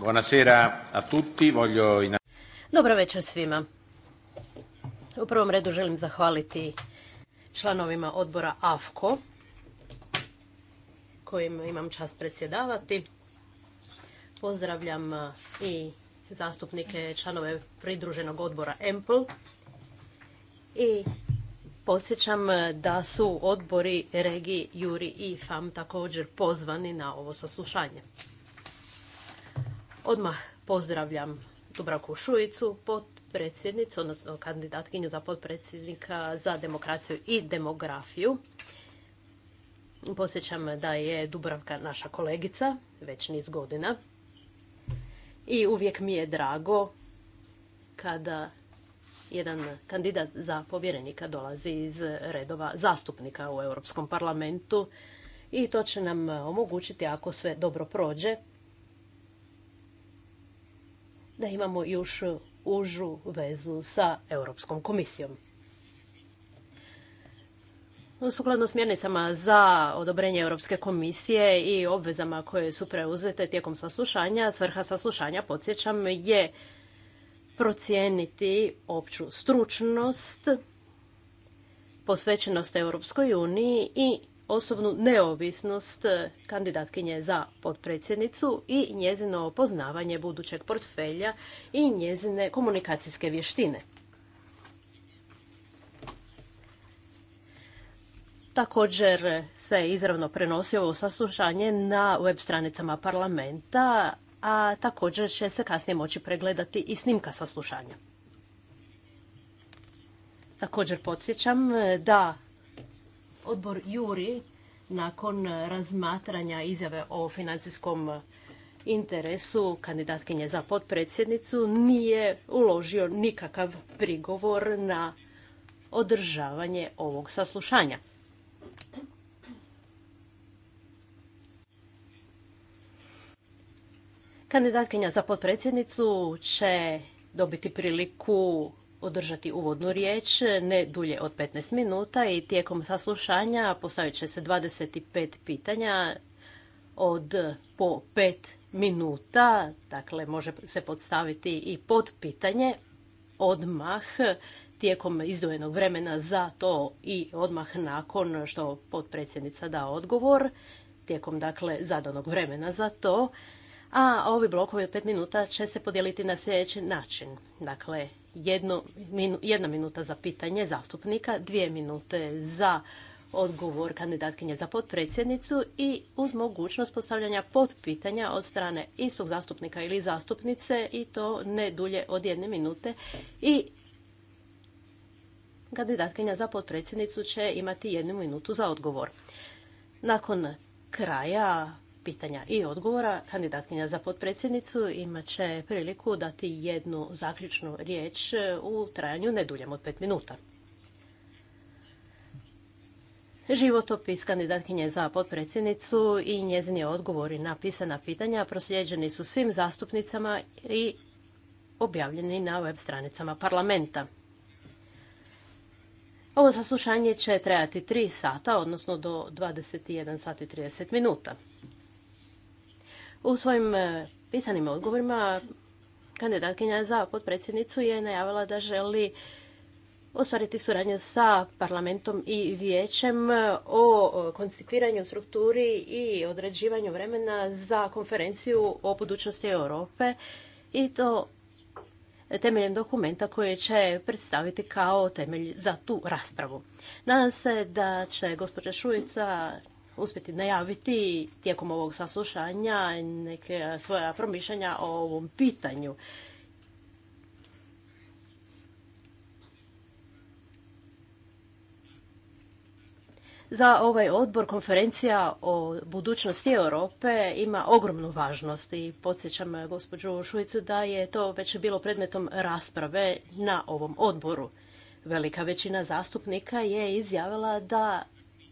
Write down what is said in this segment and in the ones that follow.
Buonasera a Dobro večer svima. U prvom redu želim zahvaliti članovima odbora AFKO, kojim imam čast predsjedavati. Pozdravljam i zastupnike članove pridruženog odbora EMPL i podsjećam da su odbori Regi, Juri i FAM također pozvani na ovo saslušanje. Odmah pozdravljam Dubravku Šujicu, potpredsjednicu, odnosno kandidatkinju za potpredsjednika za demokraciju i demografiju. Posjećam da je Dubravka naša kolegica, već niz godina. I uvijek mi je drago kada jedan kandidat za povjerenika dolazi iz redova zastupnika u Europskom parlamentu i to će nam omogućiti, ako sve dobro prođe, da imamo još e, užu vezu sa Europskom komisijom. Sukladno smjernicama za odobrenje Europske komisije i obvezama koje su preuzete tijekom saslušanja, svrha saslušanja, podsjećam, je procijeniti opću stručnost, posvećenost Europskoj uniji i osobnu neovisnost e, kandidatkinje za potpredsjednicu i njezino poznavanje budućeg portfelja i njezine komunikacijske vještine. Također se izravno prenosi ovo saslušanje na web stranicama parlamenta, a također će se kasnije moći pregledati i snimka saslušanja. Također podsjećam e, da odbor Juri nakon razmatranja izjave o financijskom interesu kandidatkinje za potpredsjednicu nije uložio nikakav prigovor na održavanje ovog saslušanja. Kandidatkinja za potpredsjednicu će dobiti priliku održati uvodnu riječ ne dulje od 15 minuta i tijekom saslušanja postavit će se 25 pitanja od po 5 minuta, dakle može se podstaviti i pod pitanje odmah tijekom izdvojenog vremena za to i odmah nakon što potpredsjednica da odgovor, tijekom dakle zadanog vremena za to, a ovi blokovi od 5 minuta će se podijeliti na sljedeći način. Dakle, jedna minuta za pitanje zastupnika, dvije minute za odgovor kandidatkinje za potpredsjednicu i uz mogućnost postavljanja potpitanja od strane istog zastupnika ili zastupnice i to ne dulje od jedne minute i kandidatkinja za potpredsjednicu će imati jednu minutu za odgovor. Nakon kraja pitanja i odgovora. Kandidatkinja za potpredsjednicu imat će priliku dati jednu zaključnu riječ e, u trajanju ne duljem od pet minuta. Životopis kandidatkinje za potpredsjednicu i njezini odgovori na pisana pitanja proslijeđeni su svim zastupnicama i objavljeni na web stranicama parlamenta. Ovo saslušanje će trajati tri sata, odnosno do 21 sati 30 minuta. U svojim e, pisanim odgovorima kandidatkinja za potpredsjednicu je najavila da želi ostvariti suradnju sa parlamentom i vijećem o konstituiranju strukturi i određivanju vremena za konferenciju o budućnosti Europe i to temeljem dokumenta koje će predstaviti kao temelj za tu raspravu. Nadam se da će gospođa Šujica uspjeti najaviti tijekom ovog saslušanja neke svoja promišljanja o ovom pitanju. Za ovaj odbor konferencija o budućnosti Europe ima ogromnu važnost i podsjećam gospođu Šuicu da je to već bilo predmetom rasprave na ovom odboru. Velika većina zastupnika je izjavila da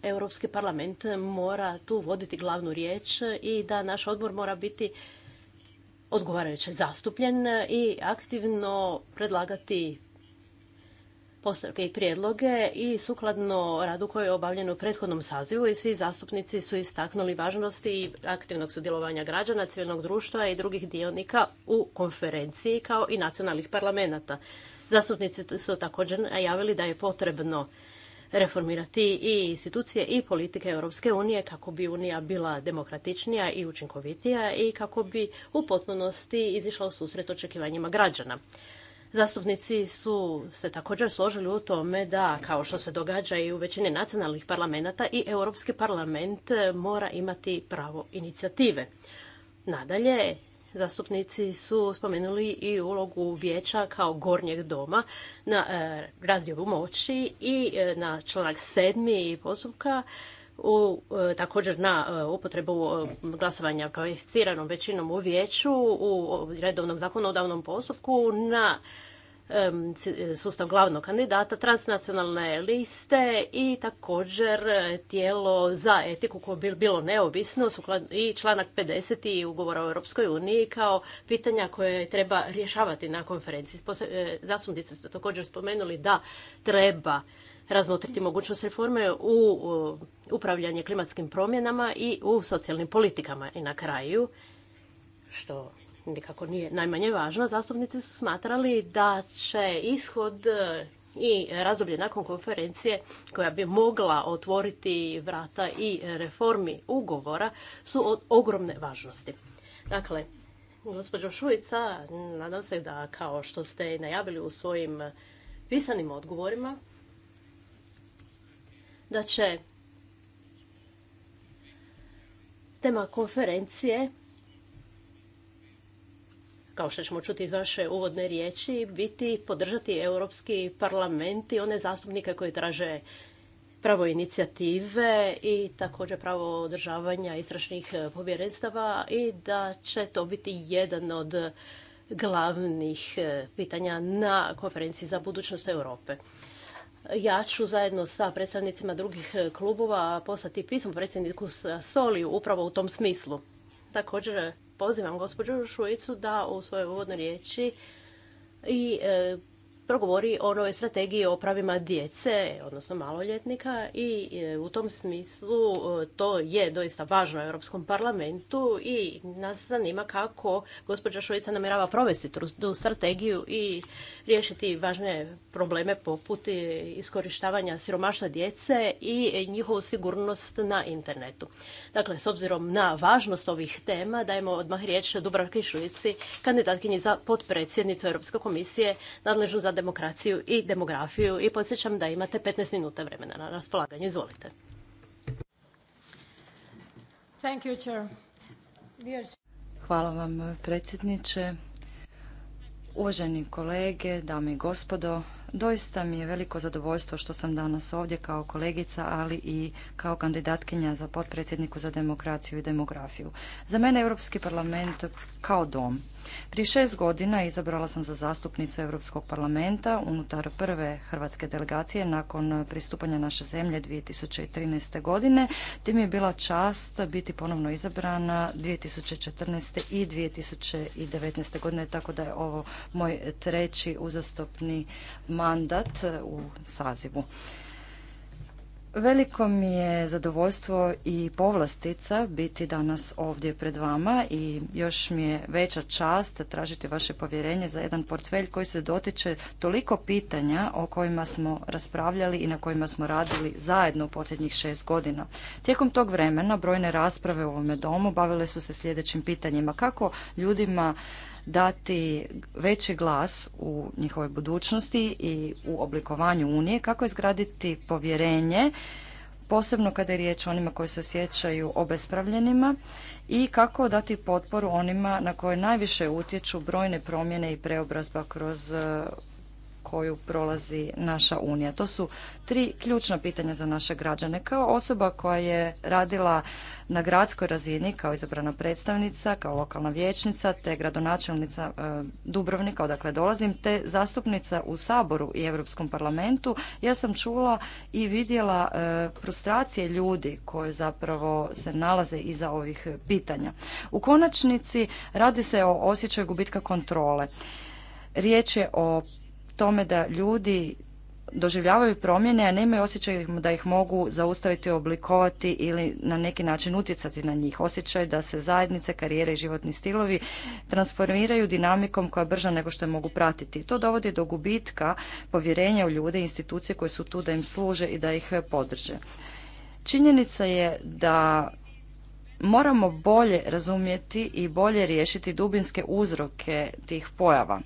Europski parlament mora tu voditi glavnu riječ i da naš odbor mora biti odgovarajuće zastupljen i aktivno predlagati postavke i prijedloge i sukladno radu koje je obavljeno u prethodnom sazivu i svi zastupnici su istaknuli važnosti aktivnog sudjelovanja građana, civilnog društva i drugih dionika u konferenciji kao i nacionalnih parlamenata. Zastupnici su također najavili da je potrebno reformirati i institucije i politike Europske unije kako bi Unija bila demokratičnija i učinkovitija i kako bi u potpunosti izišla u susret očekivanjima građana. Zastupnici su se također složili u tome da, kao što se događa i u većini nacionalnih parlamenta, i Europski parlament mora imati pravo inicijative. Nadalje, zastupnici su spomenuli i ulogu vijeća kao gornjeg doma na e, razdjelu moći i e, na članak sedmi postupka u, e, također na upotrebu glasovanja kvalificiranom većinom u vijeću u redovnom zakonodavnom postupku na sustav glavnog kandidata, transnacionalne liste i također e, tijelo za etiku koje bi bilo neovisno i članak 50. ugovora o Europskoj kao pitanja koje treba rješavati na konferenciji. E, zastupnici ste također spomenuli da treba razmotriti mogućnost reforme u upravljanje klimatskim promjenama i u socijalnim politikama. I na kraju, što nikako nije najmanje važno, zastupnici su smatrali da će ishod e, i razdoblje nakon konferencije koja bi mogla otvoriti vrata i reformi ugovora su od ogromne važnosti. Dakle, gospođo Šujica, nadam se da kao što ste i najavili u svojim pisanim odgovorima, da će tema konferencije kao što ćemo čuti iz vaše uvodne riječi, biti podržati Europski parlament i one zastupnike koji traže pravo inicijative i također pravo održavanja istražnih povjerenstava i da će to biti jedan od glavnih e, pitanja na konferenciji za budućnost Europe. Ja ću zajedno sa predstavnicima drugih klubova poslati pismo predsjedniku Soli upravo u tom smislu. Također pozivam gospođu Šuicu da u svojoj uvodnoj riječi i e, progovori o nove strategiji o pravima djece, odnosno maloljetnika i e, u tom smislu e, to je doista važno Europskom parlamentu i nas zanima kako gospođa Šojica namjerava provesti tu strategiju i riješiti važne probleme poput e, iskorištavanja siromaštva djece i njihovu sigurnost na internetu. Dakle, s obzirom na važnost ovih tema, dajemo odmah riječ Dubravki Šuici, kandidatkinji za potpredsjednicu Europske komisije nadležnu za demokraciju i demografiju i podsjećam da imate 15 minuta vremena na raspolaganje. Izvolite. Hvala vam predsjedniče. Uvaženi kolege, dame i gospodo, doista mi je veliko zadovoljstvo što sam danas ovdje kao kolegica, ali i kao kandidatkinja za potpredsjedniku za demokraciju i demografiju. Za mene Europski parlament kao dom. Prije šest godina izabrala sam za zastupnicu Europskog parlamenta unutar prve hrvatske delegacije nakon pristupanja naše zemlje 2013. godine. Tim je bila čast biti ponovno izabrana 2014. i 2019. godine, tako da je ovo moj treći uzastopni mandat u sazivu. Veliko mi je zadovoljstvo i povlastica biti danas ovdje pred vama i još mi je veća čast tražiti vaše povjerenje za jedan portfelj koji se dotiče toliko pitanja o kojima smo raspravljali i na kojima smo radili zajedno u posljednjih šest godina. Tijekom tog vremena brojne rasprave u ovome domu bavile su se sljedećim pitanjima kako ljudima dati veći glas u njihovoj budućnosti i u oblikovanju Unije, kako izgraditi povjerenje, posebno kada je riječ o onima koji se osjećaju obespravljenima i kako dati potporu onima na koje najviše utječu brojne promjene i preobrazba kroz koju prolazi naša Unija. To su tri ključna pitanja za naše građane. Kao osoba koja je radila na gradskoj razini kao izabrana predstavnica, kao lokalna vijećnica, te gradonačelnica e, Dubrovnika, odakle dolazim, te zastupnica u Saboru i Europskom parlamentu, ja sam čula i vidjela e, frustracije ljudi koje zapravo se nalaze iza ovih pitanja. U konačnici radi se o osjećaju gubitka kontrole. Riječ je o tome da ljudi doživljavaju promjene, a nemaju osjećaj da ih mogu zaustaviti, oblikovati ili na neki način utjecati na njih. Osjećaj da se zajednice, karijere i životni stilovi transformiraju dinamikom koja je brža nego što je mogu pratiti. To dovodi do gubitka povjerenja u ljude i institucije koje su tu da im služe i da ih podrže. Činjenica je da moramo bolje razumjeti i bolje riješiti dubinske uzroke tih pojava.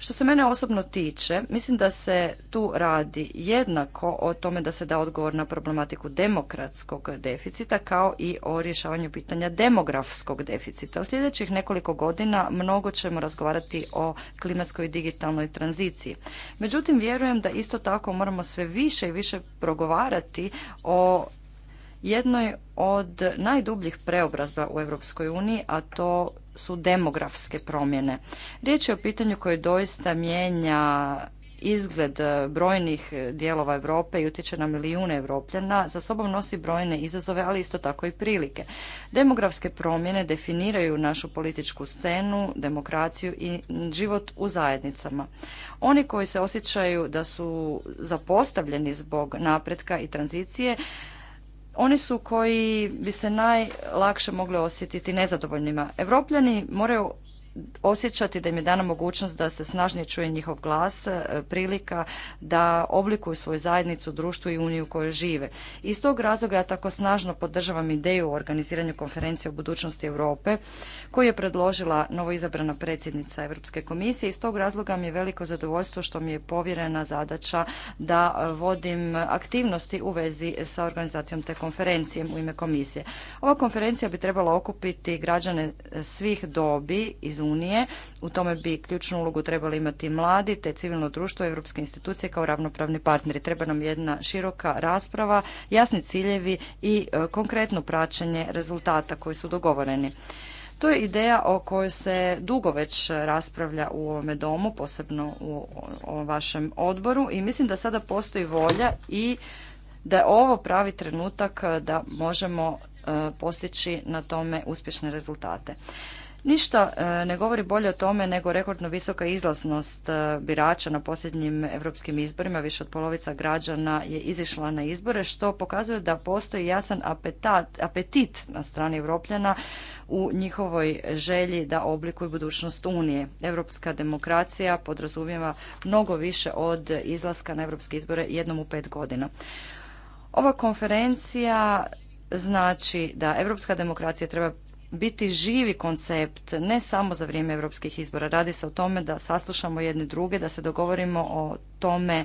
Što se mene osobno tiče, mislim da se tu radi jednako o tome da se da odgovor na problematiku demokratskog deficita kao i o rješavanju pitanja demografskog deficita. U sljedećih nekoliko godina mnogo ćemo razgovarati o klimatskoj i digitalnoj tranziciji. Međutim, vjerujem da isto tako moramo sve više i više progovarati o jednoj od najdubljih preobrazba u Europskoj uniji, a to su demografske promjene. Riječ je o pitanju koje doista mijenja izgled brojnih dijelova Europe i utječe na milijune Europljana, za sobom nosi brojne izazove, ali isto tako i prilike. Demografske promjene definiraju našu političku scenu, demokraciju i život u zajednicama. Oni koji se osjećaju da su zapostavljeni zbog napretka i tranzicije, oni su koji bi se najlakše mogli osjetiti nezadovoljnima. Evropljani moraju osjećati da im je dana mogućnost da se snažnije čuje njihov glas, e, prilika da oblikuju svoju zajednicu, društvu i uniju u kojoj žive. Iz tog razloga ja tako snažno podržavam ideju o organiziranju konferencije o budućnosti Europe koju je predložila novoizabrana predsjednica Europske komisije. Iz tog razloga mi je veliko zadovoljstvo što mi je povjerena zadaća da vodim aktivnosti u vezi sa organizacijom te konferencije u ime komisije. Ova konferencija bi trebala okupiti građane svih dobi iz Unije. U tome bi ključnu ulogu trebali imati mladi, te civilno društvo, i europske institucije kao ravnopravni partneri. Treba nam jedna široka rasprava, jasni ciljevi i e, konkretno praćenje rezultata koji su dogovoreni. To je ideja o kojoj se dugo već raspravlja u ovome domu, posebno u vašem odboru i mislim da sada postoji volja i da je ovo pravi trenutak da možemo e, postići na tome uspješne rezultate. Ništa e, ne govori bolje o tome nego rekordno visoka izlaznost e, birača na posljednjim europskim izborima. Više od polovica građana je izišla na izbore, što pokazuje da postoji jasan apetit na strani Europljana u njihovoj želji da oblikuju budućnost Unije. Europska demokracija podrazumijeva mnogo više od izlaska na europske izbore jednom u pet godina. Ova konferencija znači da europska demokracija treba biti živi koncept, ne samo za vrijeme europskih izbora. Radi se o tome da saslušamo jedne druge, da se dogovorimo o tome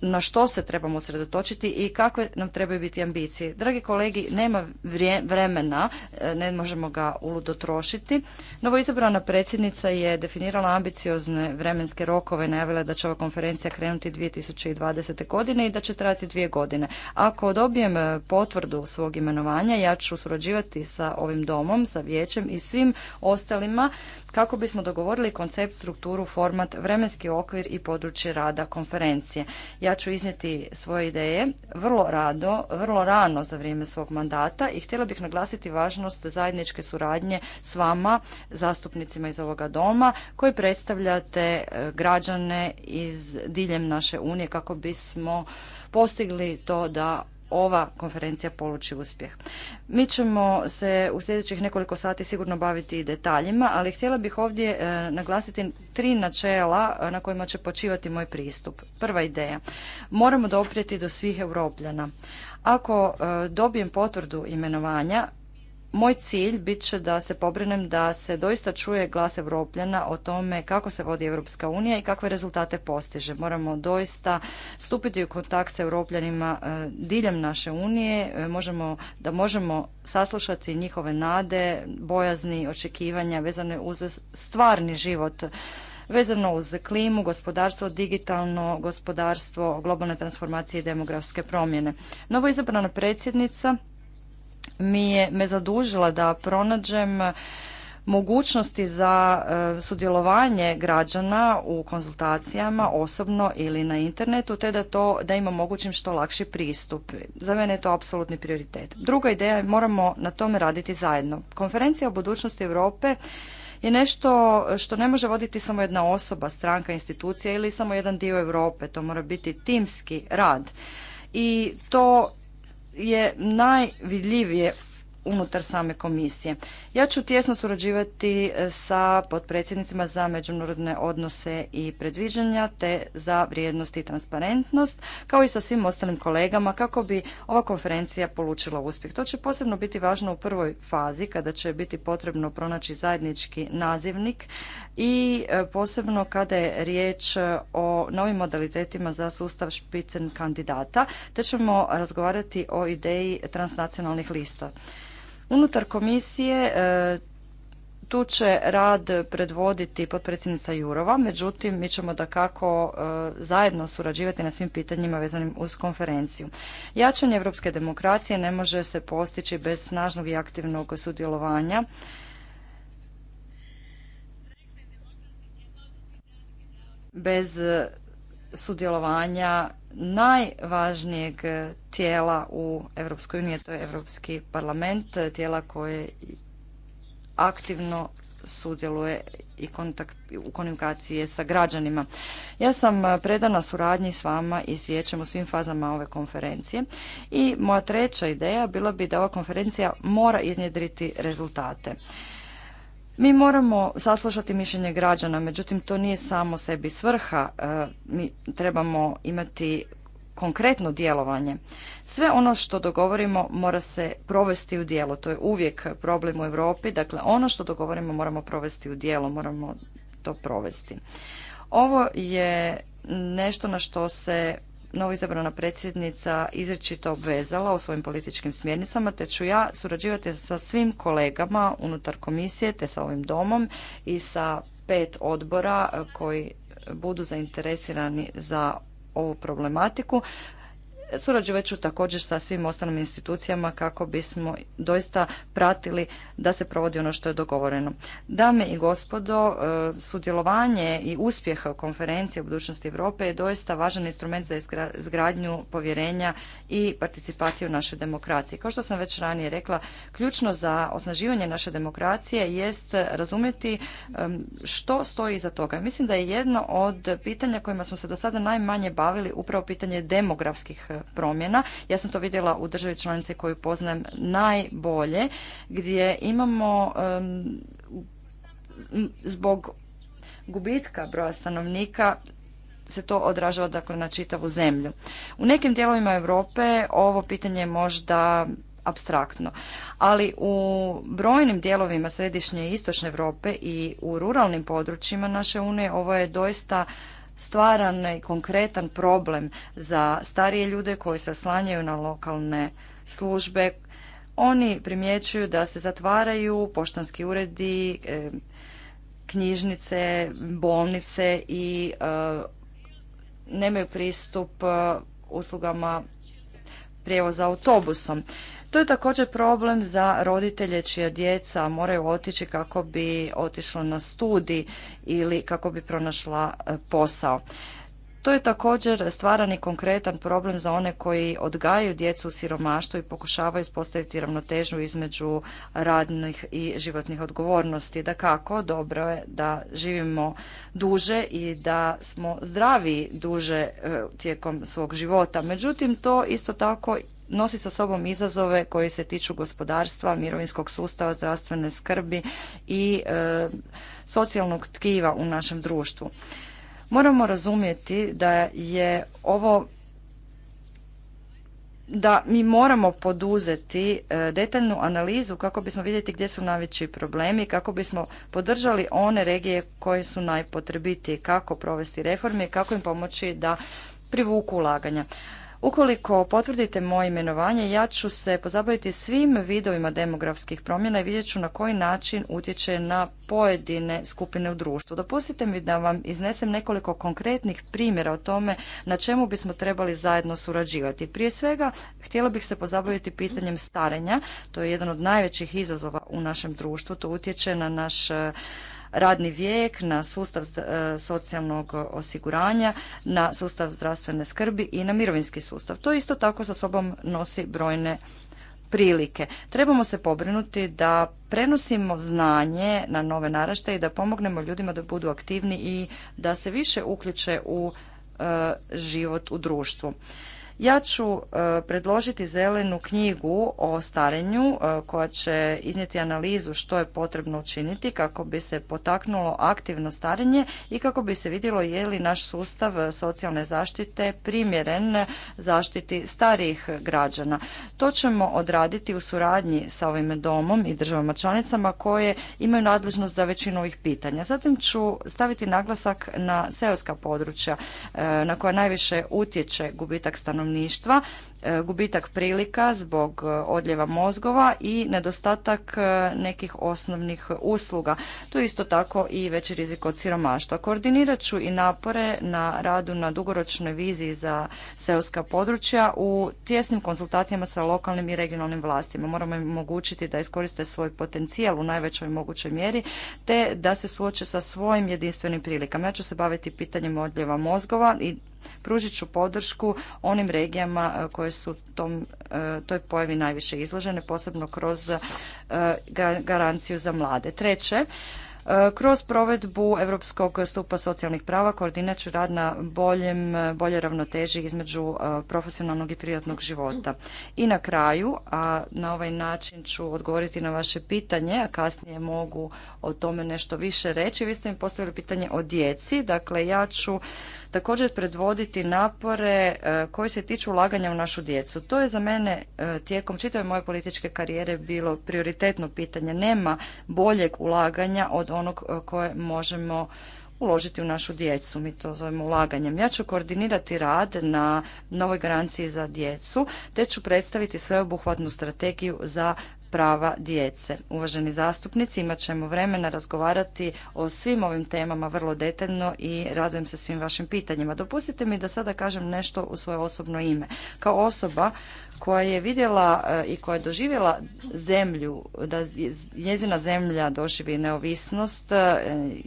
na što se trebamo sredotočiti i kakve nam trebaju biti ambicije. Dragi kolegi, nema vremena, e, ne možemo ga uludo trošiti. izabrana predsjednica je definirala ambiciozne vremenske rokove, najavila da će ova konferencija krenuti 2020. godine i da će trajati dvije godine. Ako dobijem e, potvrdu svog imenovanja, ja ću surađivati sa ovim domom, sa vijećem i svim ostalima kako bismo dogovorili koncept, strukturu, format, vremenski okvir i područje rada konferencije. Ja ću iznijeti svoje ideje vrlo rado, vrlo rano za vrijeme svog mandata i htjela bih naglasiti važnost zajedničke suradnje s vama, zastupnicima iz ovoga doma, koji predstavljate e, građane iz diljem naše unije kako bismo postigli to da ova konferencija poluči uspjeh. Mi ćemo se u sljedećih nekoliko sati sigurno baviti detaljima, ali htjela bih ovdje e, naglasiti tri načela e, na kojima će počivati moj pristup. Prva ideja. Moramo doprijeti do svih europljana. Ako e, dobijem potvrdu imenovanja, moj cilj bit će da se pobrinem da se doista čuje glas Evropljana o tome kako se vodi Europska unija i kakve rezultate postiže. Moramo doista stupiti u kontakt s Evropljanima e, diljem naše unije, e, možemo, da možemo saslušati njihove nade, bojazni, očekivanja vezane uz stvarni život vezano uz klimu, gospodarstvo, digitalno gospodarstvo, globalne transformacije i demografske promjene. Novo izabrana predsjednica mi je me zadužila da pronađem mogućnosti za e, sudjelovanje građana u konzultacijama osobno ili na internetu te da to da im mogućim što lakši pristup. Za mene je to apsolutni prioritet. Druga ideja je moramo na tome raditi zajedno. Konferencija o budućnosti Europe je nešto što ne može voditi samo jedna osoba, stranka, institucija ili samo jedan dio Europe. To mora biti timski rad. I to je najvidljivije unutar same komisije. Ja ću tjesno surađivati e, sa potpredsjednicima za međunarodne odnose i predviđanja te za vrijednost i transparentnost, kao i sa svim ostalim kolegama kako bi ova konferencija polučila uspjeh. To će posebno biti važno u prvoj fazi kada će biti potrebno pronaći zajednički nazivnik i e, posebno kada je riječ e, o novim modalitetima za sustav špicen kandidata, te ćemo razgovarati o ideji transnacionalnih lista. Unutar komisije e, tu će rad predvoditi potpredsjednica Jurova, međutim mi ćemo da kako e, zajedno surađivati na svim pitanjima vezanim uz konferenciju. Jačanje evropske demokracije ne može se postići bez snažnog i aktivnog sudjelovanja bez e, sudjelovanja najvažnijeg tijela u Europskoj uniji, to je Europski parlament, tijela koje aktivno sudjeluje i kontakt, u komunikaciji sa građanima. Ja sam predana suradnji s vama i s u svim fazama ove konferencije i moja treća ideja bila bi da ova konferencija mora iznjedriti rezultate. Mi moramo saslušati mišljenje građana, međutim to nije samo sebi svrha, e, mi trebamo imati konkretno djelovanje. Sve ono što dogovorimo mora se provesti u djelo, to je uvijek problem u Europi, dakle ono što dogovorimo moramo provesti u djelo, moramo to provesti. Ovo je nešto na što se novoizabrana predsjednica izričito obvezala o svojim političkim smjernicama, te ću ja surađivati sa svim kolegama unutar komisije, te sa ovim domom i sa pet odbora koji budu zainteresirani za ovu problematiku Surađujući ću također sa svim ostalim institucijama kako bismo doista pratili da se provodi ono što je dogovoreno. Dame i gospodo, e, sudjelovanje i uspjeh konferencije u budućnosti Europe je doista važan instrument za izgradnju povjerenja i participaciju u našoj demokraciji. Kao što sam već ranije rekla, ključno za osnaživanje naše demokracije jest razumjeti e, što stoji iza toga. Mislim da je jedno od pitanja kojima smo se do sada najmanje bavili upravo pitanje demografskih e, promjena. Ja sam to vidjela u državi članice koju poznajem najbolje, gdje imamo zbog gubitka broja stanovnika se to odražava dakle na čitavu zemlju. U nekim dijelovima Europe ovo pitanje je možda abstraktno, ali u brojnim dijelovima središnje i istočne Europe i u ruralnim područjima naše unije ovo je doista stvaran i konkretan problem za starije ljude koji se oslanjaju na lokalne službe. Oni primjećuju da se zatvaraju poštanski uredi, eh, knjižnice, bolnice i eh, nemaju pristup eh, uslugama prijevoza autobusom. To je također problem za roditelje čija djeca moraju otići kako bi otišla na studij ili kako bi pronašla e, posao. To je također stvarani konkretan problem za one koji odgajaju djecu u siromaštvu i pokušavaju uspostaviti ravnotežu između radnih i životnih odgovornosti. Da kako, dobro je da živimo duže i da smo zdravi duže e, tijekom svog života. Međutim, to isto tako nosi sa sobom izazove koji se tiču gospodarstva, mirovinskog sustava, zdravstvene skrbi i e, socijalnog tkiva u našem društvu. Moramo razumjeti da je ovo da mi moramo poduzeti e, detaljnu analizu kako bismo vidjeti gdje su najveći problemi, kako bismo podržali one regije koje su najpotrebitije, kako provesti reforme i kako im pomoći da privuku ulaganja. Ukoliko potvrdite moje imenovanje, ja ću se pozabaviti svim vidovima demografskih promjena i vidjet ću na koji način utječe na pojedine skupine u društvu. Dopustite mi da vam iznesem nekoliko konkretnih primjera o tome na čemu bismo trebali zajedno surađivati. Prije svega, htjela bih se pozabaviti pitanjem starenja. To je jedan od najvećih izazova u našem društvu. To utječe na naš radni vijek, na sustav eh, socijalnog osiguranja, na sustav zdravstvene skrbi i na mirovinski sustav. To isto tako sa sobom nosi brojne prilike. Trebamo se pobrinuti da prenosimo znanje na nove naraštaje i da pomognemo ljudima da budu aktivni i da se više uključe u eh, život u društvu. Ja ću e, predložiti zelenu knjigu o starenju e, koja će iznijeti analizu što je potrebno učiniti kako bi se potaknulo aktivno starenje i kako bi se vidjelo je li naš sustav socijalne zaštite primjeren zaštiti starijih građana. To ćemo odraditi u suradnji sa ovim domom i državama članicama koje imaju nadležnost za većinu ovih pitanja. Zatim ću staviti naglasak na seoska područja e, na koja najviše utječe gubitak stanovnika stanovništva E, gubitak prilika zbog e, odljeva mozgova i nedostatak e, nekih osnovnih usluga. Tu isto tako i veći rizik od siromaštva. Koordinirat ću i napore na radu na dugoročnoj viziji za seoska područja u tjesnim konsultacijama sa lokalnim i regionalnim vlastima. Moramo im omogućiti da iskoriste svoj potencijal u najvećoj mogućoj mjeri te da se suoče sa svojim jedinstvenim prilikama. Ja ću se baviti pitanjem odljeva mozgova i pružit ću podršku onim regijama koje koje su tom, e, toj pojavi najviše izložene, posebno kroz e, garanciju za mlade. Treće, e, kroz provedbu Europskog stupa socijalnih prava koordinat ću rad na boljem, bolje ravnoteži između profesionalnog i privatnog života. I na kraju, a na ovaj način ću odgovoriti na vaše pitanje, a kasnije mogu o tome nešto više reći. Vi ste mi postavili pitanje o djeci, dakle ja ću također predvoditi napore e, koji se tiču ulaganja u našu djecu. To je za mene e, tijekom čitave moje političke karijere bilo prioritetno pitanje. Nema boljeg ulaganja od onog e, koje možemo uložiti u našu djecu, mi to zovemo ulaganjem. Ja ću koordinirati rad na novoj garanciji za djecu, te ću predstaviti sveobuhvatnu strategiju za prava djece. Uvaženi zastupnici, imat ćemo vremena razgovarati o svim ovim temama vrlo detaljno i radujem se svim vašim pitanjima. Dopustite mi da sada kažem nešto u svoje osobno ime. Kao osoba koja je vidjela e, i koja je doživjela zemlju, da njezina zemlja doživi neovisnost, e,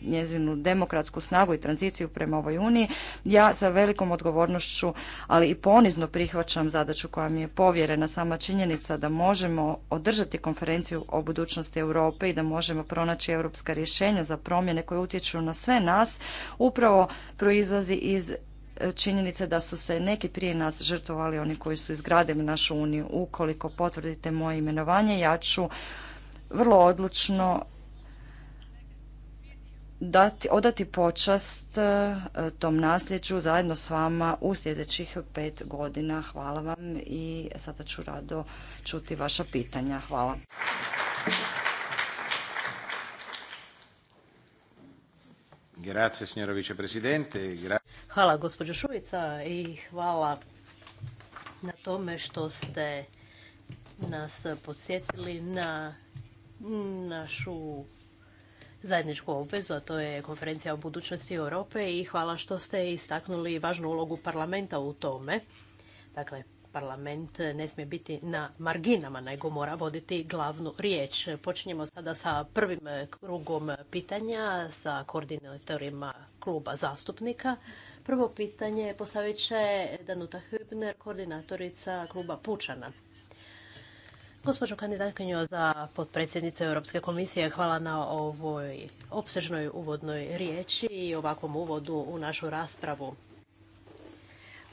njezinu demokratsku snagu i tranziciju prema ovoj uniji, ja sa velikom odgovornošću, ali i ponizno prihvaćam zadaću koja mi je povjerena sama činjenica da možemo održati konferenciju o budućnosti Europe i da možemo pronaći europska rješenja za promjene koje utječu na sve nas, upravo proizlazi iz činjenice da su se neki prije nas žrtvovali, oni koji su izgradili našu uniju. Ukoliko potvrdite moje imenovanje, ja ću vrlo odlučno dati, odati počast e, tom nasljeđu zajedno s vama u sljedećih pet godina. Hvala vam i sada ću rado čuti vaša pitanja. Hvala. Grazie, Hvala, gospođo Šuica, i hvala na tome što ste nas posjetili na našu zajedničku obvezu, a to je konferencija o budućnosti Europe i hvala što ste istaknuli važnu ulogu parlamenta u tome. Dakle, parlament ne smije biti na marginama, nego mora voditi glavnu riječ. Počinjemo sada sa prvim krugom pitanja sa koordinatorima kluba zastupnika. Prvo pitanje postavit će Danuta Hübner, koordinatorica kluba Pučana. Gospođo kandidatkinjo za potpredsjednicu Europske komisije, hvala na ovoj opsežnoj uvodnoj riječi i ovakvom uvodu u našu raspravu.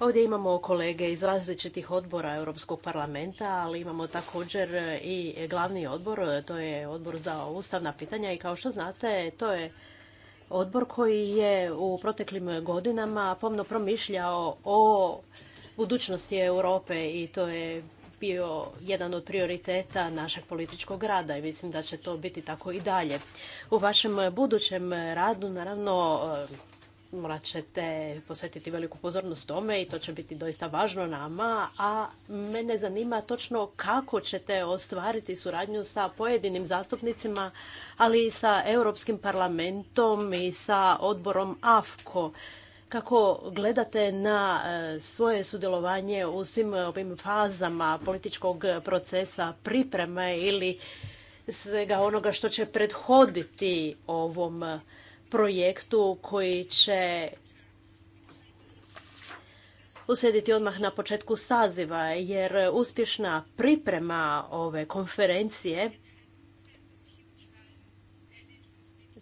Ovdje imamo kolege iz različitih odbora Europskog parlamenta, ali imamo također i glavni odbor, to je odbor za ustavna pitanja i kao što znate to je odbor koji je u proteklim godinama pomno promišljao o budućnosti Europe i to je bio jedan od prioriteta našeg političkog rada i mislim da će to biti tako i dalje. U vašem budućem radu naravno morat ćete posvetiti veliku pozornost tome i to će biti doista važno nama, a mene zanima točno kako ćete ostvariti suradnju sa pojedinim zastupnicima, ali i sa Europskim parlamentom i sa odborom AFKO. Kako gledate na e, svoje sudjelovanje u svim ovim fazama političkog procesa pripreme ili svega onoga što će prethoditi ovom projektu koji će uslijediti odmah na početku saziva, jer uspješna priprema ove konferencije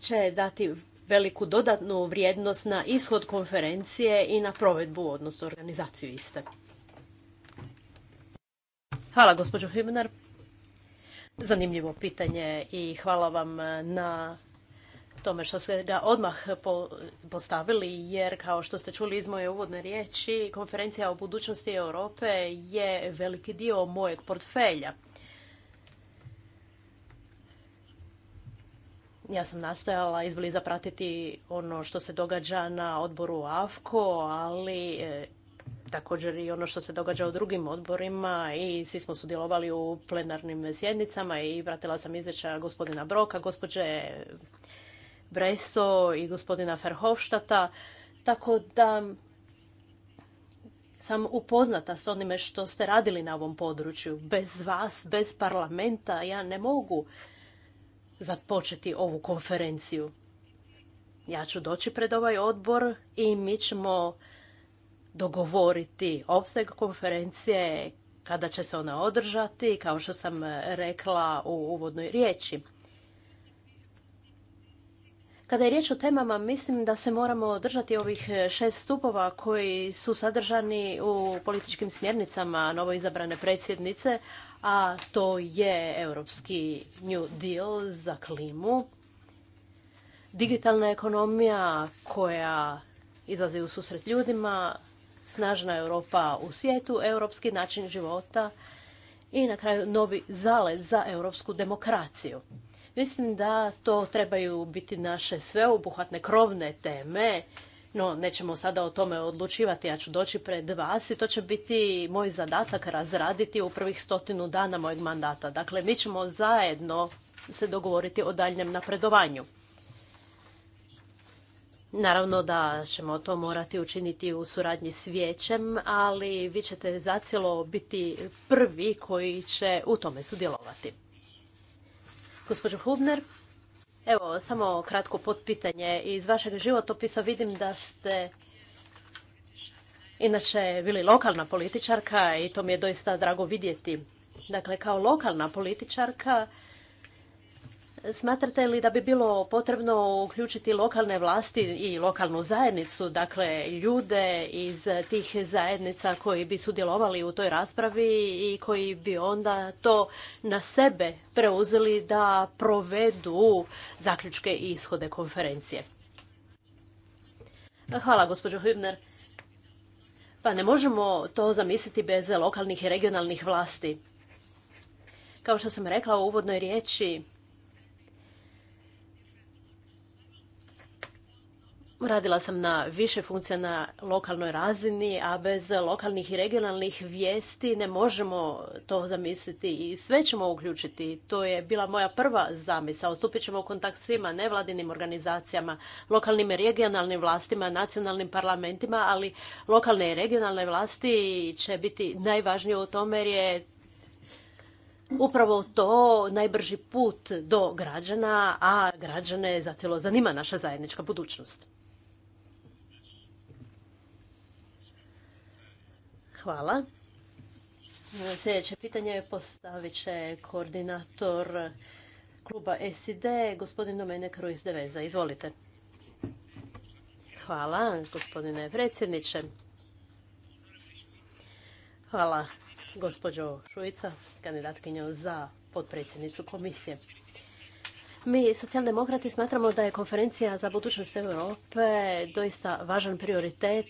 će dati veliku dodatnu vrijednost na ishod konferencije i na provedbu, odnosno organizaciju iste. Hvala, gospođo Hübner. Zanimljivo pitanje i hvala vam na tome što ste ga odmah postavili, jer kao što ste čuli iz moje uvodne riječi, konferencija o budućnosti Europe je veliki dio mojeg portfelja. Ja sam nastojala izbliza pratiti ono što se događa na odboru AFKO, ali e, također i ono što se događa u drugim odborima i svi smo sudjelovali u plenarnim sjednicama i vratila sam izvješća gospodina Broka, gospođe Breso i gospodina Ferhofštata, tako da sam upoznata s onime što ste radili na ovom području. Bez vas, bez parlamenta ja ne mogu započeti ovu konferenciju. Ja ću doći pred ovaj odbor i mi ćemo dogovoriti opseg konferencije, kada će se ona održati, kao što sam rekla u uvodnoj riječi. Kada je riječ o temama, mislim da se moramo držati ovih šest stupova koji su sadržani u političkim smjernicama novoizabrane predsjednice, a to je Europski New Deal za klimu, digitalna ekonomija koja izlazi u susret ljudima, snažna Europa u svijetu, europski način života i na kraju novi zalet za europsku demokraciju. Mislim da to trebaju biti naše sveobuhvatne krovne teme, no nećemo sada o tome odlučivati, ja ću doći pred vas i to će biti moj zadatak razraditi u prvih stotinu dana mojeg mandata. Dakle, mi ćemo zajedno se dogovoriti o daljnjem napredovanju. Naravno da ćemo to morati učiniti u suradnji s vijećem, ali vi ćete zacijelo biti prvi koji će u tome sudjelovati. Gospođo Hubner, evo samo kratko potpitanje. Iz vašeg životopisa vidim da ste inače bili lokalna političarka i to mi je doista drago vidjeti. Dakle, kao lokalna političarka Smatrate li da bi bilo potrebno uključiti lokalne vlasti i lokalnu zajednicu, dakle ljude iz tih zajednica koji bi sudjelovali u toj raspravi i koji bi onda to na sebe preuzeli da provedu zaključke i ishode konferencije? Hvala, gospođo Hübner. Pa ne možemo to zamisliti bez lokalnih i regionalnih vlasti. Kao što sam rekla u uvodnoj riječi, Radila sam na više funkcija na lokalnoj razini, a bez lokalnih i regionalnih vijesti ne možemo to zamisliti i sve ćemo uključiti. To je bila moja prva zamisa. Ostupit ćemo u kontakt svima nevladinim organizacijama, lokalnim i regionalnim vlastima, nacionalnim parlamentima, ali lokalne i regionalne vlasti će biti najvažnije u tome jer je upravo to najbrži put do građana, a građane zacijelo zanima naša zajednička budućnost. Hvala. Sljedeće pitanje postavit će koordinator kluba SID, gospodin Domenek Ruiz Deveza. Izvolite. Hvala, gospodine predsjedniče. Hvala, gospođo Šuica, kandidatkinjo za potpredsjednicu komisije. Mi socijaldemokrati smatramo da je konferencija za budućnost Europe doista važan prioritet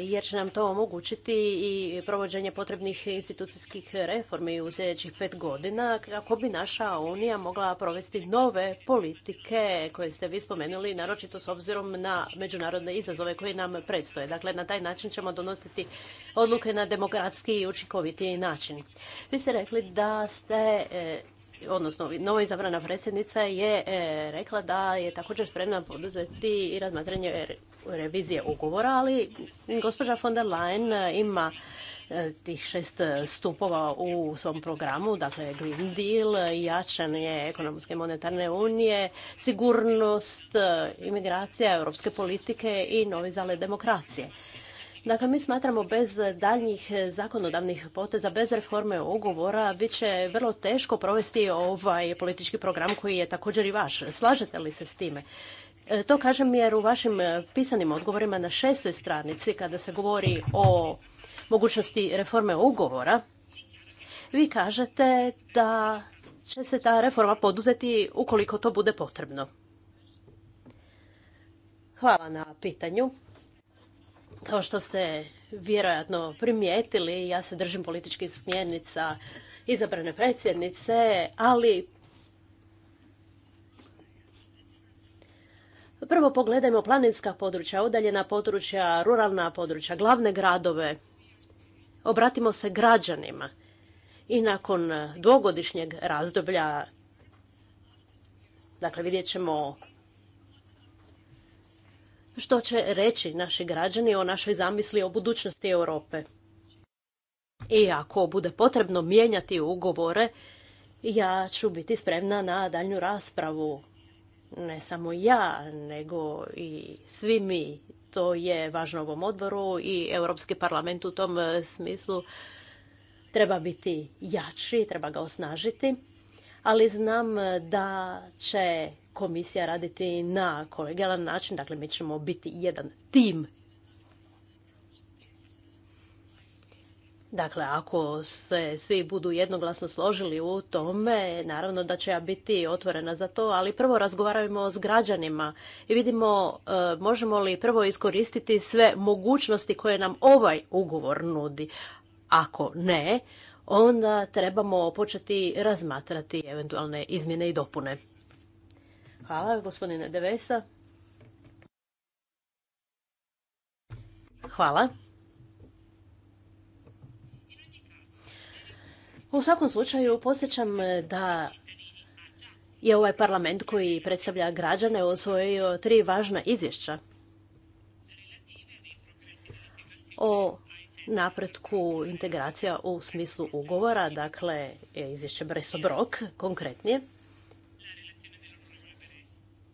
jer će nam to omogućiti i provođenje potrebnih institucijskih reformi u sljedećih pet godina kako bi naša Unija mogla provesti nove politike koje ste vi spomenuli, naročito s obzirom na međunarodne izazove koje nam predstoje. Dakle, na taj način ćemo donositi odluke na demokratski i učinkoviti način. Vi ste rekli da ste e, odnosno novo izabrana predsjednica je e, rekla da je također spremna poduzeti i razmatranje revizije ugovora, ali gospođa von der Leyen e, ima e, tih šest stupova u svom programu, dakle Green Deal, jačanje ekonomske i monetarne unije, sigurnost, imigracija, europske politike i novi zale demokracije. Dakle, mi smatramo bez daljnjih zakonodavnih poteza, bez reforme ugovora, bit će vrlo teško provesti ovaj politički program koji je također i vaš. Slažete li se s time? E, to kažem jer u vašim pisanim odgovorima na šestoj stranici, kada se govori o mogućnosti reforme ugovora, vi kažete da će se ta reforma poduzeti ukoliko to bude potrebno. Hvala na pitanju. Kao što ste vjerojatno primijetili, ja se držim političkih smjernica izabrane predsjednice, ali prvo pogledajmo planinska područja, udaljena područja, ruralna područja, glavne gradove. Obratimo se građanima. I nakon dvogodišnjeg razdoblja, dakle vidjet ćemo što će reći naši građani o našoj zamisli o budućnosti Europe. I ako bude potrebno mijenjati ugovore, ja ću biti spremna na daljnju raspravu. Ne samo ja, nego i svi mi. To je važno ovom odboru i Europski parlament u tom e, smislu treba biti jači, treba ga osnažiti. Ali znam e, da će komisija raditi na kolegijalan način, dakle mi ćemo biti jedan tim. Dakle, ako se svi budu jednoglasno složili u tome, naravno da će ja biti otvorena za to, ali prvo razgovarajmo s građanima i vidimo e, možemo li prvo iskoristiti sve mogućnosti koje nam ovaj ugovor nudi. Ako ne, onda trebamo početi razmatrati eventualne izmjene i dopune. Hvala, gospodine Devesa. Hvala. U svakom slučaju posjećam da je ovaj parlament koji predstavlja građane osvojio tri važna izvješća o napretku integracija u smislu ugovora, dakle izvješće Breso Brok konkretnije,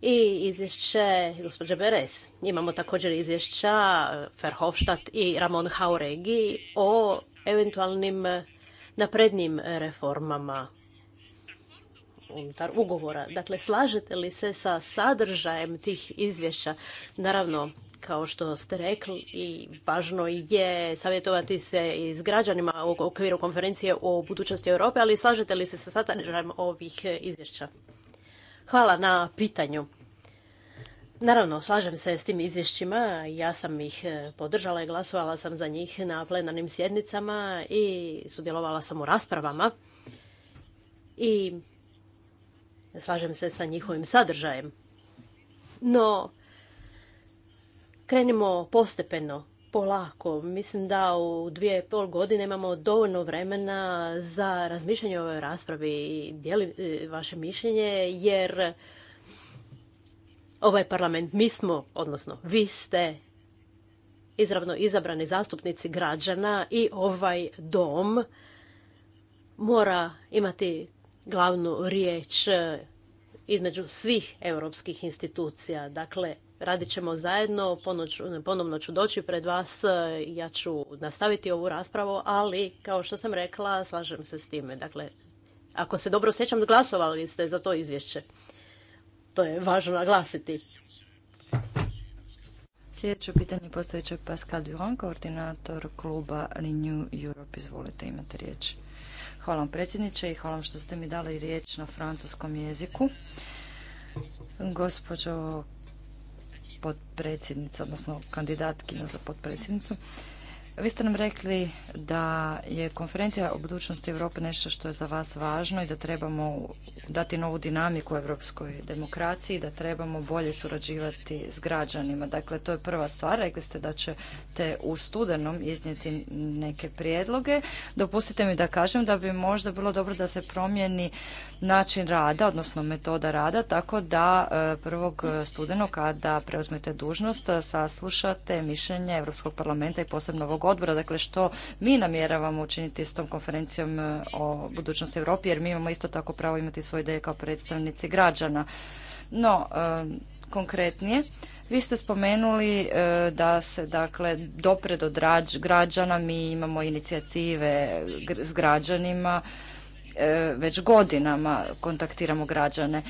i izvješće gospođe Beres. Imamo također izvješća eh, Verhofstadt i Ramon Hauregi o eventualnim eh, naprednim eh, reformama unutar ugovora. Dakle, slažete li se sa sadržajem tih izvješća? Naravno, kao što ste rekli i važno je savjetovati se i s građanima u okviru konferencije o budućnosti Europe, ali slažete li se sa sadržajem ovih izvješća? Hvala na pitanju. Naravno, slažem se s tim izvješćima. Ja sam ih e, podržala i glasovala sam za njih na plenarnim sjednicama i sudjelovala sam u raspravama. I slažem se sa njihovim sadržajem. No, krenimo postepeno polako. Mislim da u dvije i pol godine imamo dovoljno vremena za razmišljanje o ovoj raspravi i dijelim e, vaše mišljenje, jer ovaj parlament, mi smo, odnosno vi ste izravno izabrani zastupnici građana i ovaj dom mora imati glavnu riječ e, između svih europskih institucija. Dakle, radit ćemo zajedno, ponovno ću doći pred vas, ja ću nastaviti ovu raspravu, ali kao što sam rekla, slažem se s time. Dakle, ako se dobro sjećam, glasovali ste za to izvješće. To je važno naglasiti. Sljedeće pitanje postavit će Pascal Duron, koordinator kluba Renew Europe. Izvolite, imate riječ. Hvala vam predsjedniče i hvala vam što ste mi dali riječ na francuskom jeziku. Gospođo potpredsjednica, odnosno kandidatkinja za potpredsjednicu. Vi ste nam rekli da je konferencija o budućnosti Europe nešto što je za vas važno i da trebamo dati novu dinamiku europskoj demokraciji, da trebamo bolje surađivati s građanima. Dakle, to je prva stvar. Rekli ste da ćete u studenom iznijeti neke prijedloge. Dopustite mi da kažem da bi možda bilo dobro da se promijeni način rada, odnosno metoda rada, tako da e, prvog studenog kada preuzmete dužnost saslušate mišljenje Europskog parlamenta i posebno ovog odbora, dakle što mi namjeravamo učiniti s tom konferencijom e, o budućnosti Europi, jer mi imamo isto tako pravo imati svoje ideje kao predstavnici građana. No, e, konkretnije, vi ste spomenuli e, da se dakle dopredo građana, mi imamo inicijative s građanima, već godinama kontaktiramo građane.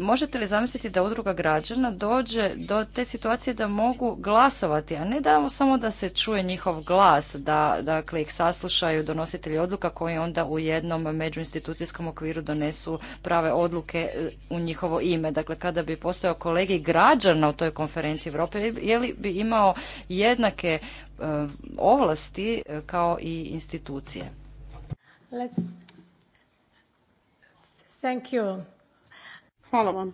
Možete li zamisliti da udruga građana dođe do te situacije da mogu glasovati, a ne da samo da se čuje njihov glas, da dakle ih saslušaju donositelji odluka koji onda u jednom međuinstitucijskom okviru donesu prave odluke e, u njihovo ime. Dakle, kada bi postojao kolegi građana u toj konferenciji Europe, je li bi imao jednake e, ovlasti e, kao i institucije? Let's... Thank you. Hvala vam.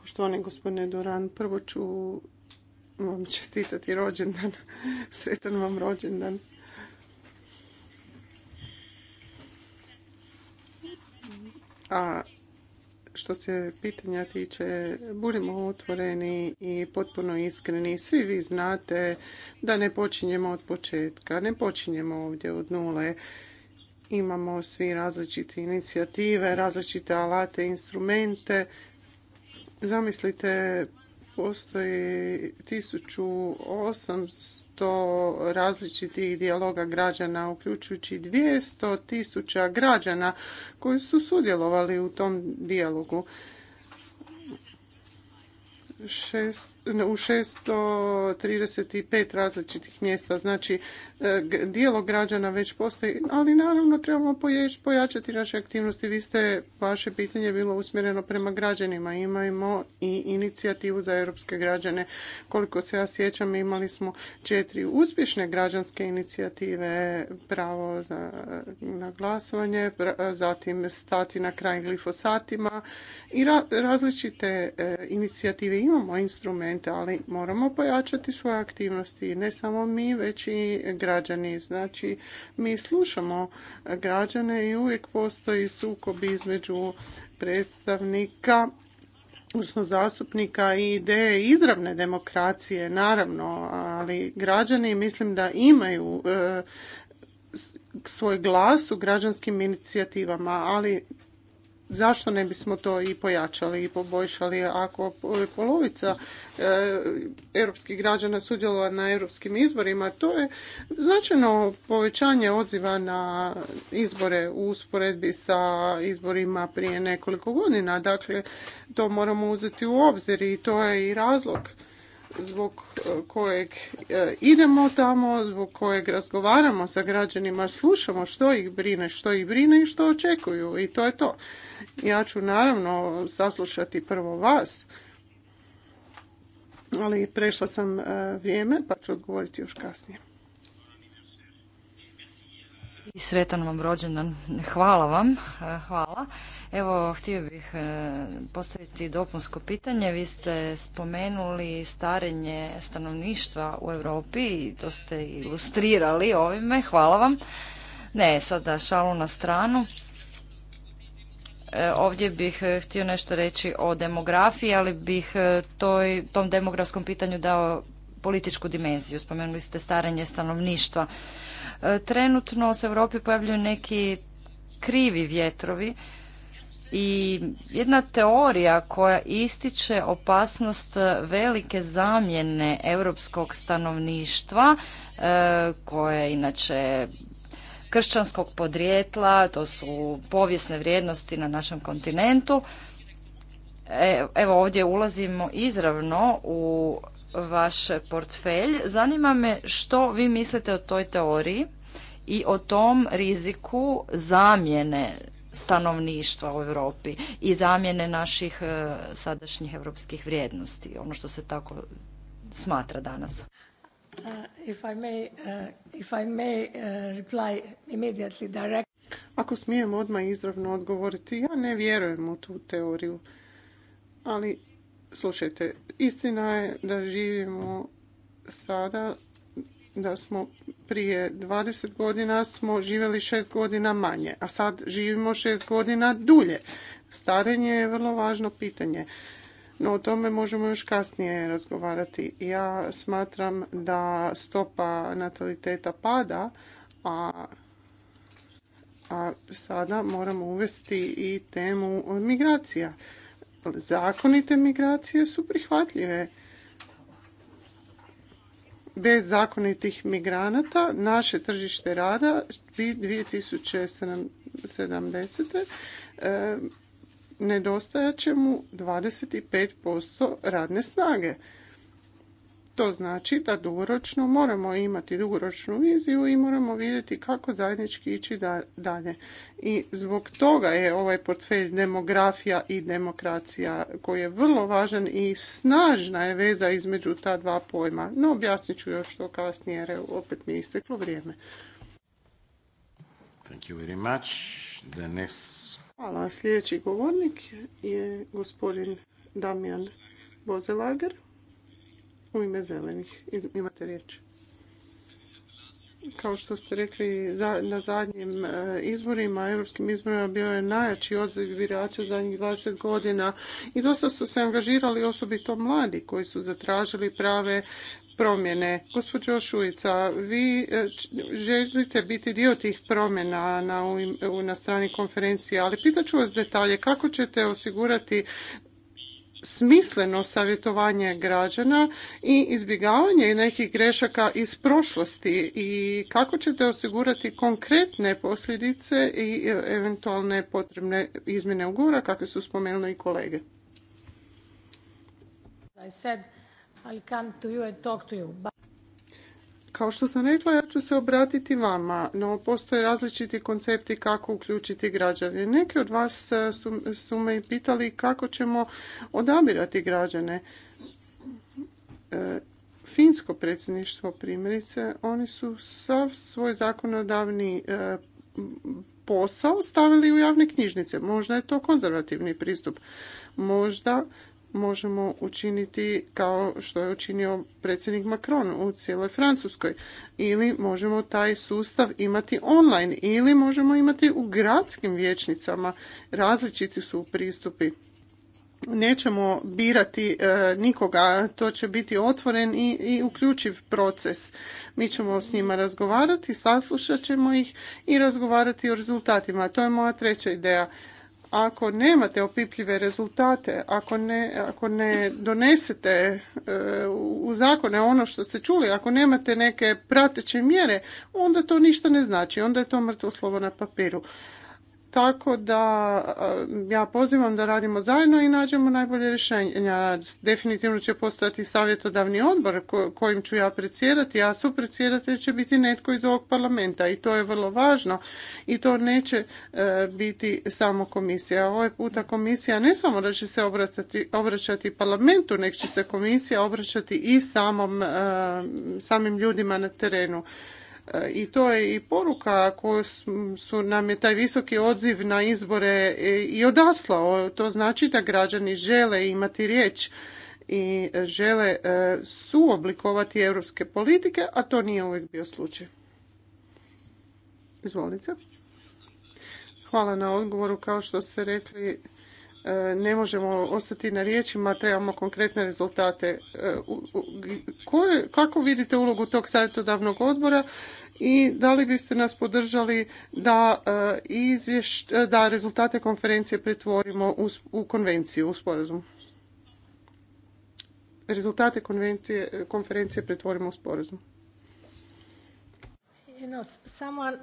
Poštovani gospodine Doran, prvo ću vam čestitati rođendan. Sretan vam rođendan. A što se pitanja tiče, budemo otvoreni i potpuno iskreni. Svi vi znate da ne počinjemo od početka, ne počinjemo ovdje od nule. Imamo svi različite inicijative, različite alate, instrumente. Zamislite, postoji 1800 različitih dijaloga građana, uključujući 200 tisuća građana koji su sudjelovali u tom dijalogu u 635 različitih mjesta. Znači, e, dijelo građana već postoji, ali naravno trebamo pojačati naše aktivnosti. Vi ste, vaše pitanje bilo usmjereno prema građanima. Imamo i inicijativu za europske građane. Koliko se ja sjećam, imali smo četiri uspješne građanske inicijative, pravo na, glasovanje, zatim stati na kraj glifosatima i različite e, inicijative imamo instrumente, ali moramo pojačati svoje aktivnosti, ne samo mi, već i građani. Znači, mi slušamo građane i uvijek postoji sukob između predstavnika odnosno zastupnika i ideje izravne demokracije, naravno, ali građani mislim da imaju e, svoj glas u građanskim inicijativama, ali zašto ne bismo to i pojačali i poboljšali ako polovica e, europskih građana sudjelova na europskim izborima, to je značajno povećanje odziva na izbore u usporedbi sa izborima prije nekoliko godina. Dakle, to moramo uzeti u obzir i to je i razlog zbog e, kojeg e, idemo tamo, zbog kojeg razgovaramo sa građanima, slušamo što ih brine, što ih brine i što očekuju i to je to. Ja ću naravno saslušati prvo vas, ali prešla sam e, vrijeme pa ću odgovoriti još kasnije sretan vam rođendan. Hvala vam, e, hvala. Evo, htio bih e, postaviti dopunsko pitanje. Vi ste spomenuli starenje stanovništva u Europi i to ste ilustrirali ovime. Hvala vam. Ne, sada šalu na stranu. E, ovdje bih htio nešto reći o demografiji, ali bih toj, tom demografskom pitanju dao političku dimenziju. Spomenuli ste starenje stanovništva. E, trenutno se u Europi pojavljuju neki krivi vjetrovi i jedna teorija koja ističe opasnost velike zamjene europskog stanovništva e, koje inače kršćanskog podrijetla, to su povijesne vrijednosti na našem kontinentu. E, evo ovdje ulazimo izravno u vaš portfelj. Zanima me što vi mislite o toj teoriji i o tom riziku zamjene stanovništva u Europi i zamjene naših e, sadašnjih europskih vrijednosti, ono što se tako smatra danas. Ako smijem odmah izravno odgovoriti, ja ne vjerujem u tu teoriju, ali Slušajte, istina je da živimo sada, da smo prije 20 godina smo živjeli 6 godina manje, a sad živimo 6 godina dulje. Starenje je vrlo važno pitanje. No o tome možemo još kasnije razgovarati. Ja smatram da stopa nataliteta pada, a a sada moramo uvesti i temu migracija zakonite migracije su prihvatljive. Bez zakonitih migranata naše tržište rada 2070. E, nedostajat će mu 25% radne snage. To znači da dugoročno moramo imati dugoročnu viziju i moramo vidjeti kako zajednički ići dalje. I zbog toga je ovaj portfelj demografija i demokracija koji je vrlo važan i snažna je veza između ta dva pojma. No objasnit ću još to kasnije jer opet mi je isteklo vrijeme. Hvala. Sljedeći govornik je gospodin Damjan Bozelager u ime zelenih. Imate riječ. Kao što ste rekli, na zadnjim e, izborima, europskim izborima, bio je najjači odziv birača zadnjih 20 godina i dosta su se angažirali osobito mladi koji su zatražili prave promjene. Gospođo Šujica, vi e, želite biti dio tih promjena na, na strani konferencije, ali pitaću vas detalje kako ćete osigurati smisleno savjetovanje građana i izbjegavanje nekih grešaka iz prošlosti i kako ćete osigurati konkretne posljedice i eventualne potrebne izmjene ugovora kakve su spomenule i kolege. Kao što sam rekla, ja ću se obratiti vama, no postoje različiti koncepti kako uključiti građane. Neki od vas e, su, su me pitali kako ćemo odabirati građane. E, Finsko predsjedništvo primjerice, oni su sav svoj zakonodavni e, posao stavili u javne knjižnice. Možda je to konzervativni pristup. Možda možemo učiniti kao što je učinio predsjednik Macron u cijeloj Francuskoj. Ili možemo taj sustav imati online ili možemo imati u gradskim vječnicama. Različiti su pristupi. Nećemo birati e, nikoga, to će biti otvoren i, i uključiv proces. Mi ćemo s njima razgovarati, saslušat ćemo ih i razgovarati o rezultatima. To je moja treća ideja ako nemate opipljive rezultate, ako ne, ako ne donesete e, u zakone ono što ste čuli, ako nemate neke prateće mjere, onda to ništa ne znači, onda je to mrtvo slovo na papiru. Tako da e, ja pozivam da radimo zajedno i nađemo najbolje rješenja. Definitivno će postojati savjetodavni odbor kojim ću ja predsjedati, a supredsjedatelj će biti netko iz ovog parlamenta i to je vrlo važno i to neće e, biti samo komisija. Ovaj puta komisija ne samo da će se obraćati parlamentu, nek će se komisija obraćati i e, samim ljudima na terenu. I to je i poruka koju su nam je taj visoki odziv na izbore i odaslao. To znači da građani žele imati riječ i e, žele e, suoblikovati europske politike, a to nije uvijek bio slučaj. Izvolite. Hvala na odgovoru. Kao što ste rekli, E, ne možemo ostati na riječima, trebamo konkretne rezultate. E, koje, kako vidite ulogu tog savjetodavnog odbora i da li biste nas podržali da, e, izvješ, da rezultate konferencije pretvorimo u, konvenciju, u sporazum? Rezultate konvencije, konferencije pretvorimo u sporazum. You know, someone,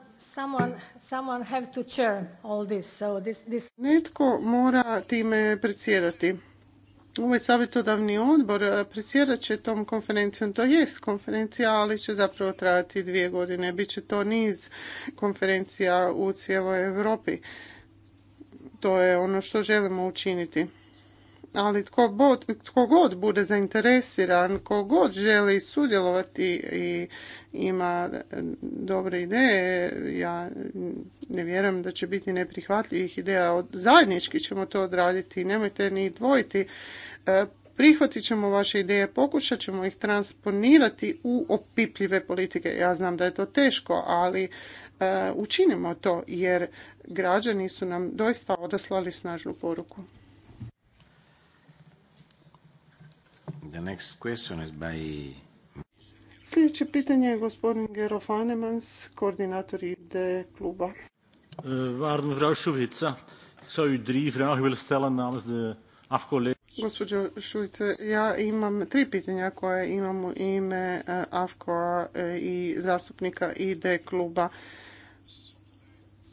someone, have to chair all this, so this, this... Netko mora time predsjedati. Ovaj savjetodavni odbor e, predsjedat će tom konferencijom. To jest konferencija, ali će zapravo trajati dvije godine. Biće to niz konferencija u cijeloj Europi. To je ono što želimo učiniti ali tko god, tko god bude zainteresiran, tko god želi sudjelovati i ima dobre ideje, ja ne vjerujem da će biti neprihvatljivih ideja. Zajednički ćemo to odraditi, nemojte ni dvojiti. E, prihvatit ćemo vaše ideje, pokušat ćemo ih transponirati u opipljive politike. Ja znam da je to teško, ali e, učinimo to jer građani su nam doista odaslali snažnu poruku. Sljedeće pitanje je gospodin Gero Fanemans, koordinator IDE kluba. Varno mevrouw Šuvica, Gospođo ja imam tri pitanja koje imam u ime eh, AFKO eh, i zastupnika IDE kluba.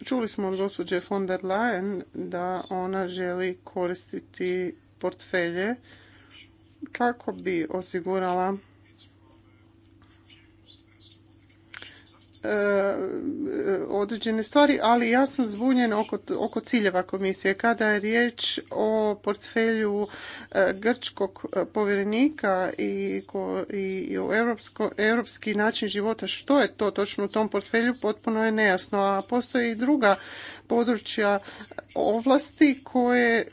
Čuli smo od gospođe von der Leyen da ona želi koristiti portfelje kako bi osigurala e, određene stvari, ali ja sam zbunjena oko, ciljeva komisije. Kada je riječ o portfelju e, grčkog e, povjerenika i, o europski način života, što je to točno u tom portfelju, potpuno je nejasno. A postoje i druga područja ovlasti koje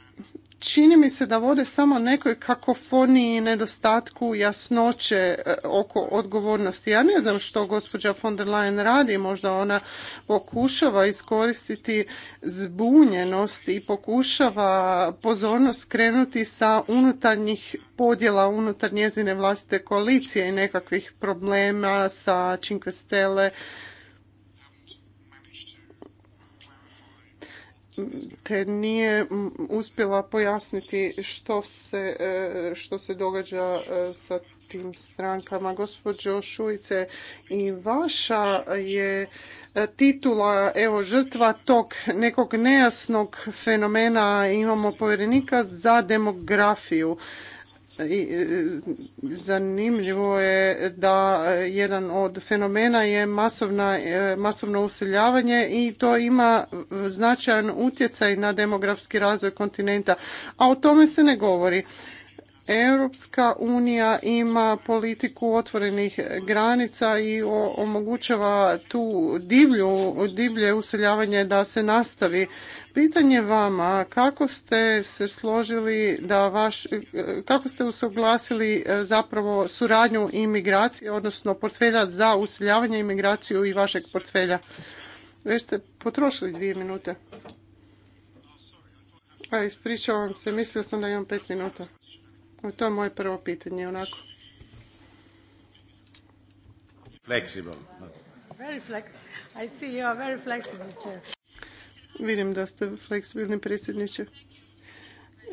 čini mi se da vode samo nekoj kakofoniji i nedostatku jasnoće e, oko odgovornosti. Ja ne znam što gospođa von der Leyen radi, možda ona pokušava iskoristiti zbunjenost i pokušava pozornost krenuti sa unutarnjih podjela unutar njezine vlastite koalicije i nekakvih problema sa Cinque te nije uspjela pojasniti što se, e, što se događa e, sa tim strankama. Gospođo Šujice, i vaša je e, titula, evo, žrtva tog nekog nejasnog fenomena imamo povjerenika za demografiju. E, zanimljivo je da jedan od fenomena je masovna, e, masovno useljavanje i to ima značajan utjecaj na demografski razvoj kontinenta, a o tome se ne govori. Europska unija ima politiku otvorenih granica i omogućava tu divlju, divlje useljavanje da se nastavi. Pitanje vama, kako ste se složili da vaš, kako ste usuglasili e, zapravo suradnju imigracije, odnosno portfelja za useljavanje, imigraciju i vašeg portfelja? Već ste potrošili dvije minute. Pa ispričavam se, mislio sam da imam pet minuta. Pa to je moje prvo pitanje, onako. Very I see you are very flexible, Vidim da ste fleksibilni predsjedniče.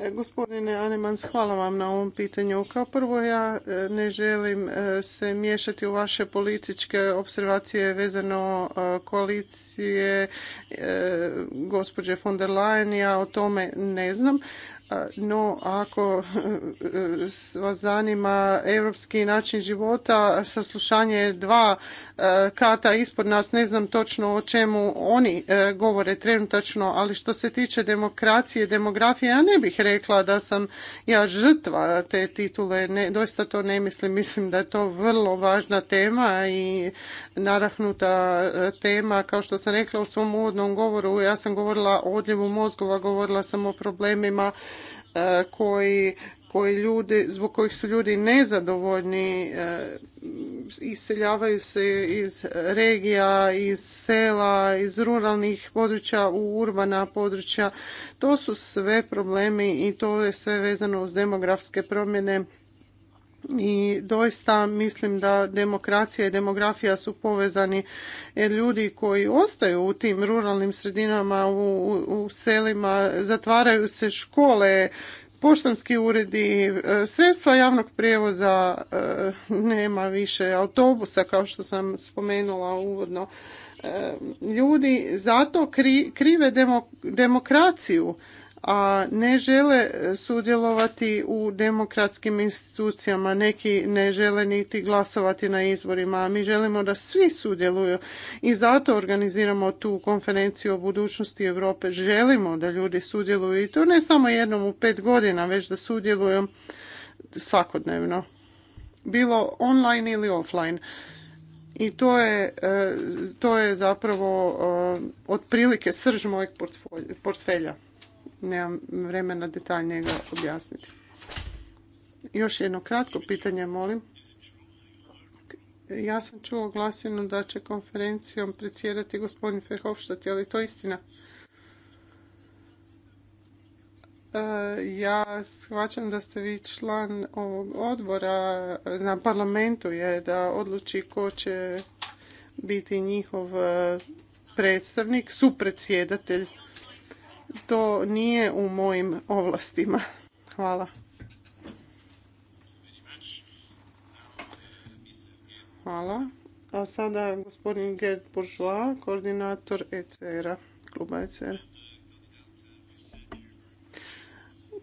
E, gospodine Anemans, hvala vam na ovom pitanju. Kao prvo ja e, ne želim e, se miješati u vaše političke observacije vezano koalicije gospođe von der Leyen. Ja o tome ne znam no ako vas zanima europski način života, saslušanje dva e, kata ispod nas, ne znam točno o čemu oni e, govore trenutačno, ali što se tiče demokracije, demografije, ja ne bih rekla da sam ja žrtva te titule, ne, doista to ne mislim, mislim da je to vrlo važna tema i narahnuta e, tema, kao što sam rekla u svom uvodnom govoru, ja sam govorila o odljevu mozgova, govorila sam o problemima E, koji, koji ljudi, zbog kojih su ljudi nezadovoljni, e, iseljavaju se iz regija, iz sela, iz ruralnih područja u urbana područja. To su sve problemi i to je sve vezano uz demografske promjene i doista mislim da demokracija i demografija su povezani jer ljudi koji ostaju u tim ruralnim sredinama, u, u selima, zatvaraju se škole, poštanski uredi, e, sredstva javnog prijevoza, e, nema više autobusa kao što sam spomenula uvodno. E, ljudi zato krive demokraciju a ne žele sudjelovati u demokratskim institucijama, neki ne žele niti glasovati na izborima, a mi želimo da svi sudjeluju i zato organiziramo tu konferenciju o budućnosti Europe. Želimo da ljudi sudjeluju i to ne samo jednom u pet godina, već da sudjeluju svakodnevno, bilo online ili offline. I to je, e, to je zapravo e, otprilike srž mojeg portfelja nemam vremena detaljnije ga objasniti. Još jedno kratko pitanje, molim. Ja sam čuo glasinu da će konferencijom predsjedati gospodin Verhofstadt, je to istina? E, ja shvaćam da ste vi član ovog odbora, na parlamentu je da odluči ko će biti njihov e, predstavnik, supredsjedatelj to nije u mojim ovlastima. Hvala. Hvala. A sada gospodin Gerd Bourgeois, koordinator ECR-a, kluba ECR-a.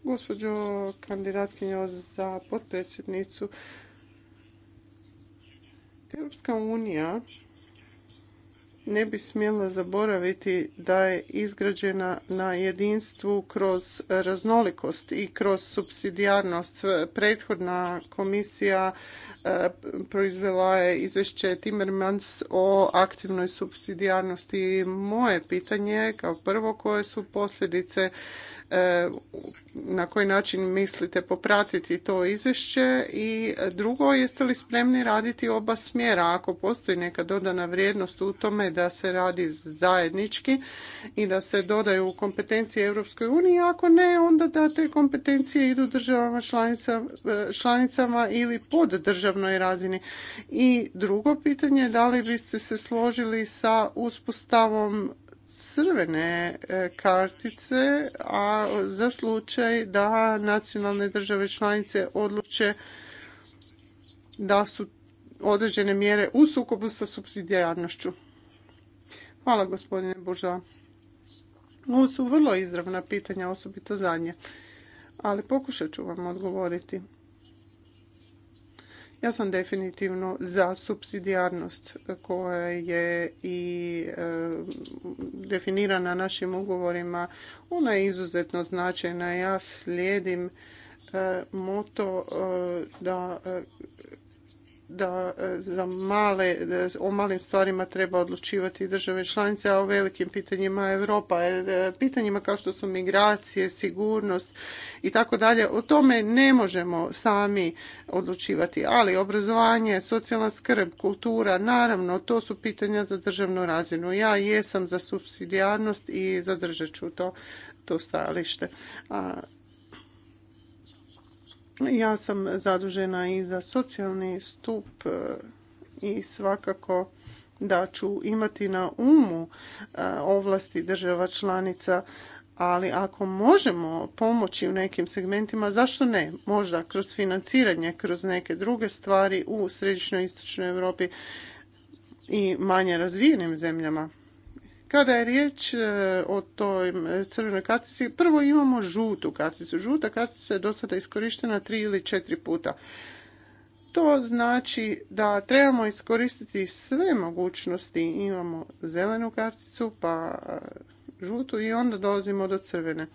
Gospođo kandidatkinjo za potpredsjednicu, Europska unija ne bi smjela zaboraviti da je izgrađena na jedinstvu kroz raznolikost i kroz subsidijarnost. Prethodna komisija e, proizvela je izvješće Timmermans o aktivnoj subsidijarnosti. Moje pitanje je kao prvo koje su posljedice E, na koji način mislite popratiti to izvješće i drugo, jeste li spremni raditi oba smjera ako postoji neka dodana vrijednost u tome da se radi zajednički i da se dodaju kompetencije Europskoj uniji, ako ne onda da te kompetencije idu državama članica, e, članicama ili pod državnoj razini. I drugo pitanje, da li biste se složili sa uspostavom crvene e, kartice, a za slučaj da nacionalne države članice odluče da su određene mjere u sukobu sa subsidijarnošću. Hvala gospodine Boža, Ovo su vrlo izravna pitanja, osobito zadnje, ali pokušat ću vam odgovoriti. Ja sam definitivno za subsidijarnost koja je i e, definirana našim ugovorima. Ona je izuzetno značajna. Ja slijedim e, moto e, da da za male, o malim stvarima treba odlučivati države članice, a o velikim pitanjima Europa. Jer e, pitanjima kao što su migracije, sigurnost i tako dalje, o tome ne možemo sami odlučivati. Ali obrazovanje, socijalna skrb, kultura, naravno, to su pitanja za državnu razinu. Ja jesam za subsidijarnost i zadržat ću to to stajalište. Ja sam zadužena i za socijalni stup e, i svakako da ću imati na umu e, ovlasti država članica, ali ako možemo pomoći u nekim segmentima, zašto ne? Možda kroz financiranje, kroz neke druge stvari u središnjoj istočnoj Europi i manje razvijenim zemljama. Kada je riječ e, o toj crvenoj kartici, prvo imamo žutu karticu. Žuta kartica je do sada iskorištena tri ili četiri puta. To znači da trebamo iskoristiti sve mogućnosti. Imamo zelenu karticu, pa e, žutu i onda dolazimo do crvene.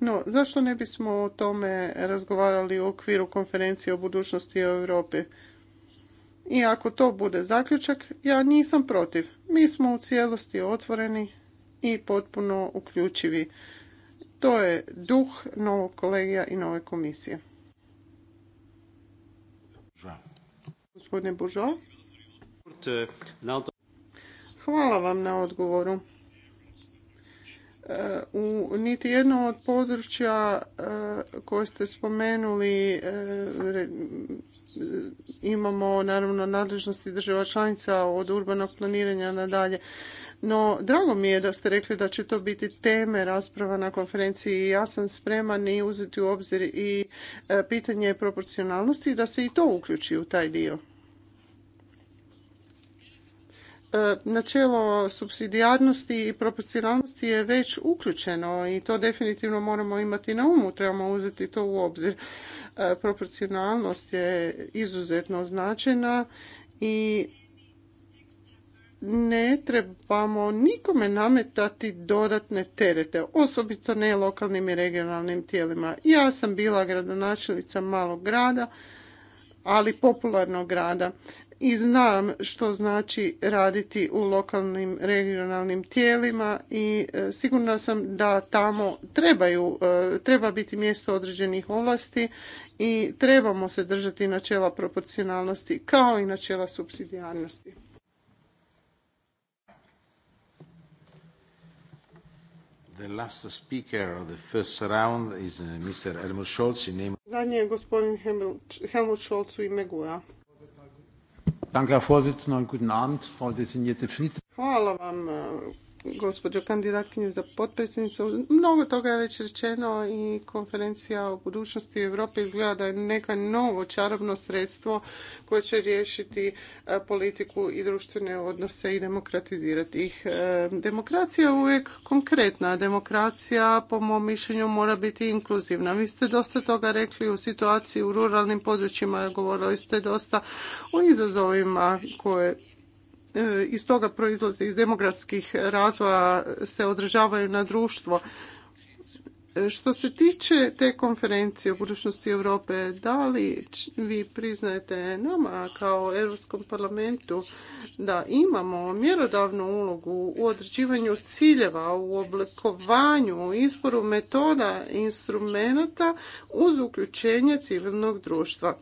No, zašto ne bismo o tome razgovarali u okviru konferencije o budućnosti Europe? I ako to bude zaključak, ja nisam protiv. Mi smo u cijelosti otvoreni i potpuno uključivi. To je duh novog kolegija i nove komisije. Gospodine Hvala vam na odgovoru. U niti jedno od područja e, koje ste spomenuli e, imamo naravno nadležnosti država članica od urbanog planiranja nadalje. No, drago mi je da ste rekli da će to biti teme rasprava na konferenciji i ja sam spreman i uzeti u obzir i e, pitanje proporcionalnosti da se i to uključi u taj dio. E, načelo subsidijarnosti i proporcionalnosti je već uključeno i to definitivno moramo imati na umu, trebamo uzeti to u obzir. E, proporcionalnost je izuzetno značena i ne trebamo nikome nametati dodatne terete, osobito ne lokalnim i regionalnim tijelima. Ja sam bila gradonačelnica malog grada, ali popularnog grada i znam što znači raditi u lokalnim regionalnim tijelima i e, sigurna sam da tamo trebaju, e, treba biti mjesto određenih ovlasti i trebamo se držati načela proporcionalnosti kao i načela subsidijarnosti. The uh, Zadnji je gospodin Helmut Scholz u ime GUA. Danke, Herr Vorsitzender, und guten Abend, Frau designierte Fritz. Hvala vam, gospođo kandidatkinje za potpredsjednicu. Mnogo toga je već rečeno i konferencija o budućnosti Europe izgleda da je neka novo čarobno sredstvo koje će riješiti e, politiku i društvene odnose i demokratizirati ih. E, demokracija je uvijek konkretna. Demokracija, po mom mišljenju, mora biti inkluzivna. Vi ste dosta toga rekli u situaciji u ruralnim područjima. Govorili ste dosta o izazovima koje E, iz toga proizlaze iz demografskih razvoja se održavaju na društvo. E, što se tiče te konferencije o budućnosti Europe, da li vi priznajete nama kao Europskom parlamentu da imamo mjerodavnu ulogu u određivanju ciljeva, u oblikovanju, u izboru metoda i instrumenata uz uključenje civilnog društva?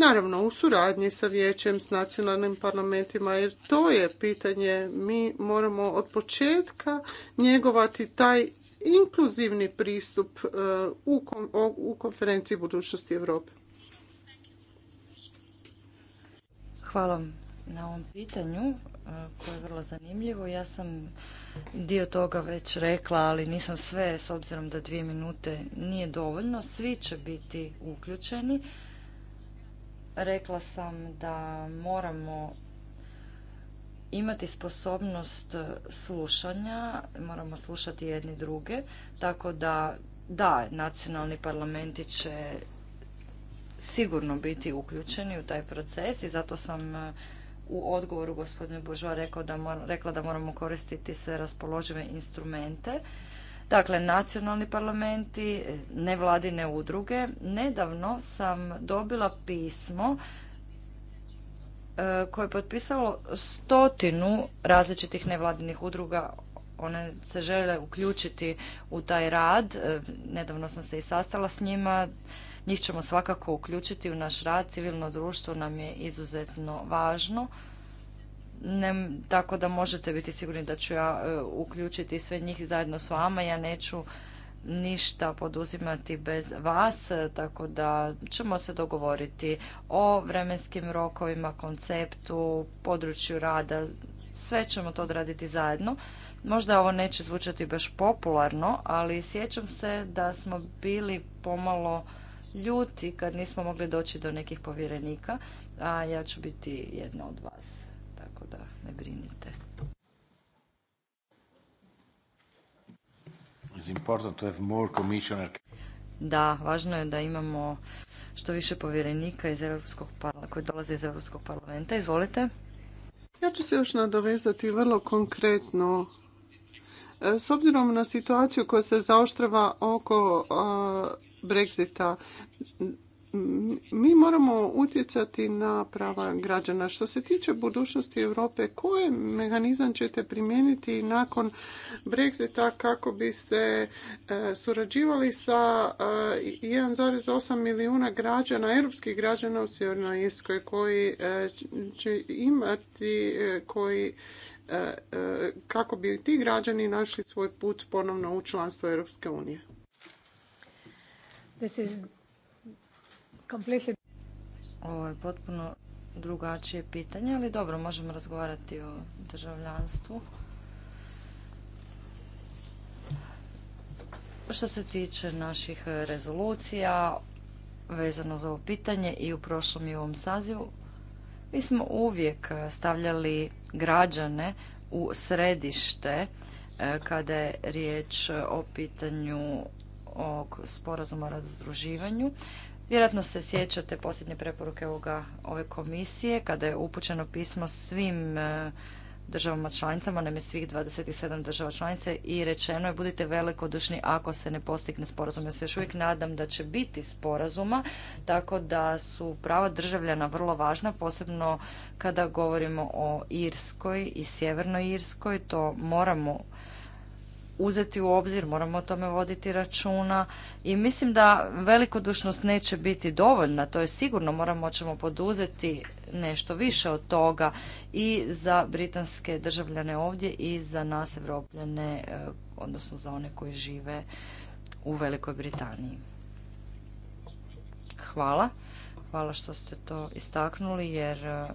naravno u suradnji sa vijećem, s nacionalnim parlamentima, jer to je pitanje. Mi moramo od početka njegovati taj inkluzivni pristup e, u konferenciji budućnosti Europe. Hvala na ovom pitanju e, koje je vrlo zanimljivo. Ja sam dio toga već rekla, ali nisam sve s obzirom da dvije minute nije dovoljno. Svi će biti uključeni rekla sam da moramo imati sposobnost slušanja, moramo slušati jedni druge, tako da da, nacionalni parlamenti će sigurno biti uključeni u taj proces i zato sam e, u odgovoru gospodine Buržova rekla da moramo koristiti sve raspoložive instrumente Dakle, nacionalni parlamenti, nevladine udruge. Nedavno sam dobila pismo e, koje je potpisalo stotinu različitih nevladinih udruga. One se žele uključiti u taj rad. E, nedavno sam se i sastala s njima. Njih ćemo svakako uključiti u naš rad. Civilno društvo nam je izuzetno važno ne, tako da možete biti sigurni da ću ja e, uključiti sve njih zajedno s vama. Ja neću ništa poduzimati bez vas, e, tako da ćemo se dogovoriti o vremenskim rokovima, konceptu, području rada, sve ćemo to odraditi zajedno. Možda ovo neće zvučati baš popularno, ali sjećam se da smo bili pomalo ljuti kad nismo mogli doći do nekih povjerenika, a ja ću biti jedna od vas tako da ne brinite. Da, važno je da imamo što više povjerenika iz Europskog koji dolaze iz Europskog parlamenta. Izvolite. Ja ću se još nadovezati vrlo konkretno e, s obzirom na situaciju koja se zaoštrava oko Brexita, mi moramo utjecati na prava građana. Što se tiče budućnosti Europe, koje mehanizam ćete primijeniti nakon Brexita kako biste e, surađivali sa 1,8 e, milijuna građana, europskih građana u Sjevernoj Irskoj koji e, će imati, koji kako bi ti građani našli svoj put ponovno u članstvo Europske unije? Ovo je potpuno drugačije pitanje, ali dobro, možemo razgovarati o državljanstvu. Što se tiče naših rezolucija vezano za ovo pitanje i u prošlom i u ovom sazivu, mi smo uvijek stavljali građane u središte e, kada je riječ o pitanju ovog sporazuma o razdruživanju. Vjerojatno se sjećate posljednje preporuke ovoga, ove komisije kada je upućeno pismo svim e, državama članicama, naime svih 27 država članice i rečeno je budite velikodušni ako se ne postigne sporazum. Ja se još uvijek nadam da će biti sporazuma, tako da su prava državljana vrlo važna, posebno kada govorimo o Irskoj i Sjevernoj Irskoj, to moramo uzeti u obzir, moramo o tome voditi računa i mislim da velikodušnost neće biti dovoljna, to je sigurno, moramo ćemo poduzeti nešto više od toga i za britanske državljane ovdje i za nas evropljane, e, odnosno za one koji žive u Velikoj Britaniji. Hvala. Hvala što ste to istaknuli jer e,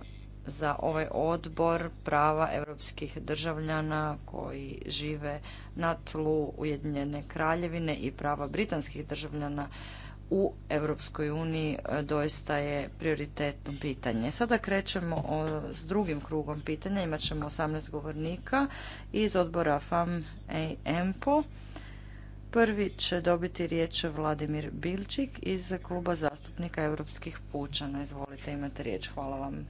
za ovaj odbor prava europskih državljana koji žive na tlu Ujedinjene kraljevine i prava britanskih državljana u Europskoj uniji e, doista je prioritetno pitanje. Sada krećemo s drugim krugom pitanja. Imat ćemo 18 govornika iz odbora FAM EMPO. Prvi će dobiti riječ Vladimir Bilčik iz Kluba zastupnika europskih pučana. Izvolite, imate riječ. Hvala vam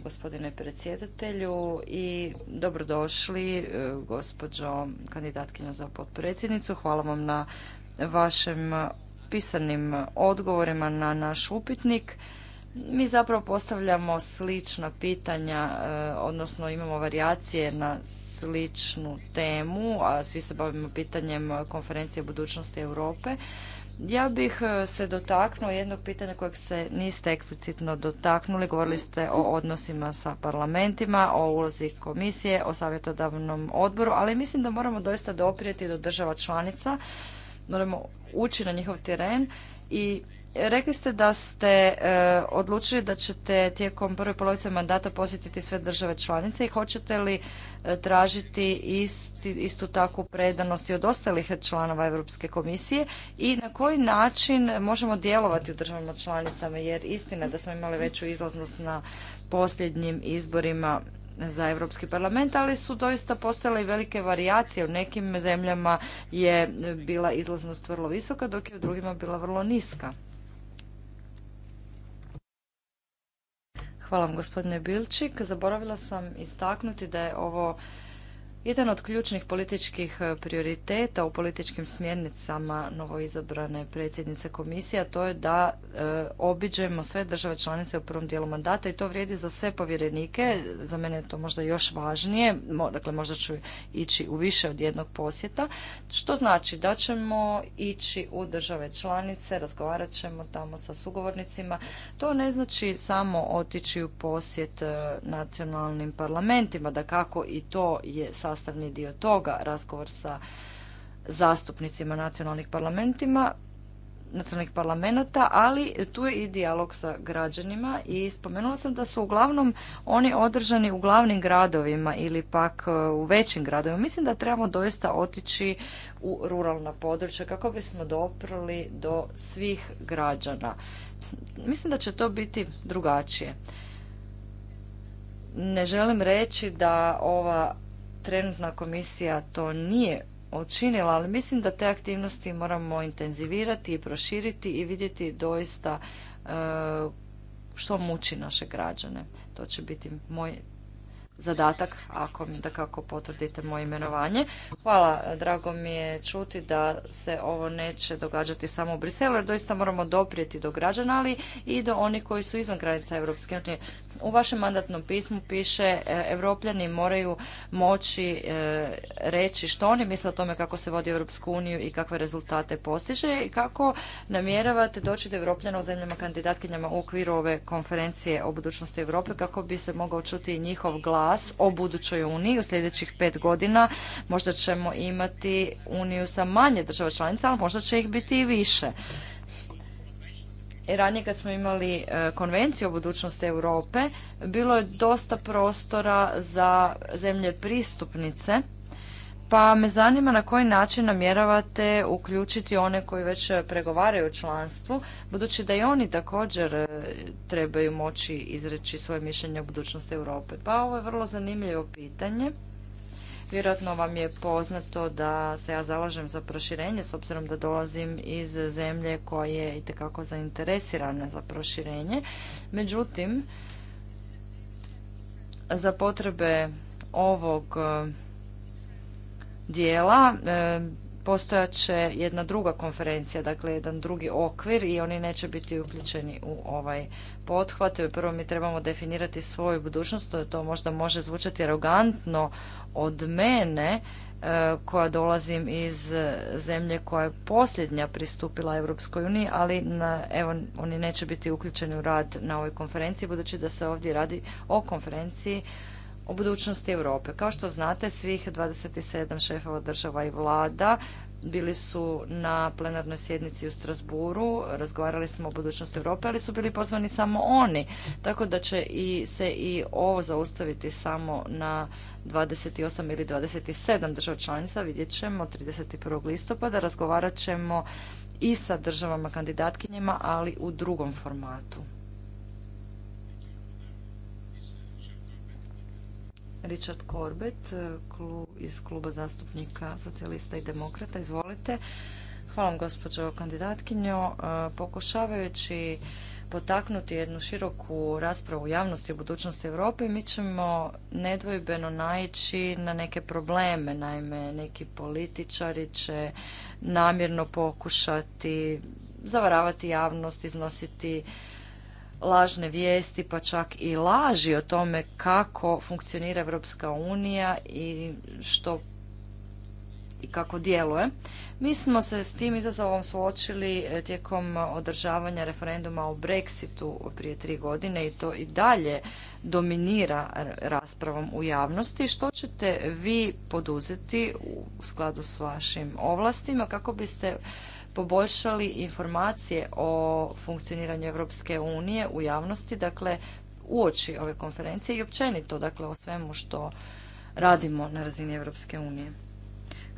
gospodine predsjedatelju i dobrodošli e, gospođo kandidatkinja za potpredsjednicu. Hvala vam na vašem pisanim odgovorima na naš upitnik. Mi zapravo postavljamo slična pitanja, e, odnosno imamo varijacije na sličnu temu, a svi se bavimo pitanjem konferencije budućnosti Europe. Ja bih e, se dotaknuo jednog pitanja kojeg se niste eksplicitno dotaknuli. Govorili ste o odnosima sa parlamentima, o ulozi komisije, o savjetodavnom odboru, ali mislim da moramo doista doprijeti do država članica, moramo ući na njihov teren i Rekli ste da ste e, odlučili da ćete tijekom prve polovice mandata posjetiti sve države članice i hoćete li e, tražiti isti, istu takvu predanost i od ostalih članova Europske komisije i na koji način možemo djelovati u državama članicama jer istina je da smo imali veću izlaznost na posljednjim izborima za Europski parlament, ali su doista postojale i velike varijacije. U nekim zemljama je bila izlaznost vrlo visoka, dok je u drugima bila vrlo niska. Hvala vam gospodine Bilčik. Zaboravila sam istaknuti da je ovo jedan od ključnih političkih e, prioriteta u političkim smjernicama novoizabrane predsjednice komisije, a to je da e, obiđemo sve države članice u prvom dijelu mandata i to vrijedi za sve povjerenike. Za mene je to možda još važnije, dakle možda ću ići u više od jednog posjeta, što znači da ćemo ići u države članice, razgovarat ćemo tamo sa sugovornicima. To ne znači samo otići u posjet e, nacionalnim parlamentima, da kako i to je sad sastavni dio toga, razgovor sa zastupnicima nacionalnih parlamentima, nacionalnih parlamenta, ali tu je i dijalog sa građanima i spomenula sam da su uglavnom oni održani u glavnim gradovima ili pak e, u većim gradovima. Mislim da trebamo doista otići u ruralna područja kako bismo doprli do svih građana. Mislim da će to biti drugačije. Ne želim reći da ova trenutna komisija to nije učinila, ali mislim da te aktivnosti moramo intenzivirati i proširiti i vidjeti doista e, što muči naše građane. To će biti moj zadatak ako mi da kako potvrdite moje imenovanje. Hvala, drago mi je čuti da se ovo neće događati samo u Briselu, jer doista moramo doprijeti do građana, ali i do onih koji su izvan granica Europske unije. U vašem mandatnom pismu piše e, Evropljani moraju moći e, reći što oni misle o tome kako se vodi Europsku uniju i kakve rezultate postiže i kako namjeravate doći do Evropljana u zemljama kandidatkinjama u okviru ove konferencije o budućnosti Europe kako bi se mogao čuti i njihov glas glas o budućoj Uniji u sljedećih pet godina. Možda ćemo imati Uniju sa manje država članica, ali možda će ih biti i više. I e, ranije kad smo imali e, konvenciju o budućnosti Europe, bilo je dosta prostora za zemlje pristupnice pa me zanima na koji način namjeravate uključiti one koji već pregovaraju o članstvu, budući da i oni također e, trebaju moći izreći svoje mišljenje o budućnosti Europe. Pa ovo je vrlo zanimljivo pitanje. Vjerojatno vam je poznato da se ja zalažem za proširenje, s obzirom da dolazim iz zemlje koja je itekako zainteresirana za proširenje. Međutim, za potrebe ovog dijela e, će jedna druga konferencija, dakle jedan drugi okvir i oni neće biti uključeni u ovaj pothvat. Prvo mi trebamo definirati svoju budućnost, to možda može zvučati arogantno od mene e, koja dolazim iz zemlje koja je posljednja pristupila Europskoj uniji, ali na, evo, oni neće biti uključeni u rad na ovoj konferenciji, budući da se ovdje radi o konferenciji budućnosti Europe. Kao što znate, svih 27 šefova država i vlada bili su na plenarnoj sjednici u Strasburu, razgovarali smo o budućnosti Europe, ali su bili pozvani samo oni. Tako da će i, se i ovo zaustaviti samo na 28 ili 27 država članica. Vidjet ćemo 31. listopada. Razgovarat ćemo i sa državama kandidatkinjima, ali u drugom formatu. Richard Corbett e, iz kluba zastupnika socijalista i demokrata. Izvolite. Hvala vam gospođo kandidatkinjo. E, pokušavajući potaknuti jednu široku raspravu u javnosti o budućnosti Europe, mi ćemo nedvojbeno naići na neke probleme. Naime, neki političari će namjerno pokušati zavaravati javnost, iznositi lažne vijesti, pa čak i laži o tome kako funkcionira Europska unija i što i kako djeluje. Mi smo se s tim izazovom suočili eh, tijekom održavanja referenduma o Brexitu prije tri godine i to i dalje dominira raspravom u javnosti. Što ćete vi poduzeti u skladu s vašim ovlastima kako biste poboljšali informacije o funkcioniranju Europske unije u javnosti, dakle uoči ove konferencije i općenito, dakle o svemu što radimo na razini Europske unije.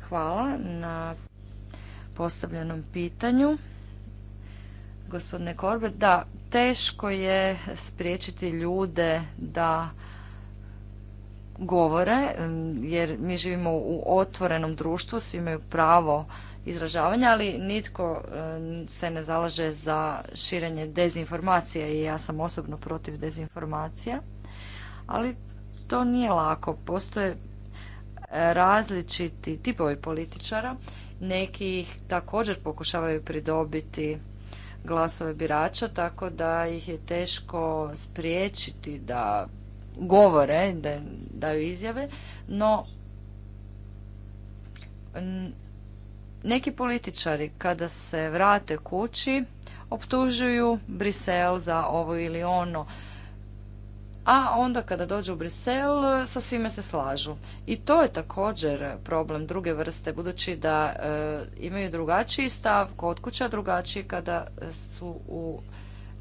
Hvala na postavljenom pitanju. Gospodine Korbet, da, teško je spriječiti ljude da govore, jer mi živimo u otvorenom društvu, svi imaju pravo izražavanja, ali nitko e, se ne zalaže za širenje dezinformacija i ja sam osobno protiv dezinformacija. Ali to nije lako. Postoje različiti tipovi političara. Neki ih također pokušavaju pridobiti glasove birača, tako da ih je teško spriječiti da govore, da daju izjave, no neki političari kada se vrate kući optužuju Brisel za ovo ili ono. A onda kada dođu u Brisel sa svime se slažu. I to je također problem druge vrste budući da e, imaju drugačiji stav kod kuća, drugačiji kada su u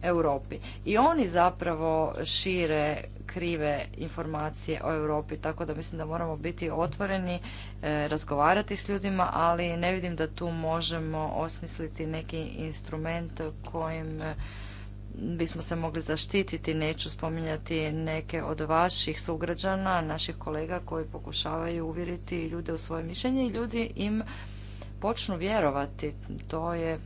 Europi. I oni zapravo šire krive informacije o Europi, tako da mislim da moramo biti otvoreni, e, razgovarati s ljudima, ali ne vidim da tu možemo osmisliti neki instrument kojim e, bismo se mogli zaštititi. Neću spominjati neke od vaših sugrađana, naših kolega koji pokušavaju uvjeriti ljude u svoje mišljenje i ljudi im počnu vjerovati. To je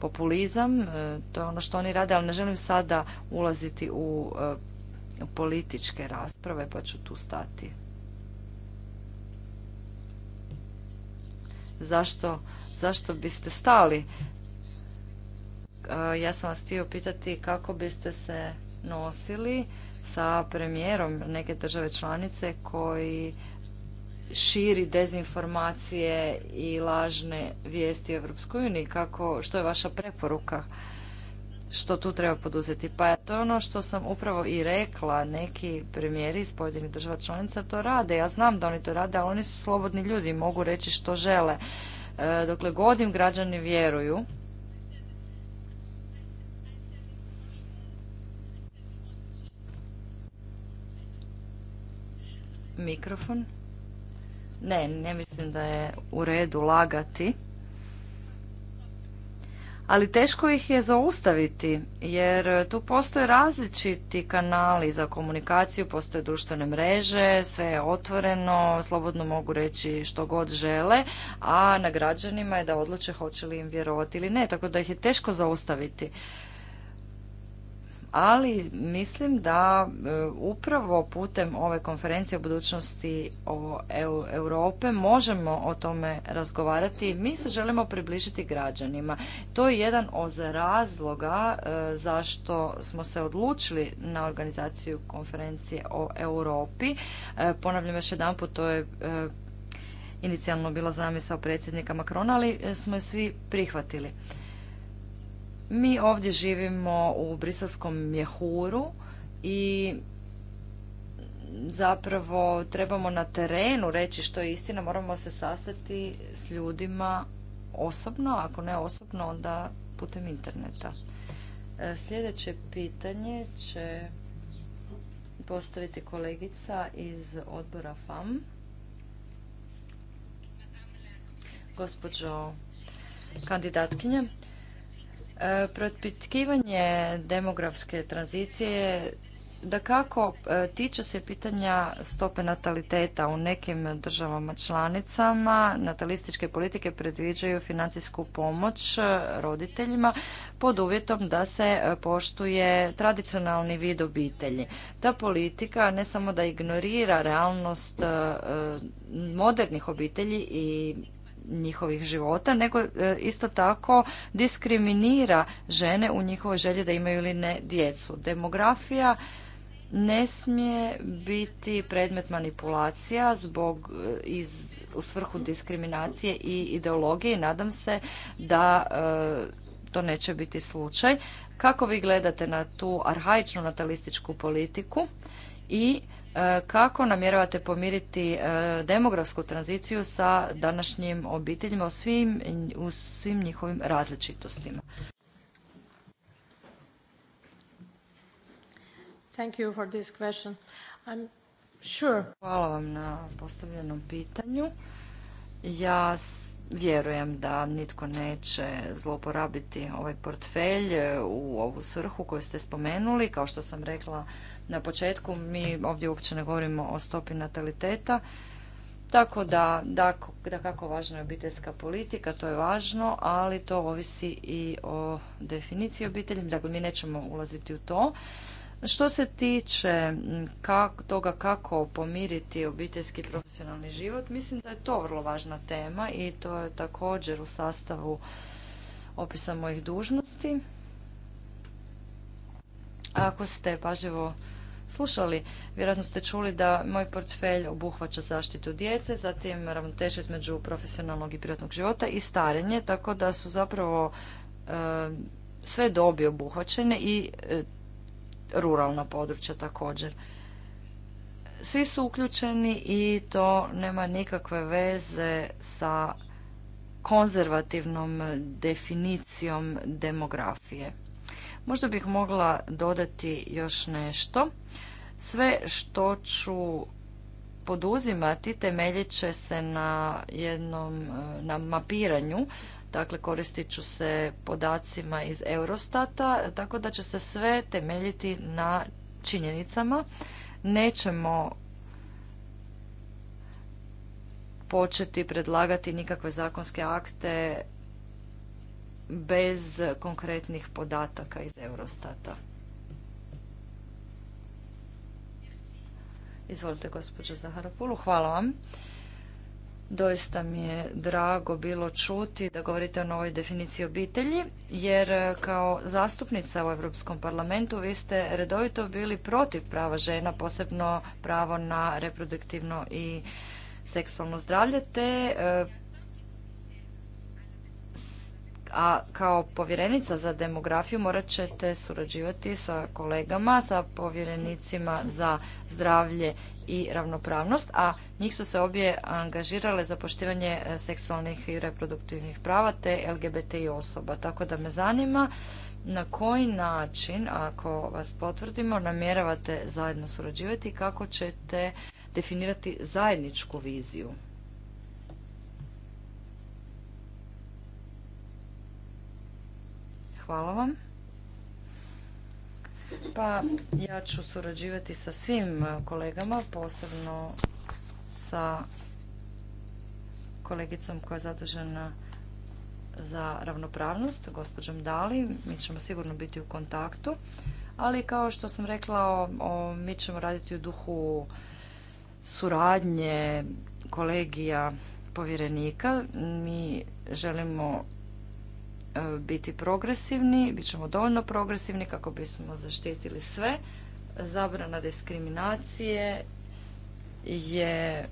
populizam, e, to je ono što oni rade, ali ne želim sada ulaziti u e, političke rasprave, pa ću tu stati. Zašto, zašto biste stali? E, ja sam vas htio pitati kako biste se nosili sa premijerom neke države članice koji širi dezinformacije i lažne vijesti u uniji? Kako, što je vaša preporuka? Što tu treba poduzeti? Pa to je ono što sam upravo i rekla. Neki premijeri iz pojedinih država članica to rade. Ja znam da oni to rade, ali oni su slobodni ljudi. Mogu reći što žele. E, dokle god im građani vjeruju, mikrofon. Ne, ne mislim da je u redu lagati. Ali teško ih je zaustaviti, jer tu postoje različiti kanali za komunikaciju, postoje društvene mreže, sve je otvoreno, slobodno mogu reći što god žele, a na građanima je da odluče hoće li im vjerovati ili ne, tako da ih je teško zaustaviti ali mislim da e, upravo putem ove konferencije o budućnosti o Europe možemo o tome razgovarati. Mi se želimo približiti građanima. To je jedan od razloga e, zašto smo se odlučili na organizaciju konferencije o Europi. E, ponavljam još jedanput, to je inicijalno bila zamisao predsjednika Makrona, ali smo je svi prihvatili. Mi ovdje živimo u briselskom jehuru i zapravo trebamo na terenu reći što je istina, moramo se sastati s ljudima osobno, ako ne osobno, onda putem interneta. E, sljedeće pitanje će postaviti kolegica iz odbora FAM. Gospođo kandidatkinje, E, Protpitkivanje demografske tranzicije da kako e, tiče se pitanja stope nataliteta u nekim državama članicama, natalističke politike predviđaju financijsku pomoć e, roditeljima pod uvjetom da se poštuje tradicionalni vid obitelji. Ta politika ne samo da ignorira realnost modernih obitelji i njihovih života, nego e, isto tako diskriminira žene u njihovoj želji da imaju ili ne djecu. Demografija ne smije biti predmet manipulacija zbog e, iz, u svrhu diskriminacije i ideologije. Nadam se da e, to neće biti slučaj. Kako vi gledate na tu arhaičnu natalističku politiku i E, kako namjeravate pomiriti e, demografsku tranziciju sa današnjim obiteljima u svim, u svim njihovim različitostima? Hvala vam na postavljenom pitanju. Ja vjerujem da nitko neće zloporabiti ovaj portfelj e, u ovu svrhu koju ste spomenuli. Kao što sam rekla, na početku. Mi ovdje uopće ne govorimo o stopi nataliteta. Tako da, da, da kako važna je obiteljska politika, to je važno, ali to ovisi i o definiciji obitelji. Dakle, mi nećemo ulaziti u to. Što se tiče toga kako pomiriti obiteljski profesionalni život, mislim da je to vrlo važna tema i to je također u sastavu opisa mojih dužnosti. Ako ste pažljivo slušali. Vjerojatno ste čuli da moj portfelj obuhvaća zaštitu djece, zatim ravnoteže između profesionalnog i privatnog života i starenje, tako da su zapravo eh, sve dobi obuhvaćene i eh, ruralna područja također. Svi su uključeni i to nema nikakve veze sa konzervativnom definicijom demografije. Možda bih mogla dodati još nešto. Sve što ću poduzimati temeljit će se na jednom eh, na mapiranju dakle koristit ću se podacima iz Eurostata, tako da će se sve temeljiti na činjenicama. Nećemo početi predlagati nikakve zakonske akte bez konkretnih podataka iz Eurostata. Izvolite, gospođo Zaharapulu. Hvala vam. Doista mi je drago bilo čuti da govorite o novoj definiciji obitelji, jer e, kao zastupnica u Europskom parlamentu vi ste redovito bili protiv prava žena, posebno pravo na reproduktivno i seksualno zdravlje, te e, a kao povjerenica za demografiju morat ćete surađivati sa kolegama, sa povjerenicima za zdravlje i ravnopravnost, a njih su se obje angažirale za poštivanje e, seksualnih i reproduktivnih prava te LGBTI osoba. Tako da me zanima na koji način, ako vas potvrdimo, namjeravate zajedno surađivati i kako ćete definirati zajedničku viziju. Hvala vam. Pa ja ću surađivati sa svim e, kolegama, posebno sa kolegicom koja je zadužena za ravnopravnost, gospođom Dali. Mi ćemo sigurno biti u kontaktu. Ali kao što sam rekla, mi ćemo raditi u duhu suradnje kolegija povjerenika. Mi želimo E, biti progresivni, bit ćemo dovoljno progresivni kako bismo zaštitili sve. Zabrana diskriminacije je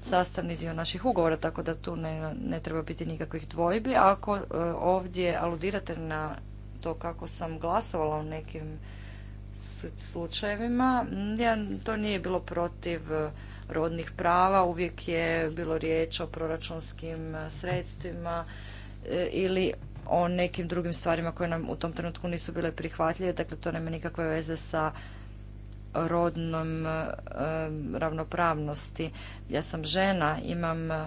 sastavni dio naših ugovora, tako da tu ne, ne treba biti nikakvih dvojbi. ako e, ovdje aludirate na to kako sam glasovala u nekim slučajevima, to nije bilo protiv rodnih prava, uvijek je bilo riječ o proračunskim e, sredstvima ili o nekim drugim stvarima koje nam u tom trenutku nisu bile prihvatljive. Dakle, to nema nikakve veze sa rodnom ravnopravnosti. Ja sam žena, imam eh,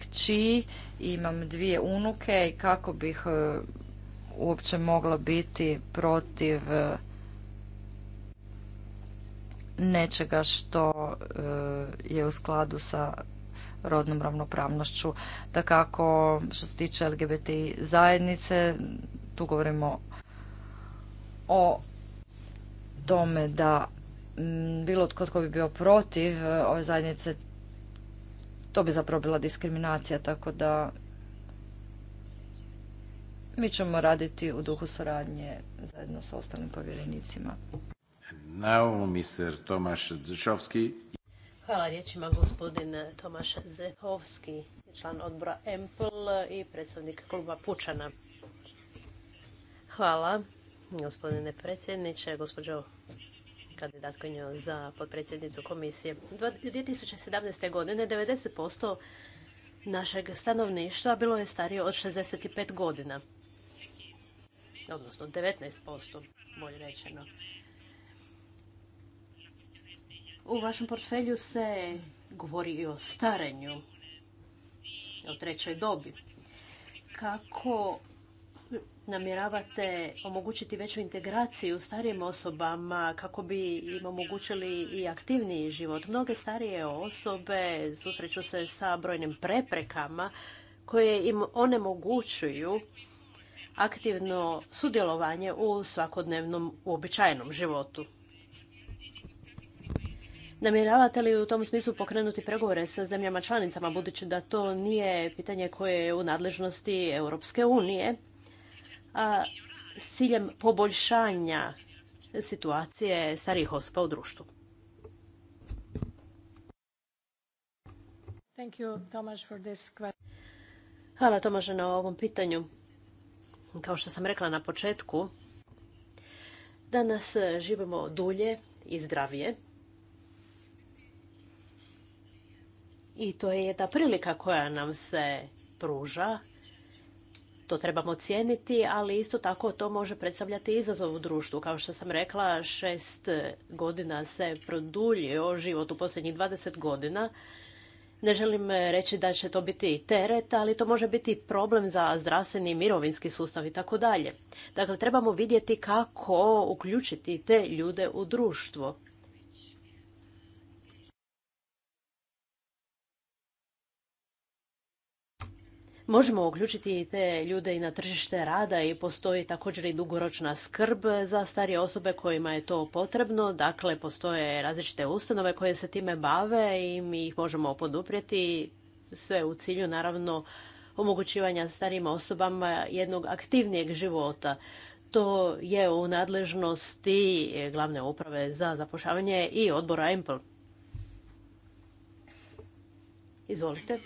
kći, imam dvije unuke i kako bih eh, uopće mogla biti protiv eh, nečega što je u skladu sa rodnom ravnopravnošću. Da kako što se tiče LGBT zajednice, tu govorimo o tome da mm, bilo tko tko bi bio protiv e, ove zajednice, to bi zapravo bila diskriminacija, tako da mi ćemo raditi u duhu suradnje zajedno s ostalim povjerenicima. Now, Mr. Hvala riječima gospodin Tomaš Zehovski, član odbora EMPL i predstavnik kluba Pučana. Hvala, gospodine predsjedniče, gospođo kandidatkinjo za potpredsjednicu komisije. 2017. godine 90% našeg stanovništva bilo je starije od 65 godina. Odnosno 19%, bolje rečeno. U vašem portfelju se govori i o starenju, o trećoj dobi. Kako namjeravate omogućiti veću integraciju starijim osobama kako bi im omogućili i aktivniji život? Mnoge starije osobe susreću se sa brojnim preprekama koje im onemogućuju aktivno sudjelovanje u svakodnevnom uobičajenom životu. Namjeravate li u tom smislu pokrenuti pregovore sa zemljama članicama, budući da to nije pitanje koje je u nadležnosti Europske unije, a s ciljem poboljšanja situacije starijih osoba u društvu? Thank Hvala Tomaže na ovom pitanju. Kao što sam rekla na početku, danas živimo dulje i zdravije. I to je jedna prilika koja nam se pruža. To trebamo cijeniti, ali isto tako to može predstavljati izazov u društvu. Kao što sam rekla, šest godina se produljio život u posljednjih 20 godina. Ne želim reći da će to biti teret, ali to može biti problem za zdravstveni mirovinski sustav i tako dalje. Dakle, trebamo vidjeti kako uključiti te ljude u društvo. možemo uključiti te ljude i na tržište rada i postoji također i dugoročna skrb za starije osobe kojima je to potrebno. Dakle, postoje različite ustanove koje se time bave i mi ih možemo poduprijeti sve u cilju naravno omogućivanja starijim osobama jednog aktivnijeg života. To je u nadležnosti glavne uprave za zapošljavanje i odbora EMPL. Izvolite.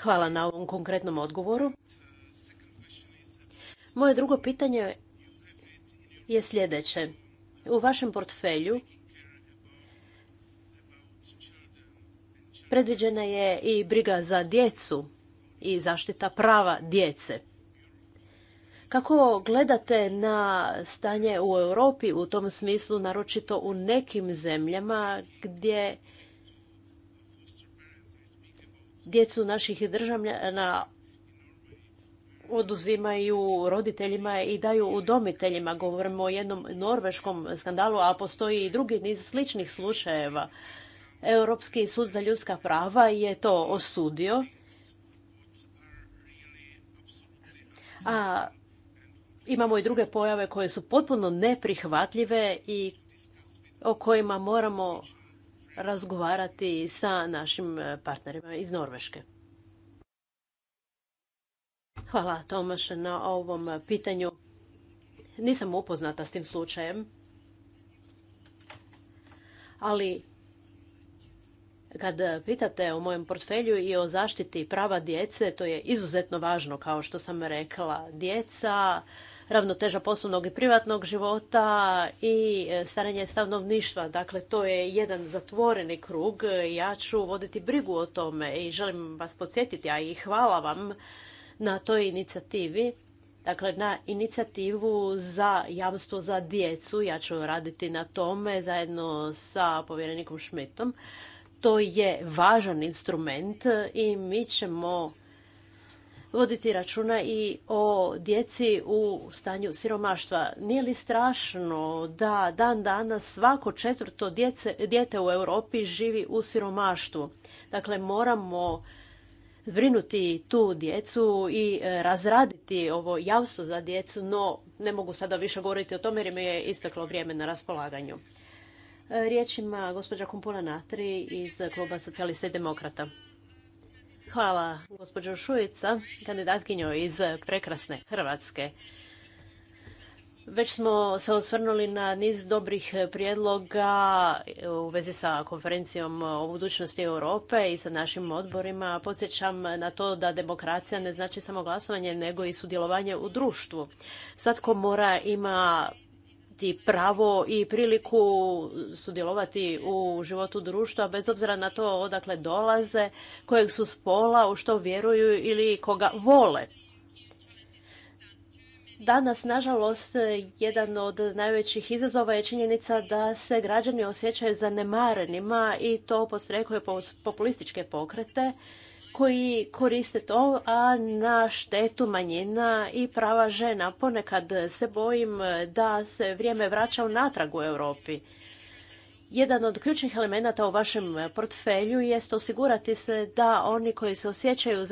Hvala na ovom konkretnom odgovoru. Moje drugo pitanje je sljedeće. U vašem portfelju predviđena je i briga za djecu i zaštita prava djece. Kako gledate na stanje u Europi u tom smislu, naročito u nekim zemljama gdje djecu naših državljana oduzimaju roditeljima i daju udomiteljima. Govorimo o jednom norveškom skandalu, a postoji i drugi niz sličnih slučajeva. Europski sud za ljudska prava je to osudio. A imamo i druge pojave koje su potpuno neprihvatljive i o kojima moramo razgovarati sa našim e, partnerima iz Norveške. Hvala Tomaš na ovom pitanju. Nisam upoznata s tim slučajem, ali kad pitate o mojem portfelju i o zaštiti prava djece, to je izuzetno važno, kao što sam rekla. Djeca ravnoteža poslovnog i privatnog života i e, staranje stanovništva. Dakle, to je jedan zatvoreni krug. Ja ću voditi brigu o tome i želim vas podsjetiti, a i hvala vam na toj inicijativi. Dakle, na inicijativu za jamstvo za djecu. Ja ću raditi na tome zajedno sa povjerenikom Šmitom. To je važan instrument i mi ćemo voditi računa i o djeci u stanju siromaštva. Nije li strašno da dan danas svako četvrto dijete djete u Europi živi u siromaštvu? Dakle, moramo zbrinuti tu djecu i e, razraditi ovo javstvo za djecu, no ne mogu sada više govoriti o tome jer mi je isteklo vrijeme na raspolaganju. E, riječ ima gospođa Kumpula Natri iz kluba socijalista i demokrata. Hvala, gospođo Šujica, kandidatkinjo iz prekrasne Hrvatske. Već smo se osvrnuli na niz dobrih prijedloga u vezi sa konferencijom o budućnosti Europe i sa našim odborima. Podsjećam na to da demokracija ne znači samo glasovanje, nego i sudjelovanje u društvu. Svatko mora ima imati pravo i priliku sudjelovati u životu društva bez obzira na to odakle dolaze, kojeg su spola, u što vjeruju ili koga vole. Danas, nažalost, jedan od najvećih izazova je činjenica da se građani osjećaju zanemarenima i to postrekuje populističke pokrete koji koriste to, a na štetu manjina i prava žena. Ponekad se bojim da se vrijeme vraća unatrag u Europi jedan od ključnih elemenata u vašem portfelju jest osigurati se da oni koji se osjećaju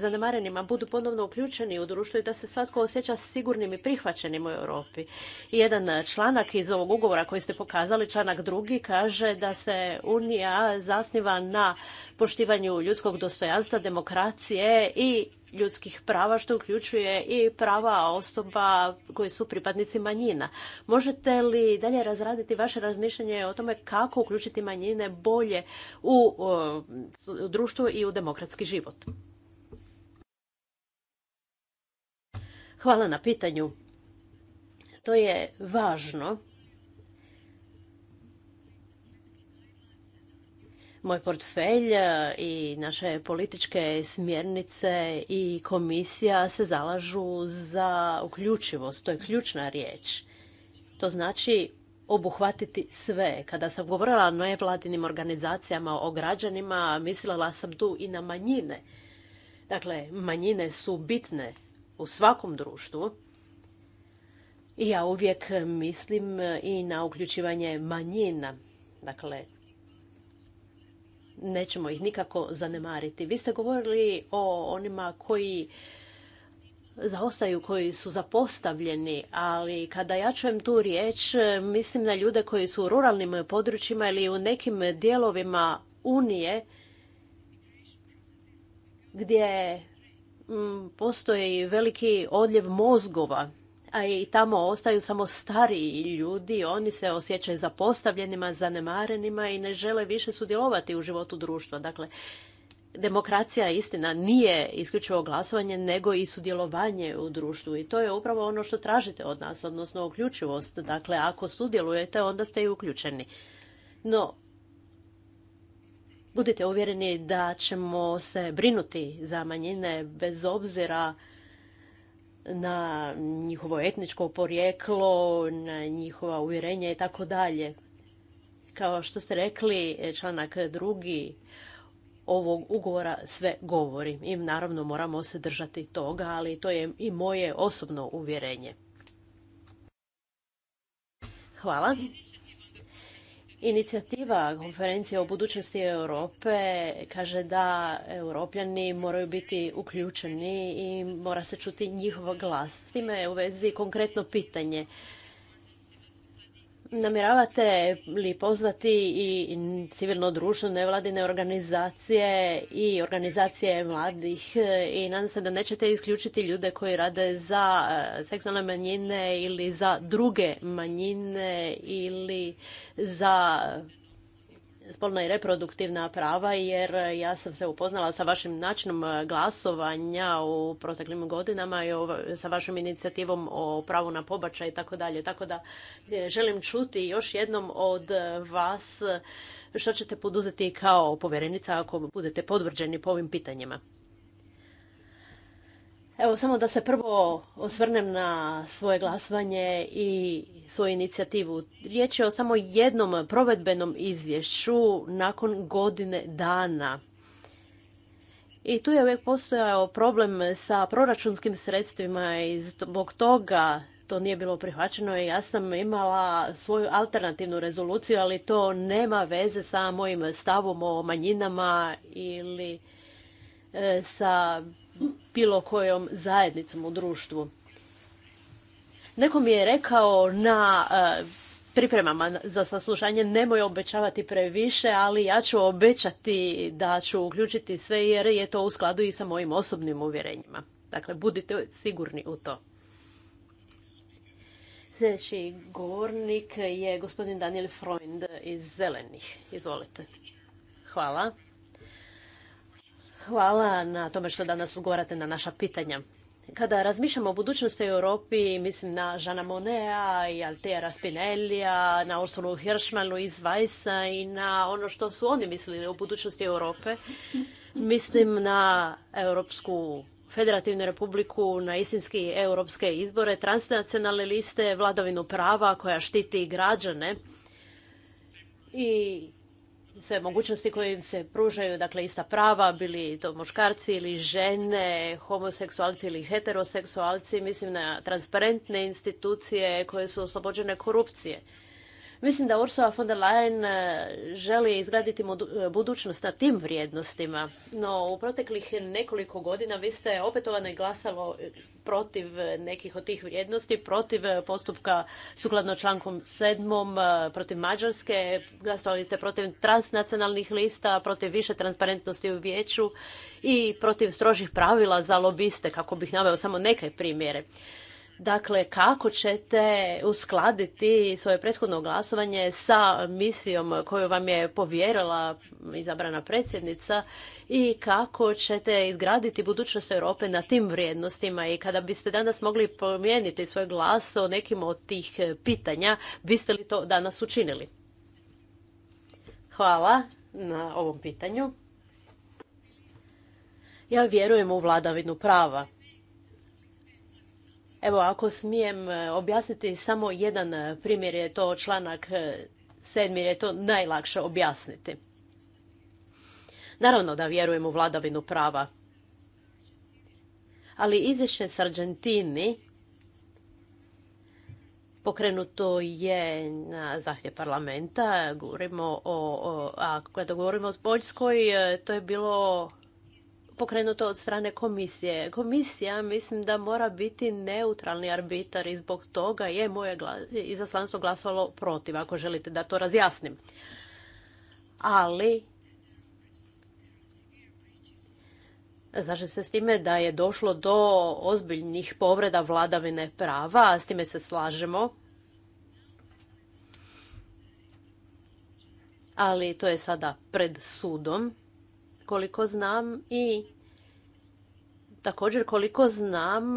zanemarenima budu ponovno uključeni u društvo i da se svatko osjeća sigurnim i prihvaćenim u Europi. Jedan članak iz ovog ugovora koji ste pokazali, članak drugi, kaže da se Unija zasniva na poštivanju ljudskog dostojanstva, demokracije i ljudskih prava, što uključuje i prava osoba koji su pripadnici manjina. Možete li dalje razraditi vaše razmišljanje o tome kako uključiti manjine bolje u društvo i u demokratski život? Hvala na pitanju. To je važno moj portfelj i naše političke smjernice i komisija se zalažu za uključivost. To je ključna riječ. To znači obuhvatiti sve. Kada sam govorila o nevladinim organizacijama, o građanima, mislila sam tu i na manjine. Dakle, manjine su bitne u svakom društvu. I ja uvijek mislim i na uključivanje manjina. Dakle, nećemo ih nikako zanemariti. Vi ste govorili o onima koji zaostaju, koji su zapostavljeni, ali kada ja čujem tu riječ, mislim na ljude koji su u ruralnim područjima ili u nekim dijelovima Unije, gdje mm, postoji veliki odljev mozgova a i tamo ostaju samo stariji ljudi, oni se osjećaju zapostavljenima, zanemarenima i ne žele više sudjelovati u životu društva. Dakle, demokracija istina nije isključivo glasovanje, nego i sudjelovanje u društvu i to je upravo ono što tražite od nas, odnosno uključivost. Dakle, ako sudjelujete, onda ste i uključeni. No, budite uvjereni da ćemo se brinuti za manjine bez obzira na njihovo etničko porijeklo, na njihova uvjerenja i tako dalje. Kao što ste rekli, članak drugi ovog ugovora sve govori i naravno moramo se držati toga, ali to je i moje osobno uvjerenje. Hvala. Inicijativa konferencije o budućnosti Europe kaže da europljani moraju biti uključeni i mora se čuti njihov glas. S time je u vezi konkretno pitanje namjeravate li pozvati i civilno društvo, nevladine organizacije i organizacije mladih i nadam se da nećete isključiti ljude koji rade za e, seksualne manjine ili za druge manjine ili za spolna i reproduktivna prava jer ja sam se upoznala sa vašim načinom glasovanja u proteklim godinama i sa vašom inicijativom o pravu na pobačaj i tako dalje. Tako da e, želim čuti još jednom od vas što ćete poduzeti kao povjerenica ako budete podvrđeni po ovim pitanjima. Evo, samo da se prvo osvrnem na svoje glasovanje i svoju inicijativu. Riječ je o samo jednom provedbenom izvješću nakon godine dana. I tu je uvijek postojao problem sa proračunskim sredstvima i zbog toga to nije bilo prihvaćeno i ja sam imala svoju alternativnu rezoluciju, ali to nema veze sa mojim stavom o manjinama ili e, sa bilo kojom zajednicom u društvu. Neko mi je rekao na e, pripremama za saslušanje nemoj obećavati previše, ali ja ću obećati da ću uključiti sve jer je to u skladu i sa mojim osobnim uvjerenjima. Dakle, budite sigurni u to. Sljedeći govornik je gospodin Daniel Freund iz Zelenih. Izvolite. Hvala. Hvala na tome što danas odgovarate na naša pitanja. Kada razmišljamo o budućnosti u Europi, mislim na Žana Monea i Altea Spinellija, na Ursulu Hirschmanu iz Vajsa i na ono što su oni mislili o budućnosti Europe. Mislim na Europsku Federativnu republiku, na istinski europske izbore, transnacionalne liste, vladavinu prava koja štiti građane i sve mogućnosti koje im se pružaju, dakle ista prava, bili to muškarci ili žene, homoseksualci ili heteroseksualci, mislim na transparentne institucije koje su oslobođene korupcije. Mislim da Ursula von der Leyen e, želi izgraditi e, budućnost na tim vrijednostima, no u proteklih nekoliko godina vi ste opetovano i glasalo e, protiv nekih od tih vrijednosti, protiv postupka sukladno člankom sedmom, protiv Mađarske, glasovali ste protiv transnacionalnih lista, protiv više transparentnosti u vijeću i protiv strožih pravila za lobiste, kako bih naveo samo neke primjere. Dakle, kako ćete uskladiti svoje prethodno glasovanje sa misijom koju vam je povjerila izabrana predsjednica i kako ćete izgraditi budućnost Europe na tim vrijednostima i kada biste danas mogli promijeniti svoj glas o nekim od tih pitanja, biste li to danas učinili? Hvala na ovom pitanju. Ja vjerujem u vladavinu prava. Evo, ako smijem e, objasniti samo jedan e, primjer, je to članak e, sedmi, je to najlakše objasniti. Naravno da vjerujem u vladavinu prava. Ali izvješće s Argentini pokrenuto je na zahtjev parlamenta. Govorimo o, o a kada govorimo o Poljskoj, to je bilo pokrenuto od strane komisije. Komisija mislim da mora biti neutralni arbitar i zbog toga je moje izaslanstvo glasovalo protiv, ako želite da to razjasnim. Ali Slažem se s time da je došlo do ozbiljnih povreda vladavine prava, a s time se slažemo. Ali to je sada pred sudom koliko znam i također koliko znam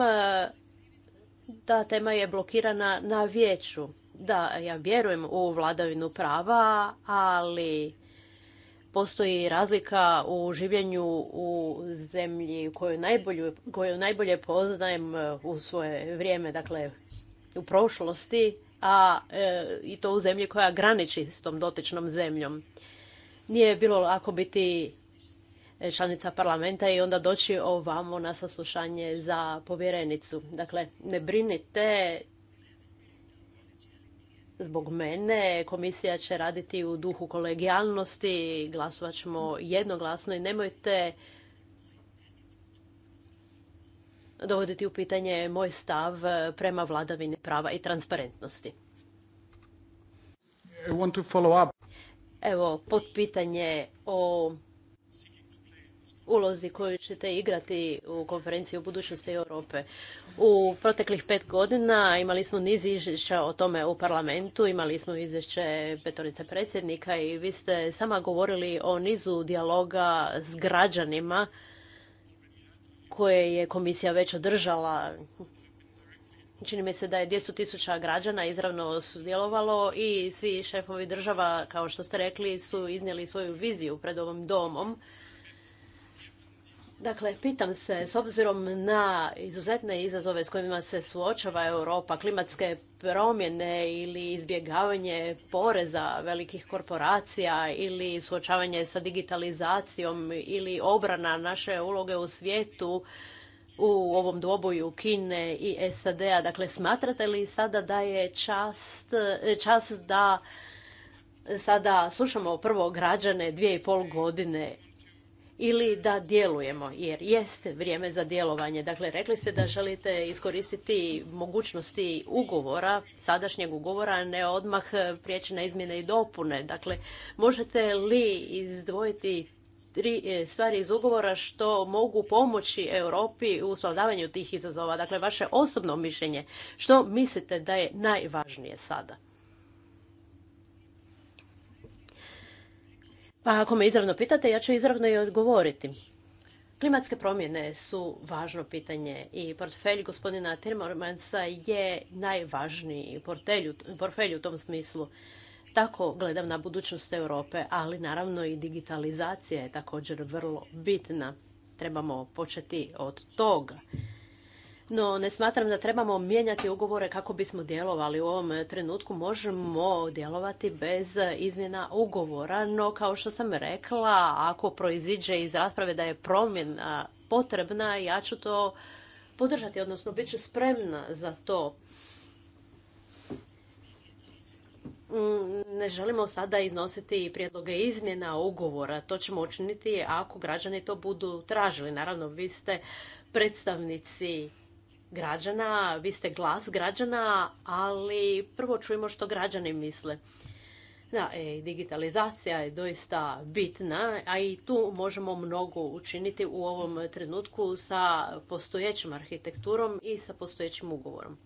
ta e, tema je blokirana na vijeću. Da, ja vjerujem u vladavinu prava, ali postoji razlika u življenju u zemlji koju najbolje, najbolje poznajem e, u svoje vrijeme, dakle u prošlosti, a e, i to u zemlji koja graniči s tom dotičnom zemljom. Nije bilo lako biti E, članica parlamenta i onda doći ovamo na saslušanje za povjerenicu. Dakle, ne brinite zbog mene. Komisija će raditi u duhu kolegijalnosti, glasovat ćemo jednoglasno i nemojte dovoditi u pitanje moj stav prema vladavini prava i transparentnosti. Evo, pod pitanje o ulozi koju ćete igrati u konferenciji o budućnosti Europe. U proteklih pet godina imali smo niz izvješća o tome u parlamentu, imali smo izvješće petorice predsjednika i vi ste sama govorili o nizu dijaloga s građanima koje je komisija već održala. Čini mi se da je 200 tisuća građana izravno sudjelovalo i svi šefovi država, kao što ste rekli, su iznijeli svoju viziju pred ovom domom Dakle, pitam se, s obzirom na izuzetne izazove s kojima se suočava Europa, klimatske promjene ili izbjegavanje poreza velikih korporacija ili suočavanje sa digitalizacijom ili obrana naše uloge u svijetu u ovom doboju Kine i SAD-a, dakle, smatrate li sada da je čast, da sada slušamo prvo građane dvije i pol godine ili da djelujemo, jer jeste vrijeme za djelovanje. Dakle, rekli ste da želite iskoristiti mogućnosti ugovora, sadašnjeg ugovora, ne odmah prijeći na izmjene i dopune. Dakle, možete li izdvojiti tri e, stvari iz ugovora što mogu pomoći Europi u svladavanju tih izazova? Dakle, vaše osobno mišljenje, što mislite da je najvažnije sada? Pa ako me izravno pitate, ja ću izravno i odgovoriti. Klimatske promjene su važno pitanje i portfelj gospodina Timmermansa je najvažniji portfelj u tom smislu. Tako gledam na budućnost Europe, ali naravno i digitalizacija je također vrlo bitna. Trebamo početi od toga. No, ne smatram da trebamo mijenjati ugovore kako bismo djelovali. U ovom trenutku možemo djelovati bez izmjena ugovora, no kao što sam rekla, ako proiziđe iz rasprave da je promjena potrebna, ja ću to podržati, odnosno bit ću spremna za to. Mm, ne želimo sada iznositi prijedloge izmjena ugovora. To ćemo učiniti ako građani to budu tražili. Naravno, vi ste predstavnici građana, vi ste glas građana, ali prvo čujemo što građani misle. Da, e, digitalizacija je doista bitna, a i tu možemo mnogo učiniti u ovom trenutku sa postojećom arhitekturom i sa postojećim ugovorom.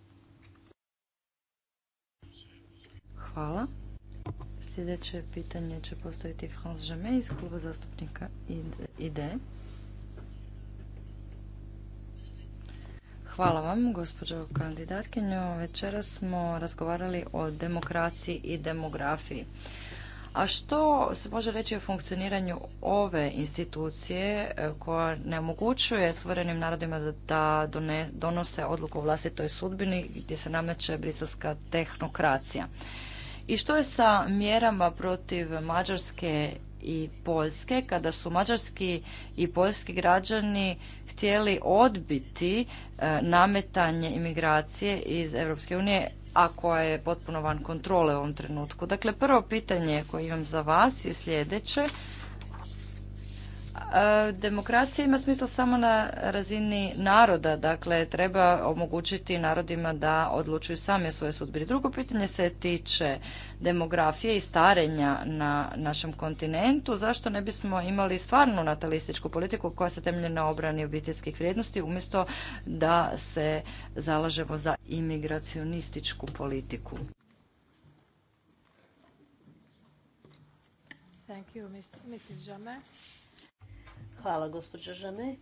Hvala. Sljedeće pitanje će postaviti Franz Jamais iz kluba zastupnika IDE. Hvala vam, gospođo kandidatkinjo. Večera smo razgovarali o demokraciji i demografiji. A što se može reći o funkcioniranju ove institucije e, koja ne omogućuje suverenim narodima da donose odluku o vlastitoj sudbini gdje se nameće briselska tehnokracija? I što je sa mjerama protiv Mađarske i Poljske kada su mađarski i poljski građani htjeli odbiti e, nametanje imigracije iz Europske unije, a koja je potpuno van kontrole u ovom trenutku. Dakle, prvo pitanje koje imam za vas je sljedeće. Demokracija ima smisla samo na razini naroda, dakle treba omogućiti narodima da odlučuju sami o svojoj sudbini. Drugo pitanje se tiče demografije i starenja na našem kontinentu. Zašto ne bismo imali stvarnu natalističku politiku koja se temelji na obrani obiteljskih vrijednosti umjesto da se zalažemo za imigracionističku politiku? Hvala, gospođo Žame.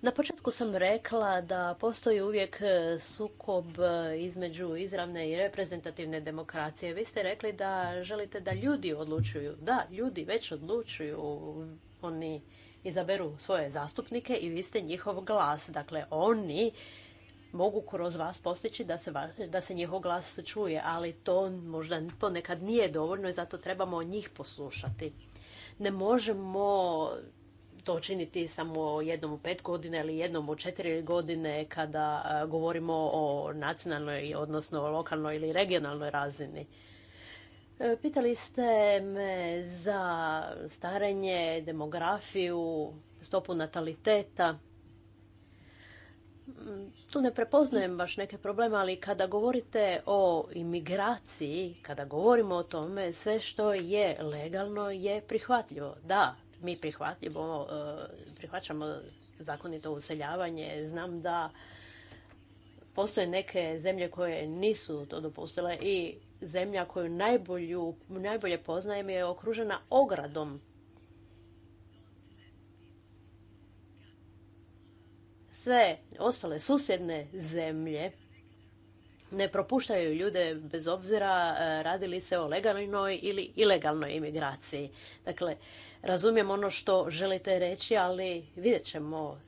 Na početku sam rekla da postoji uvijek e, sukob e, između izravne i reprezentativne demokracije. Vi ste rekli da želite da ljudi odlučuju. Da, ljudi već odlučuju. Oni izaberu svoje zastupnike i vi ste njihov glas. Dakle, oni mogu kroz vas postići da se, da se njihov glas čuje, ali to možda ponekad nije dovoljno i zato trebamo njih poslušati. Ne možemo to činiti samo jednom u pet godina ili jednom u četiri godine kada e, govorimo o nacionalnoj, odnosno lokalnoj ili regionalnoj razini. E, pitali ste me za starenje, demografiju, stopu nataliteta tu ne prepoznajem baš neke probleme, ali kada govorite o imigraciji, kada govorimo o tome, sve što je legalno je prihvatljivo. Da, mi prihvatljivo, e, prihvaćamo zakonito useljavanje. Znam da postoje neke zemlje koje nisu to dopustile i zemlja koju najbolje poznajem je okružena ogradom sve ostale susjedne zemlje ne propuštaju ljude bez obzira e, radi li se o legalnoj ili ilegalnoj imigraciji. Dakle, razumijem ono što želite reći, ali vidjet ćemo.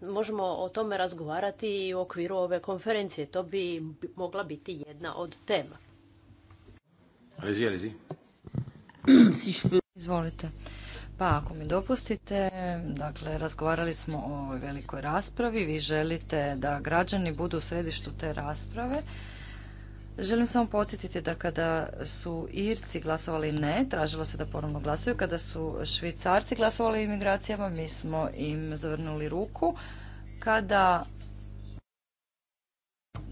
Možemo o tome razgovarati i u okviru ove konferencije. To bi mogla biti jedna od tema. Izvolite. Pa ako mi dopustite, dakle razgovarali smo o ovoj velikoj raspravi, vi želite da građani budu u središtu te rasprave. Želim samo podsjetiti da kada su Irci glasovali ne, tražilo se da ponovno glasuju, kada su Švicarci glasovali imigracijama, mi smo im zavrnuli ruku. Kada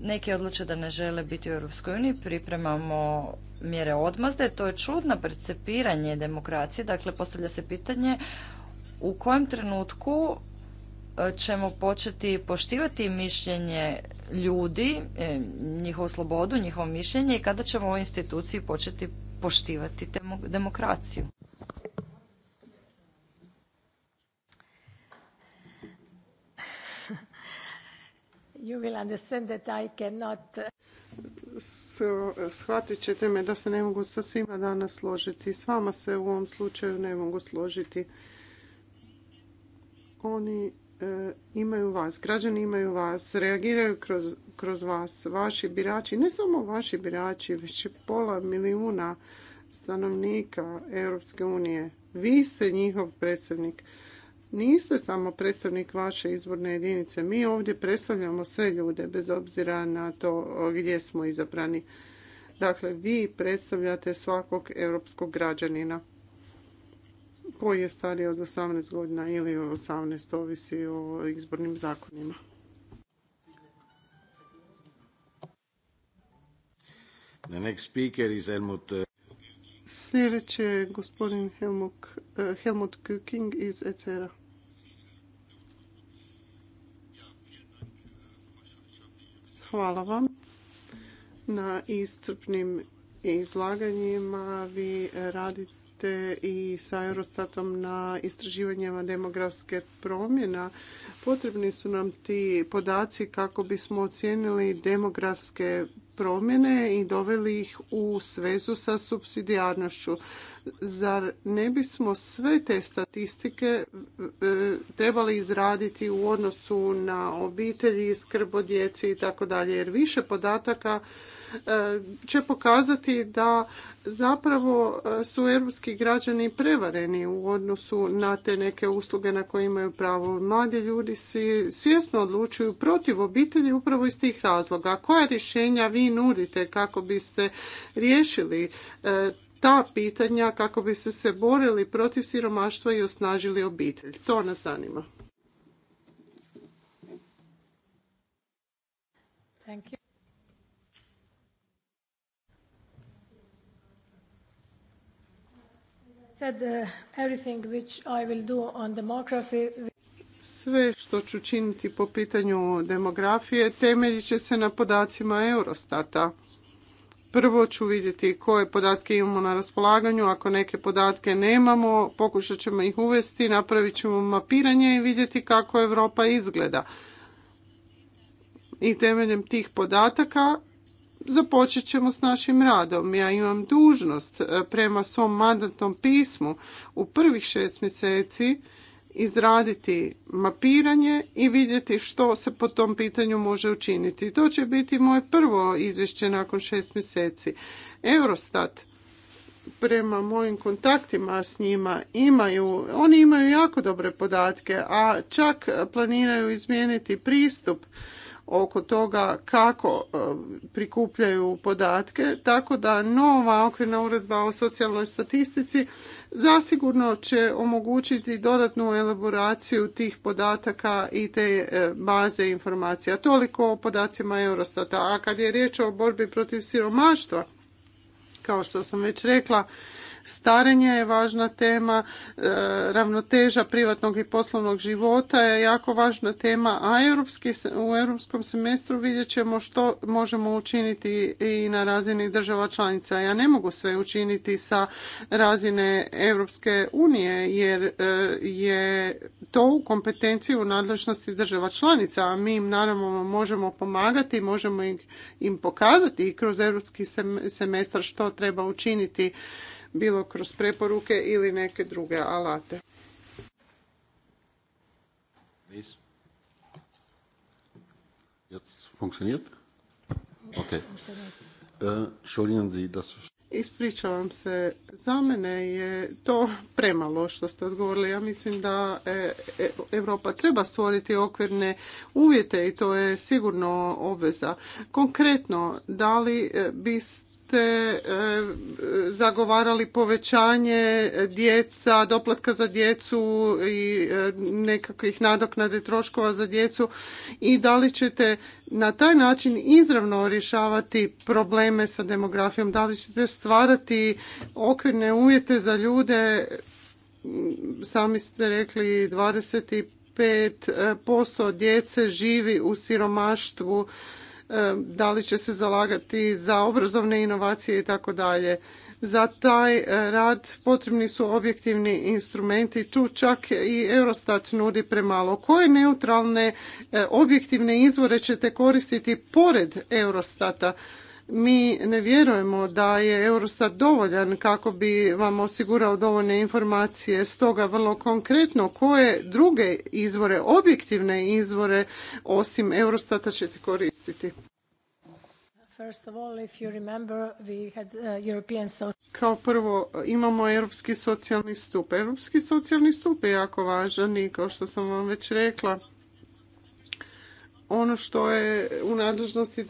neki odluče da ne žele biti u Europskoj uniji, pripremamo mjere odmazde. To je čudno percepiranje demokracije. Dakle, postavlja se pitanje u kojem trenutku e, ćemo početi poštivati mišljenje ljudi, e, njihovu slobodu, njihovo mišljenje i kada ćemo u instituciji početi poštivati demokraciju. You will understand that I cannot... Uh, uh, shvatit ćete me da se ne mogu sa svima danas složiti. S vama se u ovom slučaju ne mogu složiti. Oni eh, imaju vas, građani imaju vas, reagiraju kroz, kroz vas, vaši birači, ne samo vaši birači, već pola milijuna stanovnika Europske unije. Vi ste njihov predstavnik niste samo predstavnik vaše izborne jedinice. Mi ovdje predstavljamo sve ljude, bez obzira na to gdje smo izabrani. Dakle, vi predstavljate svakog europskog građanina koji je stariji od 18 godina ili 18, ovisi o izbornim zakonima. The next speaker is Helmut Sljedeće je gospodin Helmut eh, Kuking iz ECR-a. Hvala vam na iscrpnim izlaganjima. Vi radite i sa Eurostatom na istraživanjima demografske promjena. Potrebni su nam ti podaci kako bismo ocijenili demografske promjene promjene i doveli ih u svezu sa subsidijarnošću. Zar ne bismo sve te statistike e, trebali izraditi u odnosu na obitelji, skrb o djeci i tako dalje? Jer više podataka e, će pokazati da zapravo e, su europski građani prevareni u odnosu na te neke usluge na koje imaju pravo. Mladi ljudi si svjesno odlučuju protiv obitelji upravo iz tih razloga. Koja rješenja vi nudite kako biste riješili ta pitanja kako bi se se borili protiv siromaštva i osnažili obitelj. To nas zanima. sve što ću činiti po pitanju demografije temeljit će se na podacima Eurostata Prvo ću vidjeti koje podatke imamo na raspolaganju, ako neke podatke nemamo, pokušat ćemo ih uvesti, napravit ćemo mapiranje i vidjeti kako Europa izgleda. I temeljem tih podataka započet ćemo s našim radom. Ja imam dužnost eh, prema svom mandatnom pismu u prvih šest mjeseci izraditi mapiranje i vidjeti što se po tom pitanju može učiniti. To će biti moje prvo izvješće nakon šest mjeseci. Eurostat prema mojim kontaktima s njima imaju, oni imaju jako dobre podatke, a čak planiraju izmijeniti pristup oko toga kako e, prikupljaju podatke, tako da nova okvirna uredba o socijalnoj statistici zasigurno će omogućiti dodatnu elaboraciju tih podataka i te e, baze informacija. Toliko o podacima Eurostata. A kad je riječ o borbi protiv siromaštva, kao što sam već rekla, Starenje je važna tema, e, ravnoteža privatnog i poslovnog života je jako važna tema, a europski, u europskom semestru vidjet ćemo što možemo učiniti i na razini država članica. Ja ne mogu sve učiniti sa razine Europske unije jer e, je to u kompetenciji u nadležnosti država članica, a mi im naravno možemo pomagati, možemo im pokazati i kroz europski semestar što treba učiniti bilo kroz preporuke ili neke druge alate. E, Ispričavam se, za mene je to premalo što ste odgovorili. Ja mislim da e, e, Europa treba stvoriti okvirne uvjete i to je sigurno obveza. Konkretno, da li biste ste e, zagovarali povećanje djeca, doplatka za djecu i e, nekakvih nadoknade troškova za djecu i da li ćete na taj način izravno rješavati probleme sa demografijom, da li ćete stvarati okvirne uvjete za ljude, sami ste rekli 25% djece živi u siromaštvu da li će se zalagati za obrazovne inovacije i tako dalje. Za taj e, rad potrebni su objektivni instrumenti, tu čak i Eurostat nudi premalo. Koje neutralne e, objektivne izvore ćete koristiti pored Eurostata? mi ne vjerujemo da je Eurostat dovoljan kako bi vam osigurao dovoljne informacije. Stoga vrlo konkretno koje druge izvore, objektivne izvore osim Eurostata ćete koristiti? Uh, kao prvo imamo europski socijalni stup. Europski socijalni stup je jako važan i kao što sam vam već rekla ono što je u nadležnosti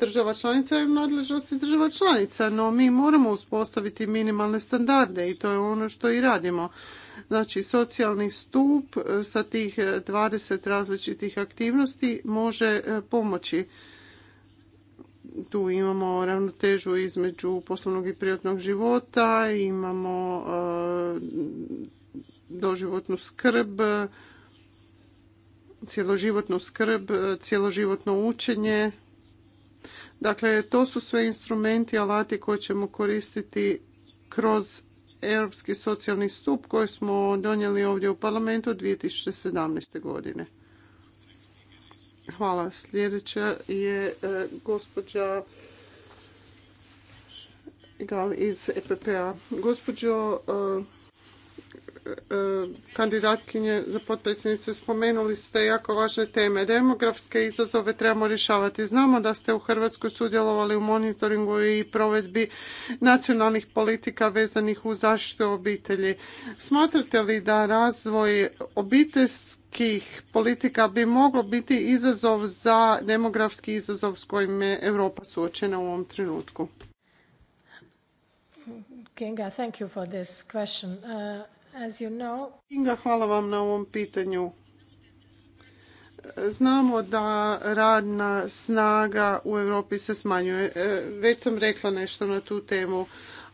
država članica je u nadležnosti država članica, no mi moramo uspostaviti minimalne standarde i to je ono što i radimo. Znači, socijalni stup e, sa tih 20 e, različitih aktivnosti može e, pomoći. Tu imamo ravnotežu između poslovnog i privatnog života, imamo doživotnu skrb, cjeloživotnu skrb, e, cjeloživotno učenje. Dakle, to su sve instrumenti, alati koje ćemo koristiti kroz Europski socijalni stup koji smo donijeli ovdje u parlamentu 2017. godine. Hvala. Sljedeća je e, gospođa Gal iz EPP-a. Gospođo e, E, kandidatkinje za potpredsjednice, spomenuli ste jako važne teme. Demografske izazove trebamo rješavati. Znamo da ste u Hrvatskoj sudjelovali u monitoringu i provedbi nacionalnih politika vezanih u zaštitu obitelji. Smatrate li da razvoj obiteljskih politika bi moglo biti izazov za demografski izazov s kojim je Europa suočena u ovom trenutku? Kinga, thank you for this question. Uh, As hvala vam na ovom pitanju. Znamo da radna snaga u Europi se smanjuje. E, već sam rekla nešto na tu temu.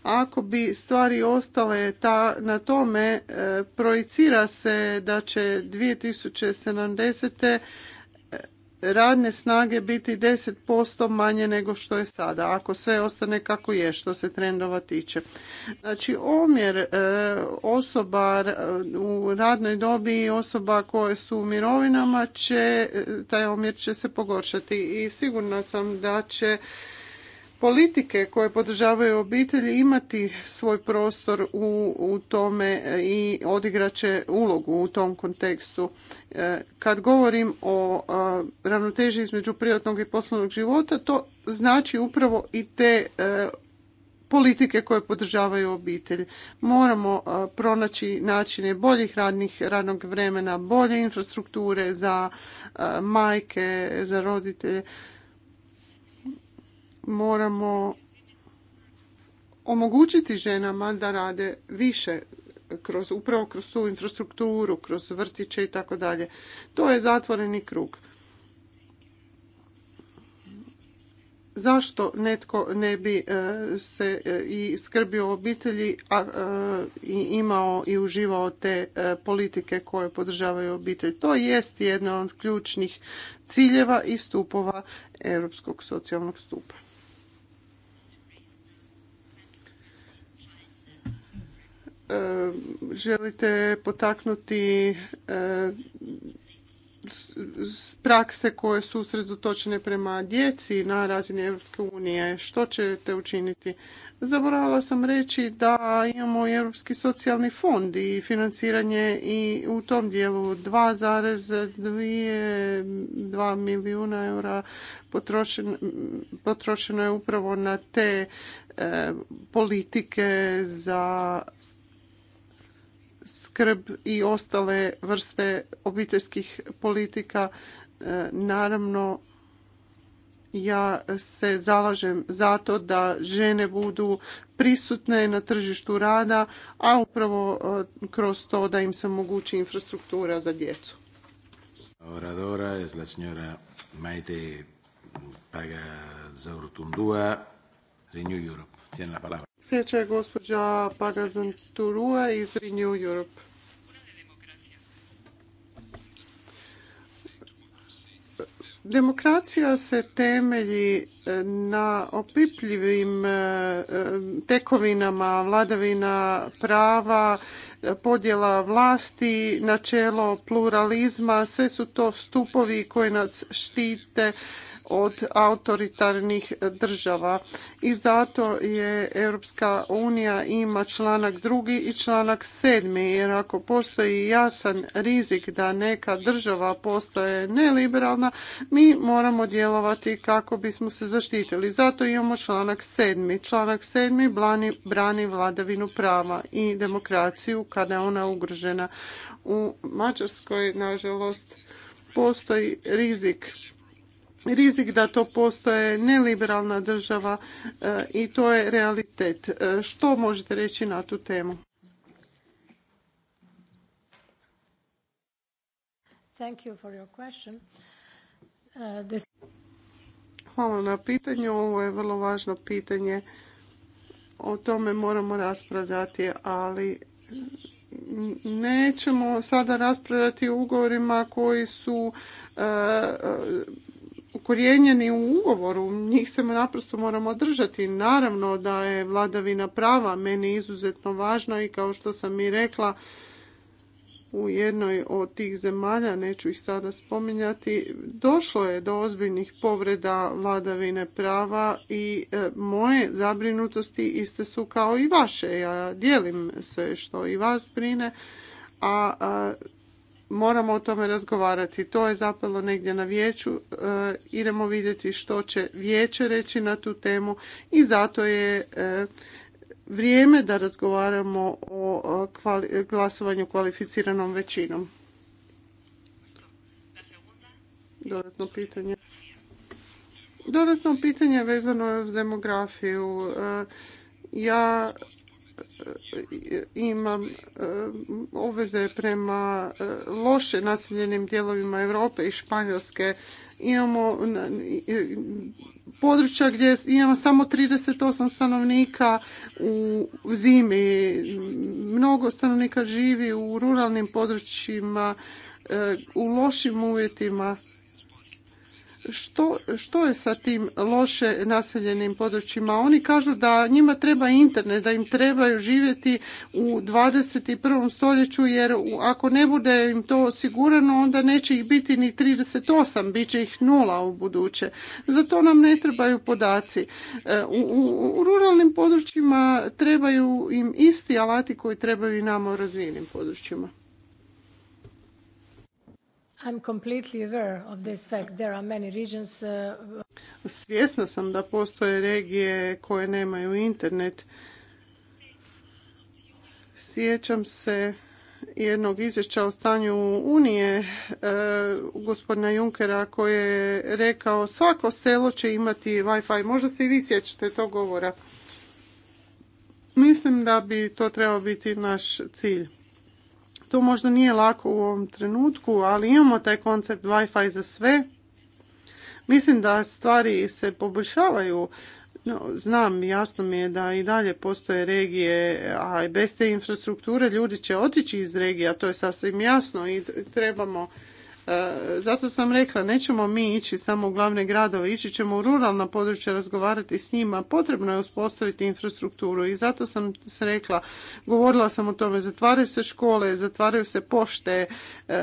Ako bi stvari ostale ta, na tome, e, projicira se da će 2070 radne snage biti 10% manje nego što je sada, ako sve ostane kako je što se trendova tiče. Znači omjer e, osoba e, u radnoj dobi i osoba koje su u mirovinama će, e, taj omjer će se pogoršati i sigurna sam da će politike koje podržavaju obitelji imati svoj prostor u, u tome i odigraće ulogu u tom kontekstu. E, kad govorim o e, ravnoteži između privatnog i poslovnog života, to znači upravo i te e, politike koje podržavaju obitelj. Moramo pronaći načine boljih radnih radnog vremena, bolje infrastrukture za majke, za roditelje moramo omogućiti ženama da rade više kroz, upravo kroz tu infrastrukturu, kroz vrtiće i tako dalje. To je zatvoreni krug. Zašto netko ne bi e, se e, i skrbio o obitelji a, e, i imao i uživao te politike koje podržavaju obitelj? To jest jedna od ključnih ciljeva i stupova Europskog socijalnog stupa. želite potaknuti e, prakse koje su usredotočene prema djeci na razini Europske unije. Što ćete učiniti? Zaboravila sam reći da imamo Europski socijalni fond i financiranje i u tom dijelu 2,2 milijuna eura potrošeno je upravo na te e, politike za skrb i ostale vrste obiteljskih politika. E, naravno, ja se zalažem za to da žene budu prisutne na tržištu rada, a upravo e, kroz to da im se omogući infrastruktura za djecu. Oradora je la señora Maite Paga Zaurtundua, Renew Europe. Sljedeća je gospođa Turua iz Renew Europe. Demokracija se temelji e, na opipljivim e, tekovinama vladavina prava, podjela vlasti, načelo pluralizma, sve su to stupovi koji nas štite od autoritarnih država i zato je Europska unija ima članak drugi i članak sedmi jer ako postoji jasan rizik da neka država postaje neliberalna mi moramo djelovati kako bismo se zaštitili. Zato imamo članak sedmi. Članak sedmi brani vladavinu prava i demokraciju kada je ona ugrožena. U Mađarskoj, nažalost, postoji rizik rizik da to postoje neliberalna država e, i to je realitet. E, što možete reći na tu temu? E, Hvala na pitanju. Ovo je vrlo važno pitanje. O tome moramo raspravljati, ali nećemo sada raspravljati o ugovorima koji su ukorijenjeni u ugovoru, njih se naprosto moramo držati. Naravno da je vladavina prava meni izuzetno važna i kao što sam i rekla u jednoj od tih zemalja, neću ih sada spominjati, došlo je do ozbiljnih povreda vladavine prava i e, moje zabrinutosti iste su kao i vaše. Ja dijelim sve što i vas brine, a moramo o tome razgovarati. To je zapelo negdje na vijeću. E, idemo vidjeti što će vijeće reći na tu temu i zato je e, vrijeme da razgovaramo o glasovanju kvalificiranom većinom. Dodatno pitanje. Dodatno pitanje vezano je uz demografiju. E, ja imam e, obveze prema e, loše naseljenim dijelovima Europe i Španjolske. Imamo područja gdje imamo samo 38 stanovnika u zimi. Mnogo stanovnika živi u ruralnim područjima, e, u lošim uvjetima što, što je sa tim loše naseljenim područjima? Oni kažu da njima treba internet, da im trebaju živjeti u 21. stoljeću jer ako ne bude im to osigurano onda neće ih biti ni 38, bit će ih nula u buduće. Za to nam ne trebaju podaci. E, u, u ruralnim područjima trebaju im isti alati koji trebaju i nama u razvijenim područjima. Svjesna sam da postoje regije koje nemaju internet. Sjećam se jednog izvješća o stanju Unije e, gospodina Junkera koji je rekao svako selo će imati Wi-Fi. Možda se i vi sjećate tog govora. Mislim da bi to trebao biti naš cilj. To možda nije lako u ovom trenutku, ali imamo taj koncept Wi-Fi za sve. Mislim da stvari se poboljšavaju. znam, jasno mi je da i dalje postoje regije, a bez te infrastrukture ljudi će otići iz regije, a to je sasvim jasno i trebamo E, zato sam rekla, nećemo mi ići samo u glavne gradove, ići ćemo u ruralna područja razgovarati s njima. Potrebno je uspostaviti infrastrukturu i zato sam se rekla, govorila sam o tome, zatvaraju se škole, zatvaraju se pošte, e,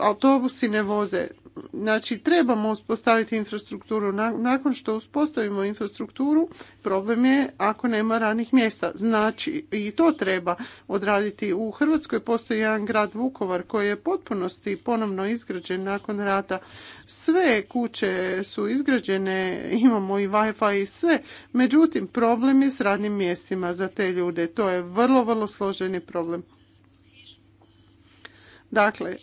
autobusi ne voze. Znači, trebamo uspostaviti infrastrukturu. Nakon što uspostavimo infrastrukturu, problem je ako nema ranih mjesta. Znači, i to treba odraditi. U Hrvatskoj postoji jedan grad Vukovar koji je potpunosti ponovno izgrađen nakon rata. Sve kuće su izgrađene, imamo i Wi-Fi i sve. Međutim, problem je s radnim mjestima za te ljude. To je vrlo, vrlo složeni problem. Dakle,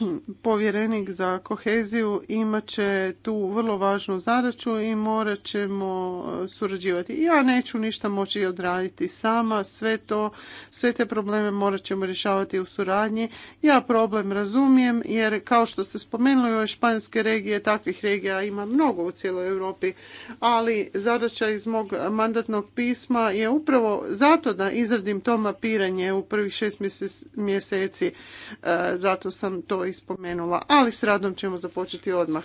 povjerenik za koheziju imat će tu vrlo važnu zadaću i morat ćemo e, surađivati. Ja neću ništa moći odraditi sama, sve to, sve te probleme morat ćemo rješavati u suradnji. Ja problem razumijem jer kao što ste spomenuli ove španjske regije, takvih regija ima mnogo u cijeloj Europi, ali zadaća iz mog mandatnog pisma je upravo zato da izradim to mapiranje u prvih šest mjeseci, e, zato sam to spomenula, ali s radom ćemo započeti odmah.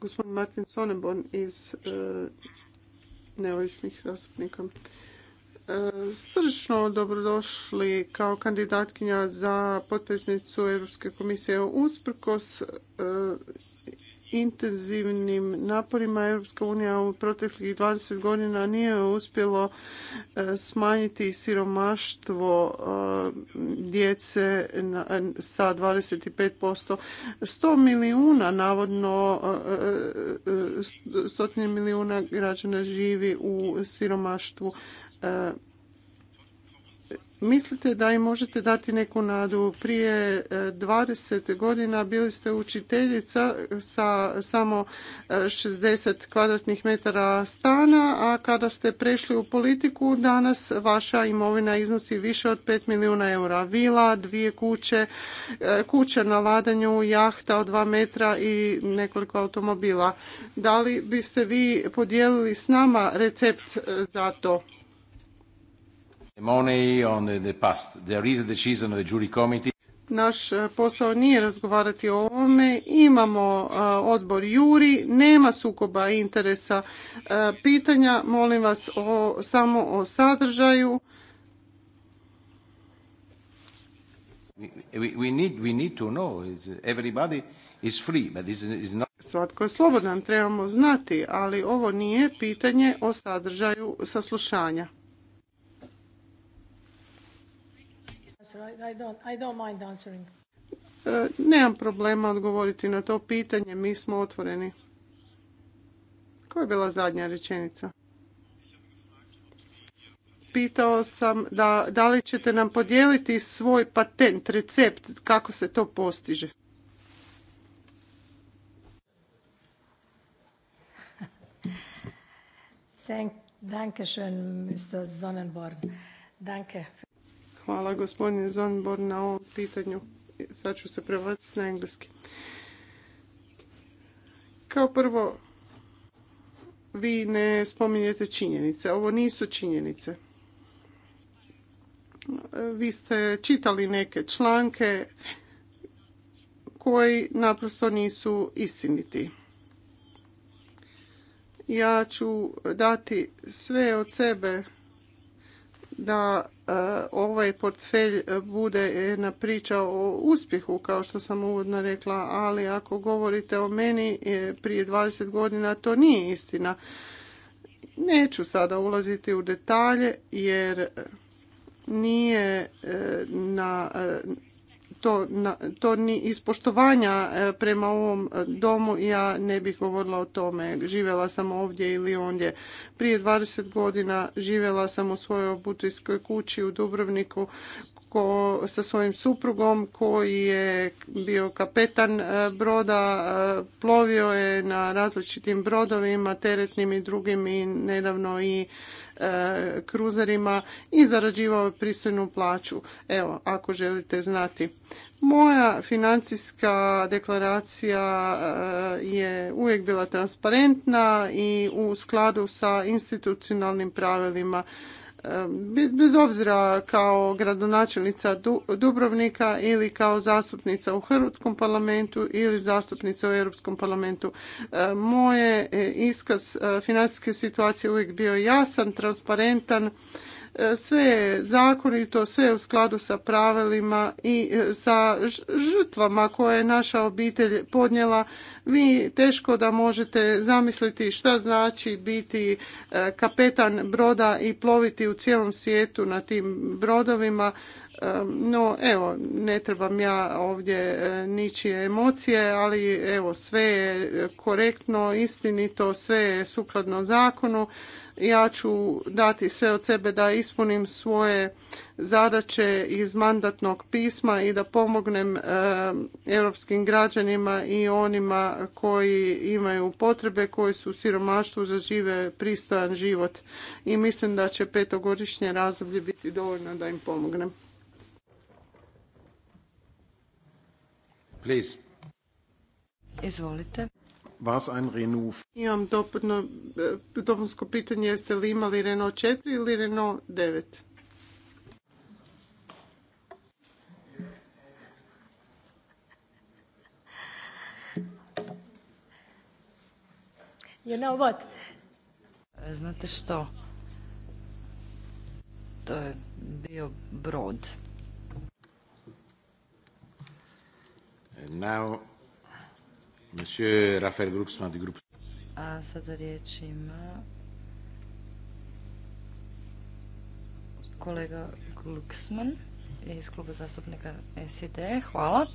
Gospodin Martin Sonneborn iz e, neovisnih zastupnika. E, srčno dobrodošli kao kandidatkinja za potpredsjednicu Europske komisije usprkos e, intenzivnim naporima Europska unija u proteklih 20 godina nije uspjelo e, smanjiti siromaštvo e, djece e, sa 25%. 100 milijuna, navodno, stotine milijuna građana živi u siromaštvu Mislite da im možete dati neku nadu? Prije 20 e, godina bili ste učiteljica sa samo 60 e, kvadratnih metara stana, a kada ste prešli u politiku, danas vaša imovina iznosi više od 5 milijuna eura. Vila, dvije kuće, e, kuća na ladanju, jahta od 2 metra i nekoliko automobila. Da li biste vi podijelili s nama recept za to? Naš eh, posao nije razgovarati o ovome. Imamo eh, odbor Juri, nema sukoba interesa eh, pitanja. Molim vas samo o sadržaju. Svatko je slobodan, trebamo znati, ali ovo nije pitanje o sadržaju saslušanja. answer. I, e, Nemam problema odgovoriti na to pitanje, mi smo otvoreni. Koja je bila zadnja rečenica? Pitao sam da, da li ćete nam podijeliti svoj patent, recept, kako se to postiže. Danke schön, Mr. Sonnenborn. Danke. Hvala gospodine Zonbor na ovom pitanju. Sad ću se prevaciti na engleski. Kao prvo, vi ne spominjete činjenice. Ovo nisu činjenice. Vi ste čitali neke članke koji naprosto nisu istiniti. Ja ću dati sve od sebe da E, ovaj portfelj bude jedna priča o uspjehu, kao što sam uvodno rekla, ali ako govorite o meni e, prije 20 godina, to nije istina. Neću sada ulaziti u detalje jer nije e, na to, to ni ispoštovanja e, prema ovom domu ja ne bih govorila o tome. Živjela sam ovdje ili ondje. Prije 20 godina živjela sam u svojoj obutijskoj kući u Dubrovniku ko, sa svojim suprugom koji je bio kapetan e, broda, e, plovio je na različitim brodovima, teretnim i drugim i nedavno i kruzerima i zarađivao pristojnu plaću. Evo, ako želite znati. Moja financijska deklaracija e, je uvijek bila transparentna i u skladu sa institucionalnim pravilima E, bez obzira kao gradonačelnica Dubrovnika ili kao zastupnica u Hrvatskom parlamentu ili zastupnica u Europskom parlamentu. E, moje e, iskaz financijske situacije uvijek bio jasan, transparentan E, sve je zakonito, sve je u skladu sa pravilima i e, sa žrtvama koje je naša obitelj podnijela. Vi teško da možete zamisliti šta znači biti e, kapetan broda i ploviti u cijelom svijetu na tim brodovima. No, evo, ne trebam ja ovdje ničije emocije, ali evo, sve je korektno, istinito, sve je sukladno zakonu. Ja ću dati sve od sebe da ispunim svoje zadaće iz mandatnog pisma i da pomognem e, europskim građanima i onima koji imaju potrebe, koji su u siromaštvu zažive žive pristojan život. I mislim da će petogodišnje razdoblje biti dovoljno da im pomognem. Izvolite vas ein Imam dopadno, eh, dopunsko pitanje, jeste li imali Renault 4 ili Renault 9? You know what? E, znate što? To je bio brod. And now Monsieur Rafael A sada riječ ima kolega Glucksman iz kluba zastupnika SID. Hvala.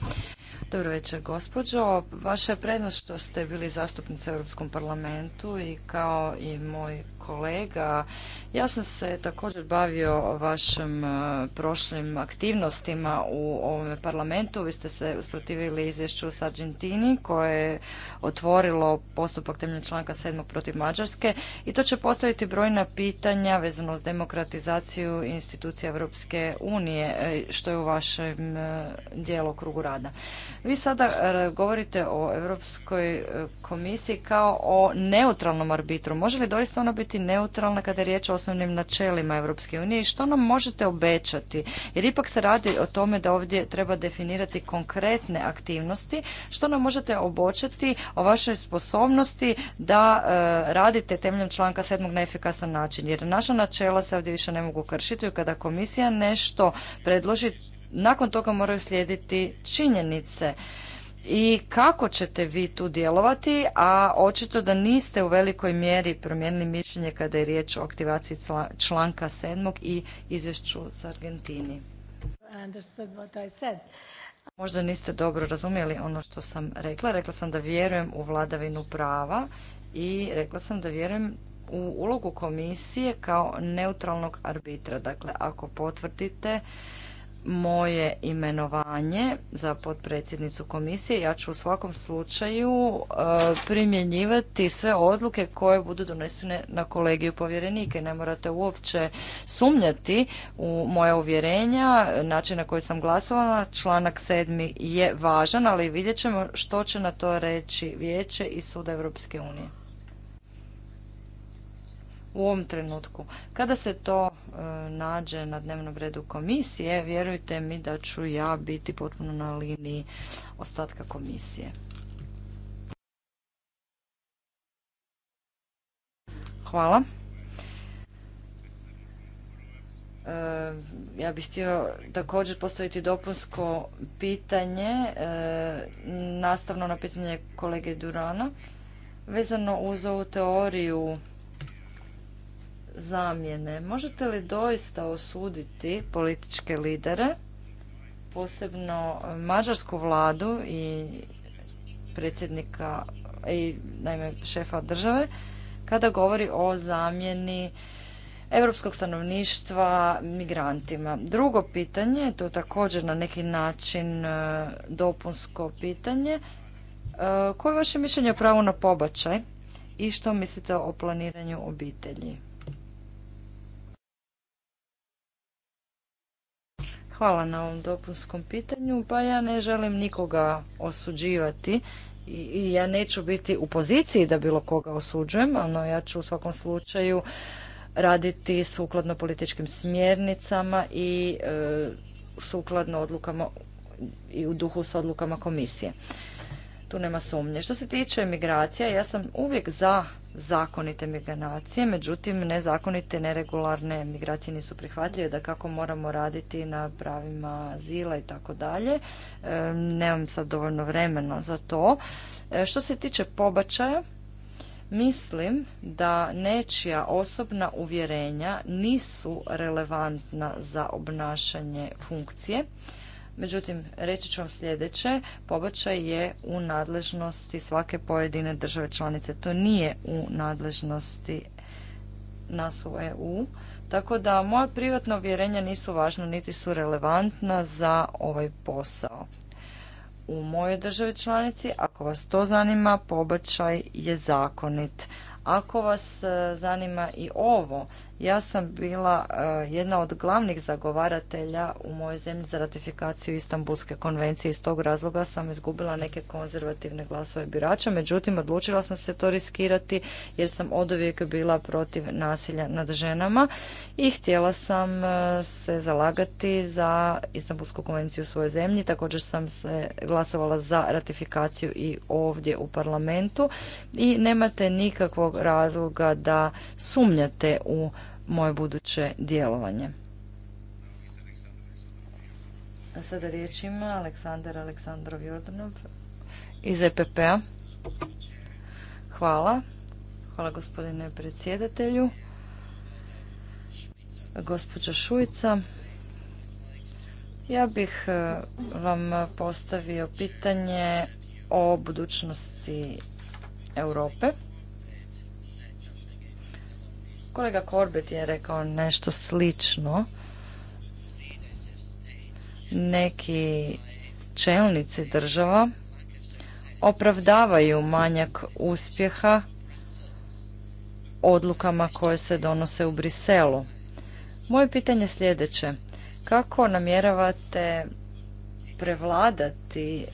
Dobro večer, gospođo. Vaša je prednost što ste bili zastupnica u Europskom parlamentu i kao i moj kolega. Ja sam se također bavio vašim e, prošlim aktivnostima u ovom parlamentu. Vi ste se usprotivili izvješću s Argentini koje je otvorilo postupak temeljem članka 7. protiv Mađarske i to će postaviti brojna pitanja vezano uz demokratizaciju institucija Europske unije e, što je u vašem e, djelokrugu rada. Vi sada govorite o Europskoj komisiji kao o neutralnom arbitru. Može li doista ona biti biti neutralna kada je riječ o osnovnim načelima Europske unije i što nam možete obećati? Jer ipak se radi o tome da ovdje treba definirati konkretne aktivnosti. Što nam možete obočati o vašoj sposobnosti da e, radite temeljem članka 7. na efikasan način? Jer naša načela se ovdje više ne mogu kršiti i kada komisija nešto predloži nakon toga moraju slijediti činjenice i kako ćete vi tu djelovati, a očito da niste u velikoj mjeri promijenili mišljenje kada je riječ o aktivaciji članka 7. i izvješću s Argentini. Možda niste dobro razumjeli ono što sam rekla. Rekla sam da vjerujem u vladavinu prava i rekla sam da vjerujem u ulogu komisije kao neutralnog arbitra. Dakle, ako potvrdite moje imenovanje za potpredsjednicu komisije. Ja ću u svakom slučaju e, primjenjivati sve odluke koje budu donesene na kolegiju povjerenike. Ne morate uopće sumnjati u moja uvjerenja, način na koji sam glasovala. Članak 7. je važan, ali vidjet ćemo što će na to reći Vijeće i Sud Europske unije u ovom trenutku. Kada se to e, nađe na dnevnom redu komisije, vjerujte mi da ću ja biti potpuno na liniji ostatka komisije. Hvala. E, ja bih htio također postaviti dopunsko pitanje, e, nastavno na pitanje kolege Durana, vezano uz ovu teoriju zamjene. Možete li doista osuditi političke lidere, posebno mađarsku vladu i predsjednika i naime šefa države kada govori o zamjeni europskog stanovništva migrantima. Drugo pitanje, to je također na neki način e, dopunsko pitanje, e, koje je vaše mišljenje o pravu na pobačaj i što mislite o planiranju obitelji? Hvala na ovom dopunskom pitanju. Pa ja ne želim nikoga osuđivati i ja neću biti u poziciji da bilo koga osuđujem, ali ja ću u svakom slučaju raditi sukladno političkim smjernicama i e, sukladno odlukama i u duhu s odlukama komisije. Tu nema sumnje. Što se tiče migracija, ja sam uvijek za zakonite migracije, međutim nezakonite, neregularne migracije nisu prihvatljive, da kako moramo raditi na pravima azila i tako dalje. Nemam sad dovoljno vremena za to. E, što se tiče pobačaja, mislim da nečija osobna uvjerenja nisu relevantna za obnašanje funkcije Međutim, reći ću vam sljedeće, pobačaj je u nadležnosti svake pojedine države članice. To nije u nadležnosti nas u EU. Tako da moja privatna uvjerenja nisu važna niti su relevantna za ovaj posao. U mojoj državi članici, ako vas to zanima, pobačaj je zakonit. Ako vas e, zanima i ovo, ja sam bila eh, jedna od glavnih zagovaratelja u mojoj zemlji za ratifikaciju Istanbulske konvencije. Iz tog razloga sam izgubila neke konzervativne glasove birača, međutim odlučila sam se to riskirati jer sam od uvijek bila protiv nasilja nad ženama i htjela sam eh, se zalagati za Istanbulsku konvenciju u svojoj zemlji. Također sam se glasovala za ratifikaciju i ovdje u parlamentu i nemate nikakvog razloga da sumnjate u moje buduće djelovanje. sada riječ ima Aleksandar Aleksandrov Jordanov iz EPP-a. Hvala. Hvala gospodine predsjedatelju. Gospođa Šujica, ja bih e, vam postavio pitanje o budućnosti Europe. Kolega Korbet je rekao nešto slično. Neki čelnici država opravdavaju manjak uspjeha odlukama koje se donose u Briselu. Moje pitanje je sljedeće. Kako namjeravate prevladati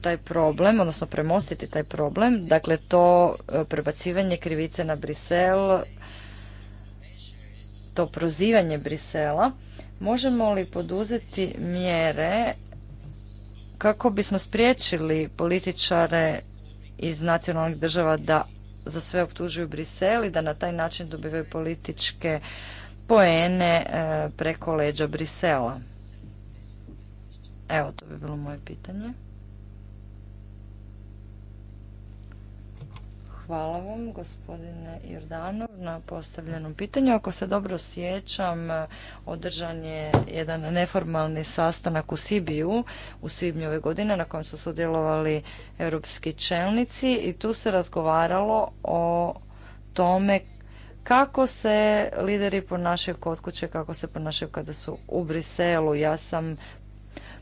taj problem, odnosno premostiti taj problem. Dakle, to e, prebacivanje krivice na Brisel, to prozivanje Brisela. Možemo li poduzeti mjere kako bismo spriječili političare iz nacionalnih država da za sve optužuju Brisel i da na taj način dobivaju političke poene e, preko leđa Brisela? Evo, to bi bilo moje pitanje. Hvala vam, gospodine Jordanov, na postavljenom pitanju. Ako se dobro sjećam, održan je jedan neformalni sastanak u Sibiju u svibnju ove godine na kojem su sudjelovali europski čelnici i tu se razgovaralo o tome kako se lideri ponašaju kod kuće, kako se ponašaju kada su u Briselu. Ja sam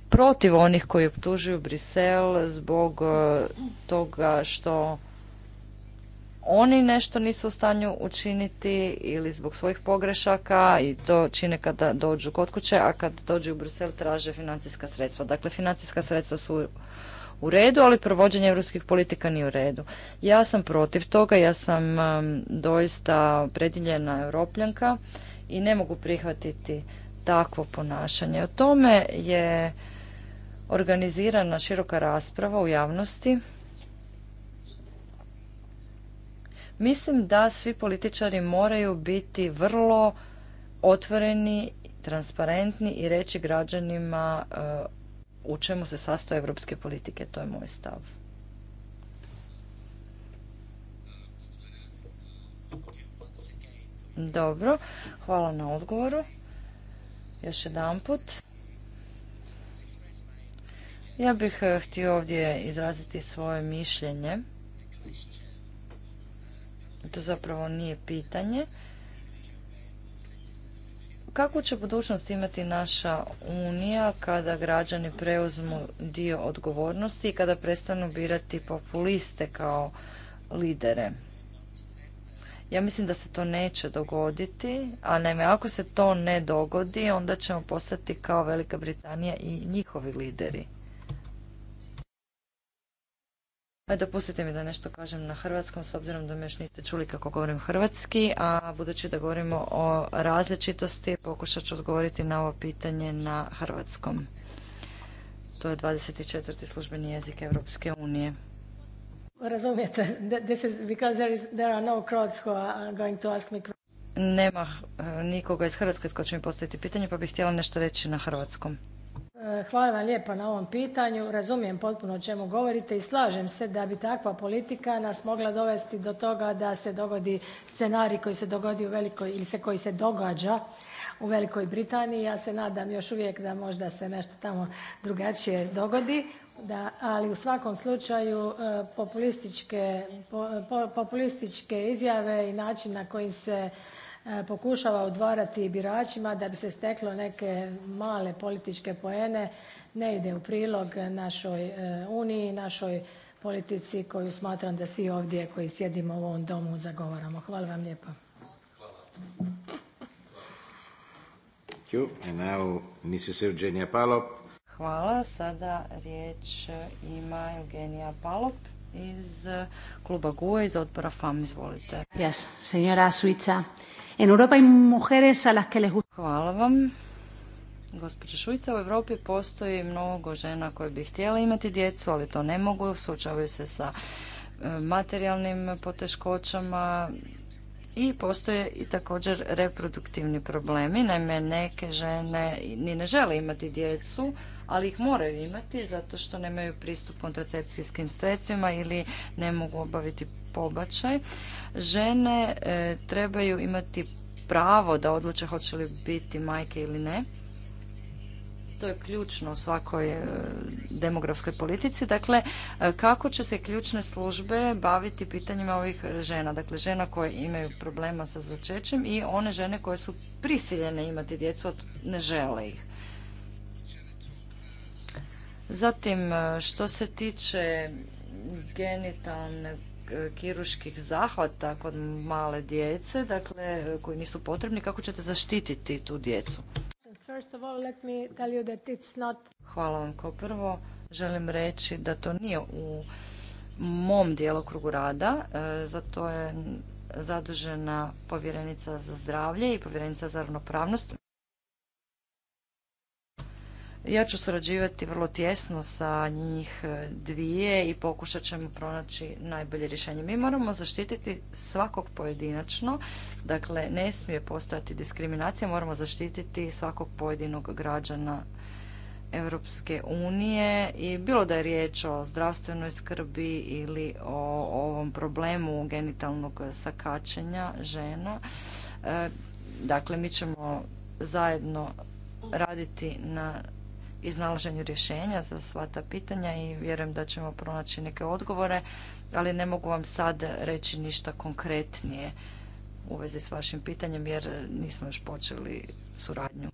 protiv onih koji optužuju Brisel zbog eh, toga što oni nešto nisu u stanju učiniti ili zbog svojih pogrešaka i to čine kada dođu kod kuće, a kad dođu u Brisel traže financijska sredstva. Dakle, financijska sredstva su u redu, ali provođenje europskih politika nije u redu. Ja sam protiv toga, ja sam um, doista predjeljena europljanka i ne mogu prihvatiti takvo ponašanje. O tome je organizirana široka rasprava u javnosti Mislim da svi političari moraju biti vrlo otvoreni, transparentni i reći građanima uh, u čemu se sastoje evropske politike. To je moj stav. Dobro, hvala na odgovoru. Još jedan put. Ja bih uh, htio ovdje izraziti svoje mišljenje to zapravo nije pitanje. Kako će budućnost imati naša Unija kada građani preuzmu dio odgovornosti i kada prestanu birati populiste kao lidere? Ja mislim da se to neće dogoditi, a naime ako se to ne dogodi, onda ćemo postati kao Velika Britanija i njihovi lideri. Pa dopustite mi da nešto kažem na hrvatskom, s obzirom da me još niste čuli kako govorim hrvatski, a budući da govorimo o različitosti, pokušat ću odgovoriti na ovo pitanje na hrvatskom. To je 24. službeni jezik Europske unije. Razumijete, this is because there, are no who are going to ask me Nema eh, nikoga iz Hrvatske tko će mi postaviti pitanje, pa bih htjela nešto reći na hrvatskom. E, hvala vam lijepa na ovom pitanju. Razumijem potpuno o čemu govorite i slažem se da bi takva politika nas mogla dovesti do toga da se dogodi scenarij koji se dogodio u velikoj ili koji se događa u Velikoj Britaniji. Ja se nadam još uvijek da možda se nešto tamo drugačije dogodi, da, ali u svakom slučaju e, e, populističke izjave i način na koji se E, pokušava odvarati biračima da bi se steklo neke male političke poene ne ide u prilog našoj e, Uniji, našoj politici koju smatram da svi ovdje koji sjedimo u ovom domu zagovaramo. Hvala vam lijepa. Hvala. Sada riječ ima Eugenija Palop iz kluba GUE iz odbora FAM. Izvolite. Yes, senjora Suica. En Europa hay mujeres a las que les gusta. Hvala vam. Gospođa Šujica, u Europi postoji mnogo žena koje bi htjele imati djecu, ali to ne mogu, suočavaju se sa e, materijalnim poteškoćama i postoje i također reproduktivni problemi. Naime, neke žene ni ne žele imati djecu, ali ih moraju imati zato što nemaju pristup kontracepcijskim sredstvima ili ne mogu obaviti pobačaj, žene e, trebaju imati pravo da odluče hoće li biti majke ili ne. To je ključno u svakoj e, demografskoj politici. Dakle, e, kako će se ključne službe baviti pitanjima ovih žena? Dakle, žena koje imaju problema sa začećem i one žene koje su prisiljene imati djecu, a ne žele ih. Zatim, što se tiče genitalne kiruških zahvata kod male djece, dakle koji nisu potrebni, kako ćete zaštititi tu djecu? Hvala vam kao prvo. Želim reći da to nije u mom djelokrugu rada, e, zato je zadužena povjerenica za zdravlje i povjerenica za ravnopravnost. Ja ću surađivati vrlo tjesno sa njih e, dvije i pokušat ćemo pronaći najbolje rješenje. Mi moramo zaštititi svakog pojedinačno, dakle ne smije postojati diskriminacija, moramo zaštititi svakog pojedinog građana Europske unije i bilo da je riječ o zdravstvenoj skrbi ili o ovom problemu genitalnog sakačenja žena. E, dakle, mi ćemo zajedno raditi na iznalaženju rješenja za sva ta pitanja i vjerujem da ćemo pronaći neke odgovore, ali ne mogu vam sad reći ništa konkretnije u vezi s vašim pitanjem jer nismo još počeli suradnju.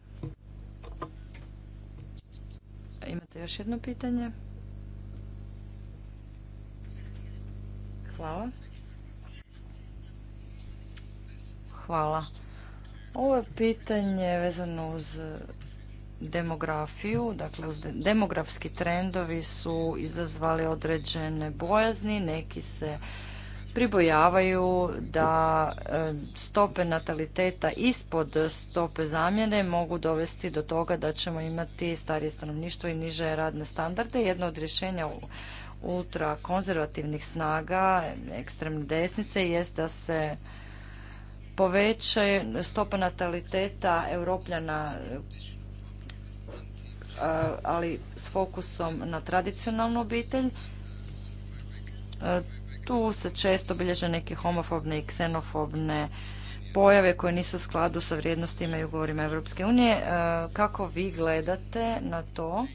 Imate još jedno pitanje? Hvala. Hvala. Ovo je pitanje vezano uz demografiju, dakle demografski trendovi su izazvali određene bojazni, neki se pribojavaju da e, stope nataliteta ispod stope zamjene mogu dovesti do toga da ćemo imati starije stanovništvo i niže radne standarde. Jedno od rješenja ultrakonzervativnih snaga ekstremne desnice jest da se poveća stopa nataliteta europljana ali s fokusom na tradicionalnu obitelj. Tu se često bilježe neke homofobne i ksenofobne pojave koje nisu u skladu sa vrijednostima i ugovorima Europske unije. Kako vi gledate na to?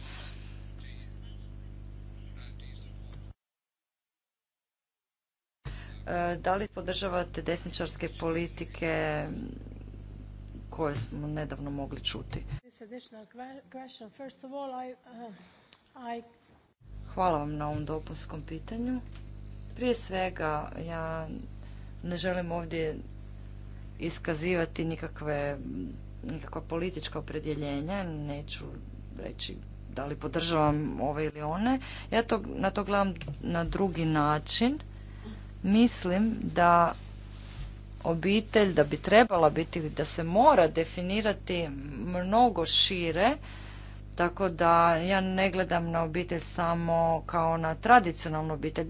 Da li podržavate desničarske politike koje smo nedavno mogli čuti? question. Uh, Hvala vam na ovom dopunskom pitanju. Prije svega, ja ne želim ovdje iskazivati nikakve, nikakva politička opredjeljenja, neću reći da li podržavam ove ili one. Ja to, na to gledam na drugi način. Mislim da obitelj, da bi trebala biti, da se mora definirati mnogo šire, tako da ja ne gledam na obitelj samo kao na tradicionalnu obitelj,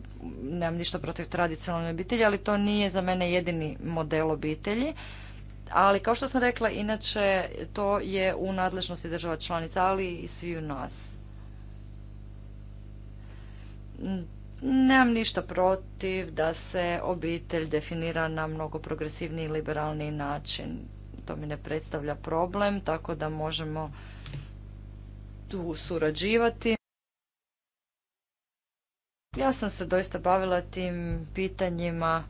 nemam ništa protiv tradicionalne obitelji, ali to nije za mene jedini model obitelji. Ali kao što sam rekla, inače to je u nadležnosti država članica, ali i u nas. Nemam ništa protiv da se obitelj definira na mnogo progresivniji i liberalniji način. To mi ne predstavlja problem, tako da možemo tu surađivati. Ja sam se doista bavila tim pitanjima.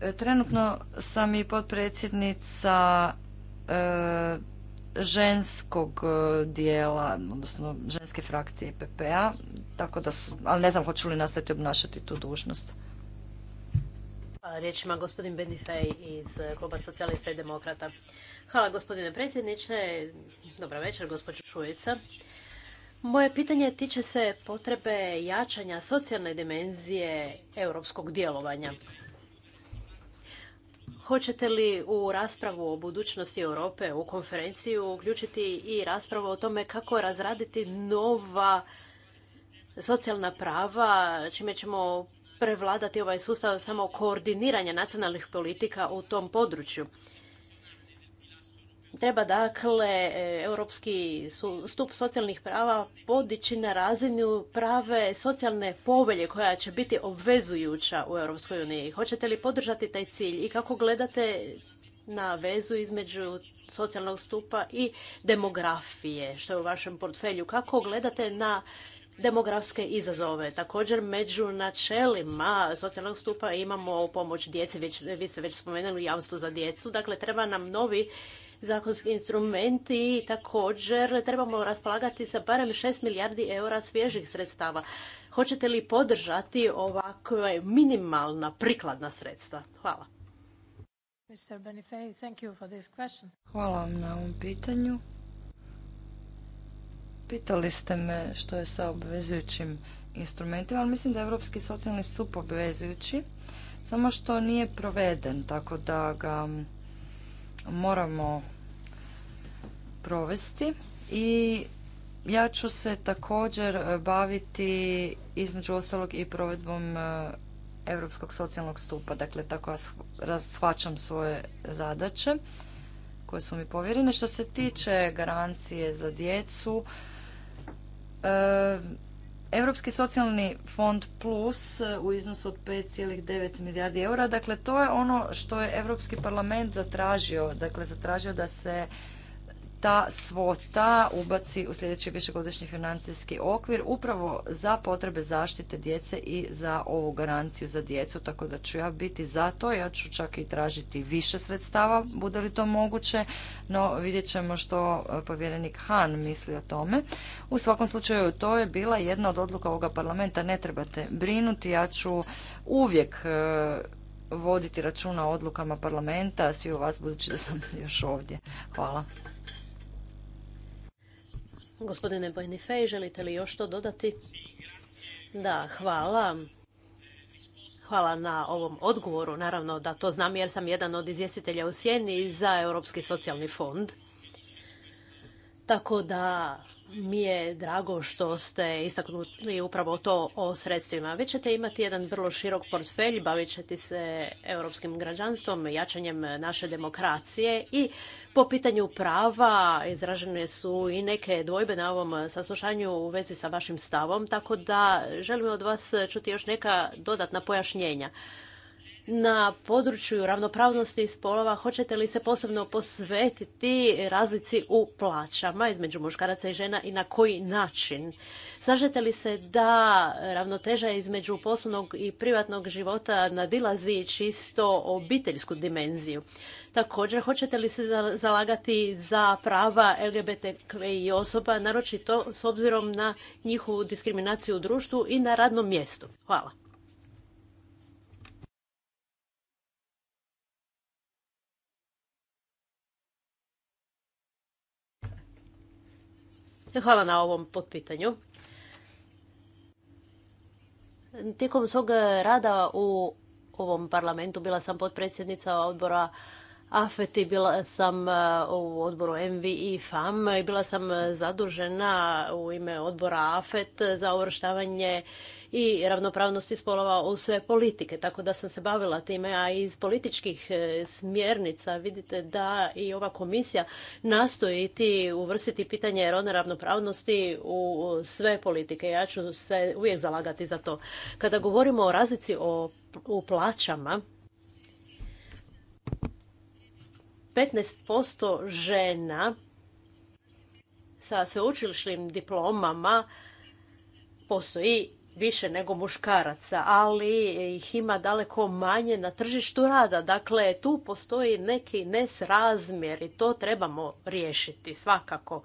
E, trenutno sam i potpredsjednica e, ženskog e, dijela, odnosno ženske frakcije PPA, tako da su, ali ne znam hoću li nastaviti obnašati tu dužnost. Hvala riječima gospodin Benifej iz e, Kluba socijalista i demokrata. Hvala gospodine predsjedniče, dobra večer gospođo Šujica. Moje pitanje tiče se potrebe jačanja socijalne dimenzije europskog djelovanja. Hoćete li u raspravu o budućnosti Europe u konferenciju uključiti i raspravu o tome kako razraditi nova socijalna prava, čime ćemo prevladati ovaj sustav samo koordiniranja nacionalnih politika u tom području? Treba dakle e, europski stup socijalnih prava podići na razinu prave socijalne povelje koja će biti obvezujuća u Europskoj uniji. Hoćete li podržati taj cilj i kako gledate na vezu između socijalnog stupa i demografije što je u vašem portfelju? Kako gledate na demografske izazove. Također među načelima socijalnog stupa imamo pomoć djeci, vi ste već spomenuli jamstvo za djecu, dakle treba nam novi zakonski instrumenti i također trebamo raspolagati sa barem 6 milijardi eura svježih sredstava. Hoćete li podržati ovakve minimalna prikladna sredstva? Hvala. Mr. Hvala vam na ovom pitanju. Pitali ste me što je sa obvezujućim instrumentima, ali mislim da je Europski socijalni stup obvezujući, samo što nije proveden, tako da ga moramo provesti i ja ću se također baviti između ostalog i provedbom e, Europskog socijalnog stupa, dakle tako ja shvaćam svoje zadaće koje su mi povjerene. Što se tiče garancije za djecu, e, Europski socijalni fond plus e, u iznosu od 5,9 milijardi eura, dakle to je ono što je Europski parlament zatražio, dakle zatražio da se ta svota ubaci u sljedeći višegodišnji financijski okvir upravo za potrebe zaštite djece i za ovu garanciju za djecu, tako da ću ja biti za to. Ja ću čak i tražiti više sredstava, bude li to moguće, no vidjet ćemo što e, povjerenik Han misli o tome. U svakom slučaju, to je bila jedna od odluka ovoga parlamenta, ne trebate brinuti, ja ću uvijek e, voditi računa o odlukama parlamenta, svi u vas budući da sam još ovdje. Hvala. Gospodine Bojnifej, želite li još to dodati? Da, hvala. Hvala na ovom odgovoru. Naravno da to znam jer sam jedan od izvjestitelja u Sjeni za Europski socijalni fond. Tako da mi je drago što ste istaknuli upravo to o sredstvima. Vi ćete imati jedan vrlo širok portfelj, bavit ćete se europskim građanstvom, jačanjem naše demokracije i po pitanju prava izražene su i neke dvojbe na ovom saslušanju u vezi sa vašim stavom, tako da želim od vas čuti još neka dodatna pojašnjenja na području ravnopravnosti spolova hoćete li se posebno posvetiti razlici u plaćama između muškaraca i žena i na koji način? Slažete li se da ravnoteža između poslovnog i privatnog života nadilazi čisto obiteljsku dimenziju? Također, hoćete li se zalagati za prava i osoba, naročito s obzirom na njihovu diskriminaciju u društvu i na radnom mjestu? Hvala. Hvala na ovom potpitanju. Tijekom svog rada u ovom parlamentu bila sam potpredsjednica odbora AFET i bila sam e, u odboru mvi i FAM i bila sam zadužena u ime odbora AFET za uvrštavanje i ravnopravnosti spolova u sve politike. Tako da sam se bavila time, a iz političkih e, smjernica vidite da i ova komisija nastoji ti uvrstiti pitanje rodne ravnopravnosti u sve politike. Ja ću se uvijek zalagati za to. Kada govorimo o razlici o, u plaćama, 15% žena sa sveučilišnim diplomama postoji više nego muškaraca, ali ih ima daleko manje na tržištu rada. Dakle, tu postoji neki nesrazmjer i to trebamo riješiti svakako.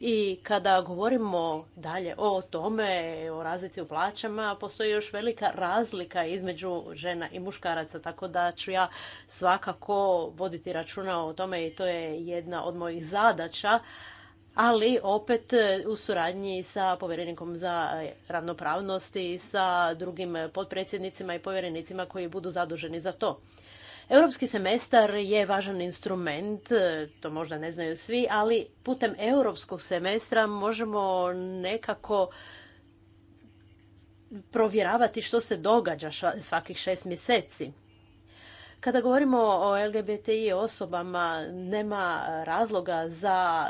I kada govorimo dalje o tome, o razlici u plaćama, postoji još velika razlika između žena i muškaraca, tako da ću ja svakako voditi računa o tome i to je jedna od mojih zadaća ali opet e, u suradnji sa povjerenikom za e, ravnopravnost i sa drugim e, potpredsjednicima i povjerenicima koji budu zaduženi za to. Europski semestar je važan instrument, to možda ne znaju svi, ali putem europskog semestra možemo nekako provjeravati što se događa svakih šest mjeseci. Kada govorimo o LGBTI osobama, nema razloga za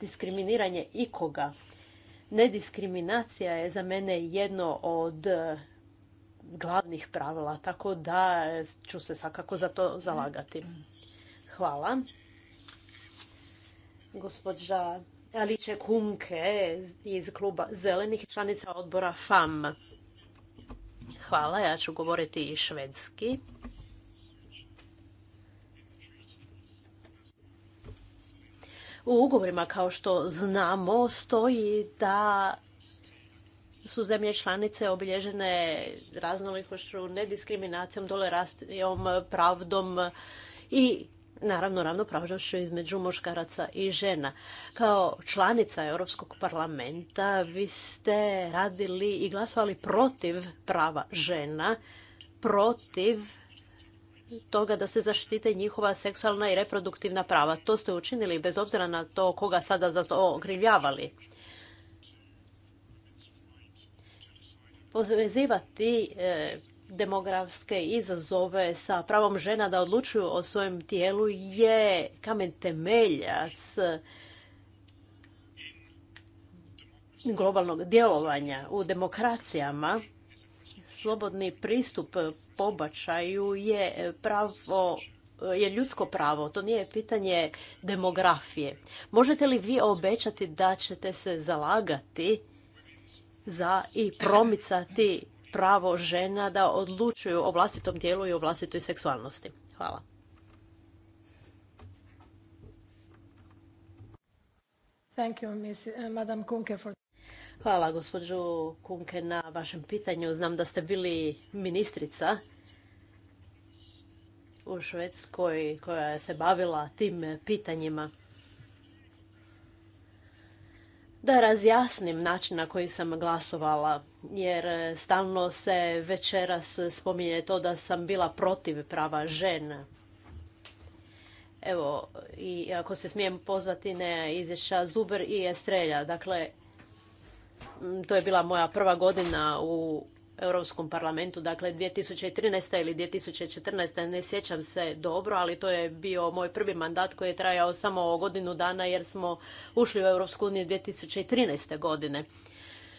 diskriminiranje ikoga. Nediskriminacija je za mene jedno od e, glavnih pravila, tako da e, ću se svakako za to zalagati. Hvala. Gospođa Aliče Kumke iz kluba Zelenih članica odbora FAM. Hvala, ja ću govoriti i švedski. U ugovorima, kao što znamo, stoji da su zemlje članice obilježene raznolikošću, nediskriminacijom, dolerastijom, pravdom i naravno ravnopravnošću između muškaraca i žena. Kao članica Europskog parlamenta vi ste radili i glasovali protiv prava žena, protiv toga da se zaštite njihova seksualna i reproduktivna prava. To ste učinili bez obzira na to koga sada za to okrivljavali. E, demografske izazove sa pravom žena da odlučuju o svojem tijelu je kamen temeljac globalnog djelovanja u demokracijama. Slobodni pristup pobačaju je pravo je ljudsko pravo, to nije pitanje demografije. Možete li vi obećati da ćete se zalagati za i promicati pravo žena da odlučuju o vlastitom tijelu i o vlastitoj seksualnosti? Hvala. Thank you, eh, Madam Hvala gospođu Kunke na vašem pitanju. Znam da ste bili ministrica u Švedskoj koja je se bavila tim pitanjima. Da razjasnim način na koji sam glasovala, jer stalno se večeras spominje to da sam bila protiv prava žena. Evo, i ako se smijem pozvati na izvješća Zuber i Estrelja, dakle, Mm, to je bila moja prva godina u Europskom parlamentu, dakle 2013. ili 2014. ne sjećam se dobro, ali to je bio moj prvi mandat koji je trajao samo godinu dana jer smo ušli u Europsku uniju 2013. godine.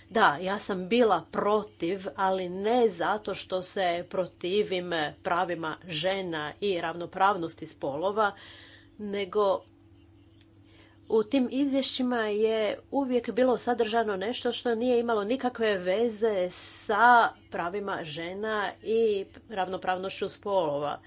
Da, ja sam bila protiv, ali ne zato što se protivim pravima žena i ravnopravnosti spolova, nego u tim izvješćima je uvijek bilo sadržano nešto što nije imalo nikakve veze sa pravima žena i ravnopravnošću spolova.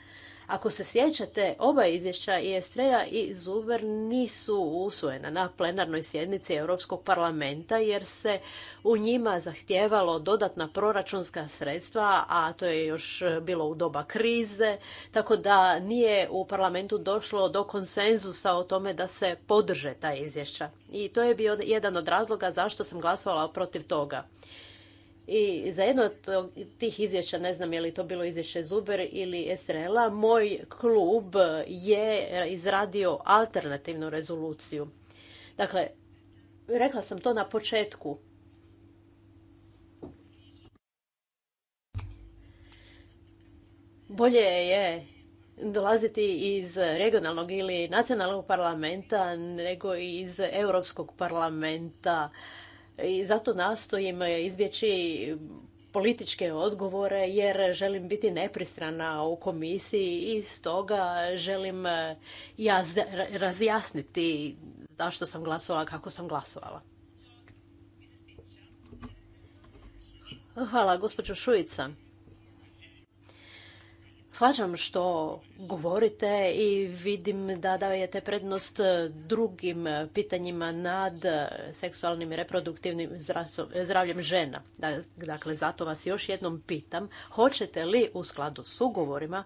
Ako se sjećate, oba izvješća i Estrela i Zuber nisu usvojena na plenarnoj sjednici Europskog parlamenta jer se u njima zahtijevalo dodatna proračunska sredstva, a to je još bilo u doba krize, tako da nije u parlamentu došlo do konsenzusa o tome da se podrže ta izvješća. I to je bio jedan od razloga zašto sam glasovala protiv toga. I za jedno od tih izvješća, ne znam je li to bilo izvješće Zuber ili Esrela, moj klub je izradio alternativnu rezoluciju. Dakle, rekla sam to na početku. Bolje je dolaziti iz regionalnog ili nacionalnog parlamenta nego iz Europskog parlamenta i zato nastojim e, izbjeći političke odgovore jer želim biti nepristrana u komisiji i stoga želim e, razjasniti zašto sam glasovala kako sam glasovala. Hvala, gospođo Šujica. Shvaćam što govorite i vidim da dajete prednost drugim pitanjima nad seksualnim i reproduktivnim zdravljem žena. Dakle, zato vas još jednom pitam, hoćete li u skladu s ugovorima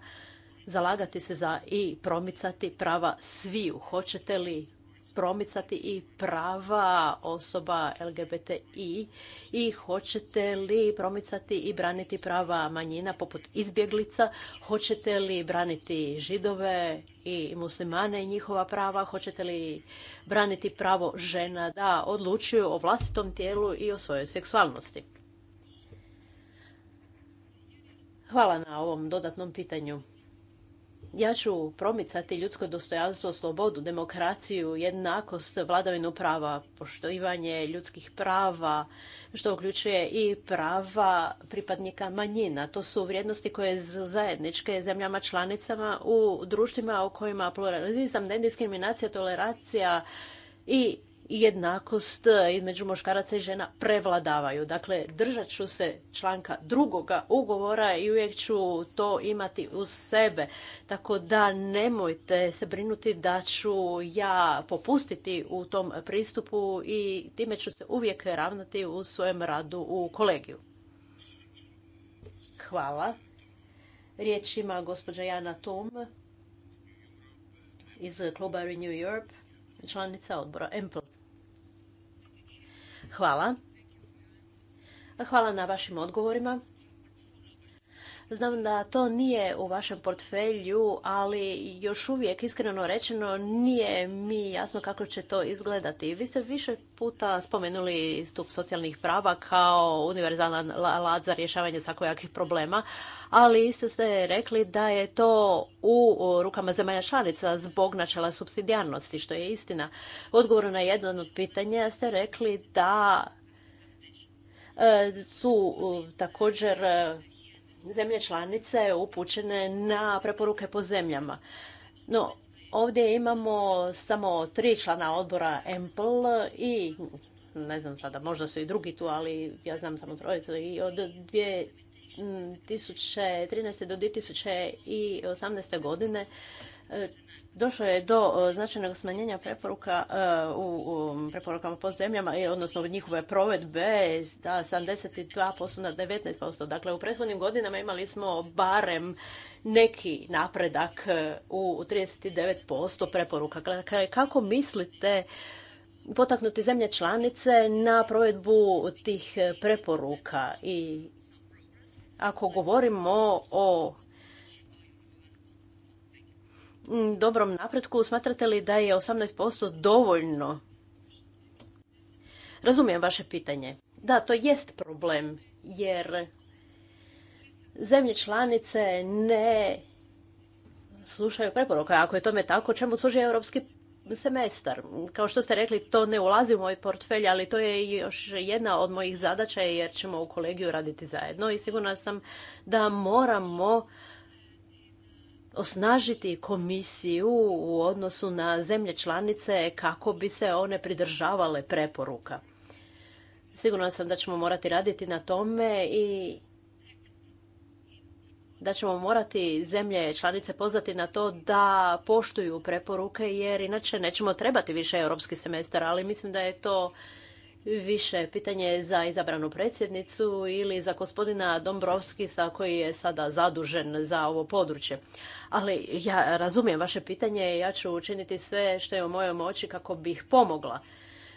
zalagati se za i promicati prava sviju? Hoćete li promicati i prava osoba LGBTI i hoćete li promicati i braniti prava manjina poput izbjeglica, hoćete li braniti židove i muslimane i njihova prava, hoćete li braniti pravo žena da odlučuju o vlastitom tijelu i o svojoj seksualnosti. Hvala na ovom dodatnom pitanju. Ja ću promicati ljudsko dostojanstvo, slobodu, demokraciju, jednakost, vladavinu prava, poštivanje ljudskih prava, što uključuje i prava pripadnika manjina. To su vrijednosti koje su zajedničke zemljama članicama u društvima u kojima pluralizam, nediskriminacija, toleracija i i jednakost e, između muškaraca i žena prevladavaju. Dakle, držat ću se članka drugoga ugovora i uvijek ću to imati uz sebe. Tako da nemojte se brinuti da ću ja popustiti u tom pristupu i time ću se uvijek ravnati u svojem radu u kolegiju. Hvala. Riječ ima gospođa Jana Tom, iz kluba Renew Europe, članica odbora EMPL. Hvala. Hvala na vašim odgovorima. Znam da to nije u vašem portfelju, ali još uvijek, iskreno rečeno, nije mi jasno kako će to izgledati. Vi ste više puta spomenuli stup socijalnih prava kao univerzalan lad za rješavanje svakojakih problema, ali isto ste rekli da je to u rukama zemalja članica zbog načela subsidijarnosti, što je istina. U odgovoru na jedno od pitanja ste rekli da e, su također zemlje članice upućene na preporuke po zemljama. No, ovdje imamo samo tri člana odbora EMPL i ne znam sada, možda su i drugi tu, ali ja znam samo trojicu i od 2013. do 2018. godine Došlo je do e, značajnog smanjenja preporuka e, u preporukama po zemljama, odnosno njihove provedbe da 72% na 19%. Dakle, u prethodnim godinama imali smo barem neki napredak e, u 39% preporuka. Dakle, kako mislite potaknuti zemlje članice na provedbu tih preporuka i ako govorimo o Mm, dobrom napretku, smatrate li da je 18% dovoljno? Razumijem vaše pitanje. Da, to jest problem, jer zemlje članice ne slušaju preporuka. Ako je tome tako, čemu služi europski semestar? Kao što ste rekli, to ne ulazi u moj portfelj, ali to je još jedna od mojih zadaća jer ćemo u kolegiju raditi zajedno i sigurna sam da moramo osnažiti komisiju u odnosu na zemlje članice kako bi se one pridržavale preporuka. Sigurno sam da ćemo morati raditi na tome i da ćemo morati zemlje članice pozvati na to da poštuju preporuke jer inače nećemo trebati više europski semestar, ali mislim da je to više pitanje za izabranu predsjednicu ili za gospodina Dombrovskisa koji je sada zadužen za ovo područje. Ali ja razumijem vaše pitanje i ja ću učiniti sve što je u mojoj moći kako bih pomogla.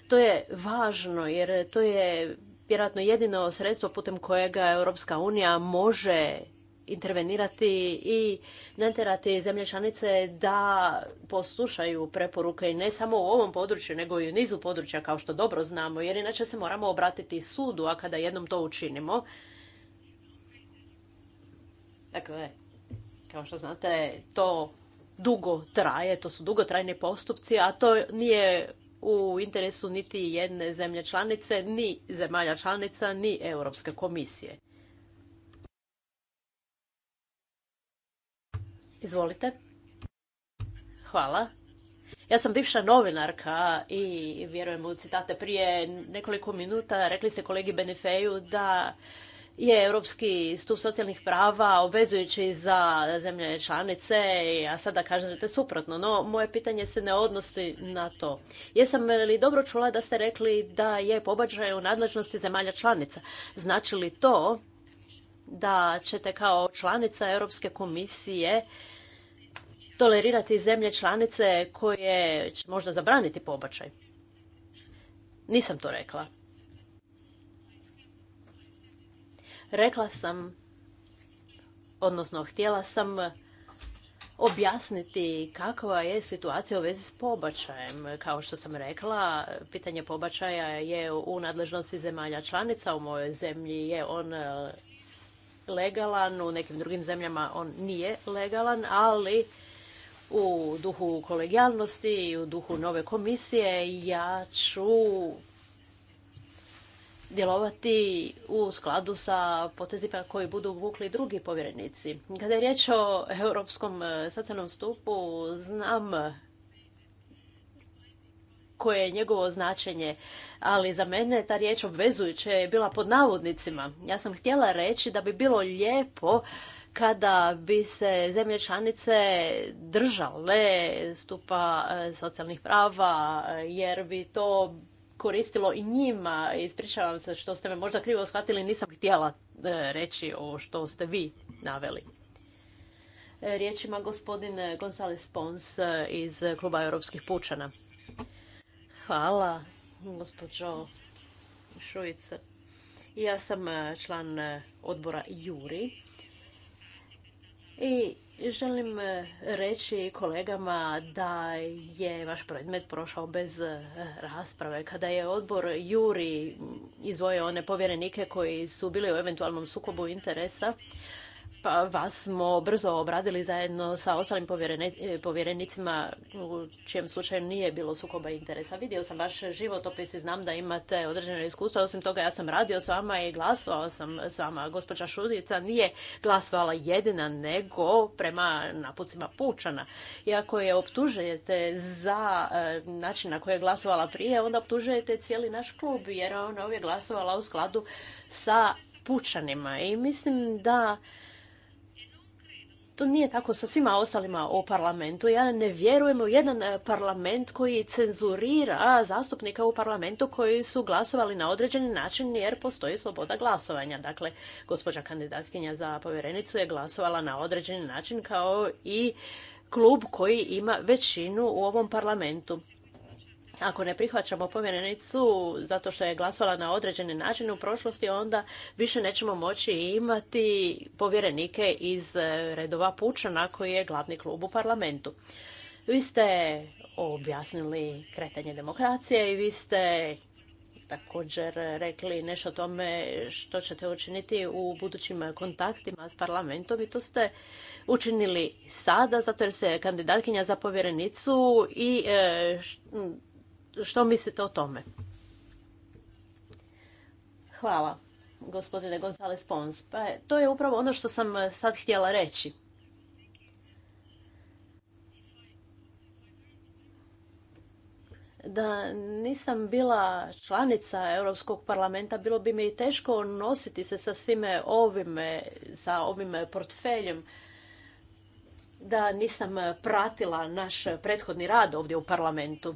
To je važno jer to je vjerojatno jedino sredstvo putem kojega Europska unija može intervenirati i naterati zemlje članice da poslušaju preporuke ne samo u ovom području, nego i u nizu područja kao što dobro znamo, jer inače se moramo obratiti sudu, a kada jednom to učinimo, dakle, kao što znate, to dugo traje, to su dugotrajni postupci, a to nije u interesu niti jedne zemlje članice, ni zemalja članica, ni Europske komisije. Izvolite. Hvala. Ja sam bivša novinarka i vjerujem u citate prije nekoliko minuta rekli se kolegi Benefeju da je Europski stup socijalnih prava obvezujući za zemlje članice, a sada kažete suprotno, no moje pitanje se ne odnosi na to. Jesam li dobro čula da ste rekli da je pobađaj u nadležnosti zemalja članica? Znači li to da ćete kao članica Europske komisije tolerirati zemlje članice koje će možda zabraniti pobačaj. Nisam to rekla. Rekla sam, odnosno htjela sam objasniti kakva je situacija u vezi s pobačajem. Kao što sam rekla, pitanje pobačaja je u nadležnosti zemalja članica. U mojoj zemlji je on legalan, u nekim drugim zemljama on nije legalan, ali u duhu kolegijalnosti i u duhu nove komisije ja ću djelovati u skladu sa potezima koji budu vukli drugi povjerenici. Kada je riječ o europskom eh, socijalnom stupu, znam koje je njegovo značenje, ali za mene ta riječ obvezujuće je bila pod navodnicima. Ja sam htjela reći da bi bilo lijepo kada bi se zemlje članice držale stupa e, socijalnih prava, e, jer bi to koristilo i njima. Ispričavam se što ste me možda krivo shvatili, nisam htjela e, reći o što ste vi naveli. Riječ ima gospodin Gonzales Pons iz Kluba Europskih pučana. Hvala, gospođo Šujica. Ja sam e, član e, odbora Juri i želim e, reći kolegama da je vaš predmet prošao bez rasprave. Kada je odbor Juri izvojio one povjerenike koji su bili u eventualnom sukobu interesa, pa vas smo brzo obradili zajedno sa ostalim povjerenicima u čijem slučaju nije bilo sukoba interesa. Vidio sam vaš životopis i znam da imate određeno iskustva. Osim toga ja sam radio s vama i glasovao sam s vama. Gospođa Šudica nije glasovala jedina nego prema napucima Pučana. I ako je optužujete za e, način na koji je glasovala prije, onda optužujete cijeli naš klub jer ona ovdje glasovala u skladu sa Pučanima. I mislim da to nije tako sa svima ostalima u parlamentu. Ja ne vjerujem u jedan e, parlament koji cenzurira zastupnika u parlamentu koji su glasovali na određeni način jer postoji sloboda glasovanja. Dakle, gospođa kandidatkinja za povjerenicu je glasovala na određeni način kao i klub koji ima većinu u ovom parlamentu. Ako ne prihvaćamo povjerenicu zato što je glasovala na određeni način u prošlosti, onda više nećemo moći imati povjerenike iz redova pučana koji je glavni klub u parlamentu. Vi ste objasnili kretanje demokracije i vi ste također rekli nešto o tome što ćete učiniti u budućim kontaktima s parlamentom i to ste učinili sada zato jer se kandidatkinja za povjerenicu i e, što mislite o tome? Hvala, gospodine Gonzales Pons. Pa to je upravo ono što sam eh, sad htjela reći. da nisam bila članica Europskog parlamenta, bilo bi mi teško nositi se sa svime ovime, eh, sa ovim portfeljem, da nisam eh, pratila naš prethodni rad ovdje u parlamentu.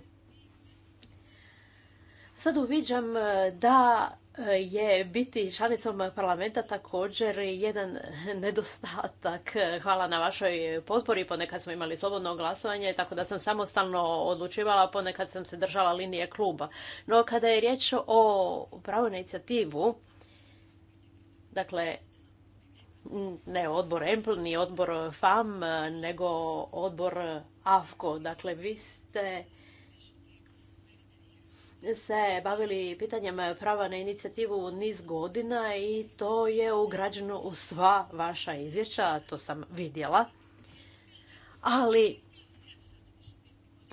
Sad uviđam e, da e, je biti članicom parlamenta također jedan nedostatak. Hvala na vašoj potpori, ponekad smo imali slobodno glasovanje, tako da sam samostalno odlučivala, ponekad sam se držala linije kluba. No kada je riječ o pravu inicijativu, dakle, ne odbor EMPL, ni odbor FAM, nego odbor AFKO. Dakle, vi ste se bavili pitanjem prava na inicijativu niz godina i to je ugrađeno u sva vaša izvješća, to sam vidjela. Ali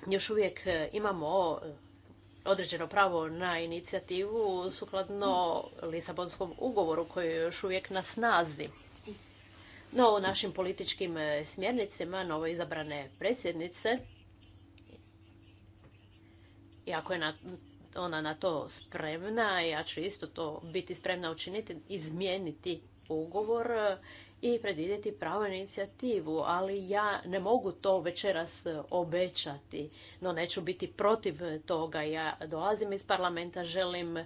još uvijek imamo određeno pravo na inicijativu sukladno Lisabonskom ugovoru koji je još uvijek na snazi. No, u našim političkim smjernicima novo izabrane predsjednice, iako je na ona na to spremna, ja ću isto to biti spremna učiniti, izmijeniti ugovor e, i predvidjeti pravu inicijativu, ali ja ne mogu to večeras obećati, no neću biti protiv toga. Ja dolazim iz parlamenta, želim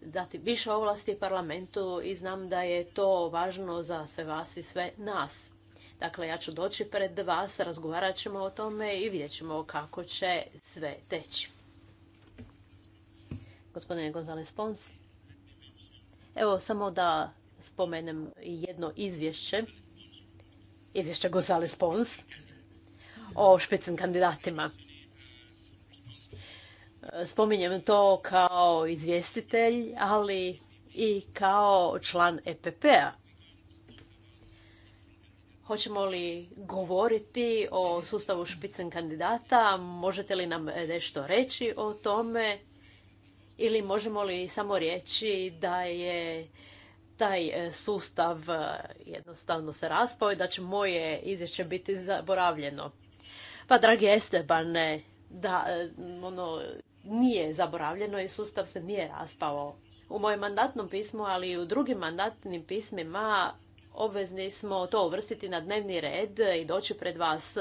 dati više ovlasti parlamentu i znam da je to važno za sve vas i sve nas. Dakle, ja ću doći pred vas, razgovarat ćemo o tome i vidjet ćemo kako će sve teći gospodine González Pons. Evo, samo da spomenem jedno izvješće, izvješće González Pons, o špicen kandidatima. Spominjem to kao izvjestitelj, ali i kao član EPP-a. Hoćemo li govoriti o sustavu špicen kandidata? Možete li nam nešto reći o tome? Ili možemo li samo reći da je taj e, sustav e, jednostavno se raspao i da će moje izvješće biti zaboravljeno. Pa, dragi Estebane, da, e, ono, nije zaboravljeno i sustav se nije raspao. U mojem mandatnom pismu, ali i u drugim mandatnim pismima obvezni smo to uvrstiti na dnevni red i doći pred vas.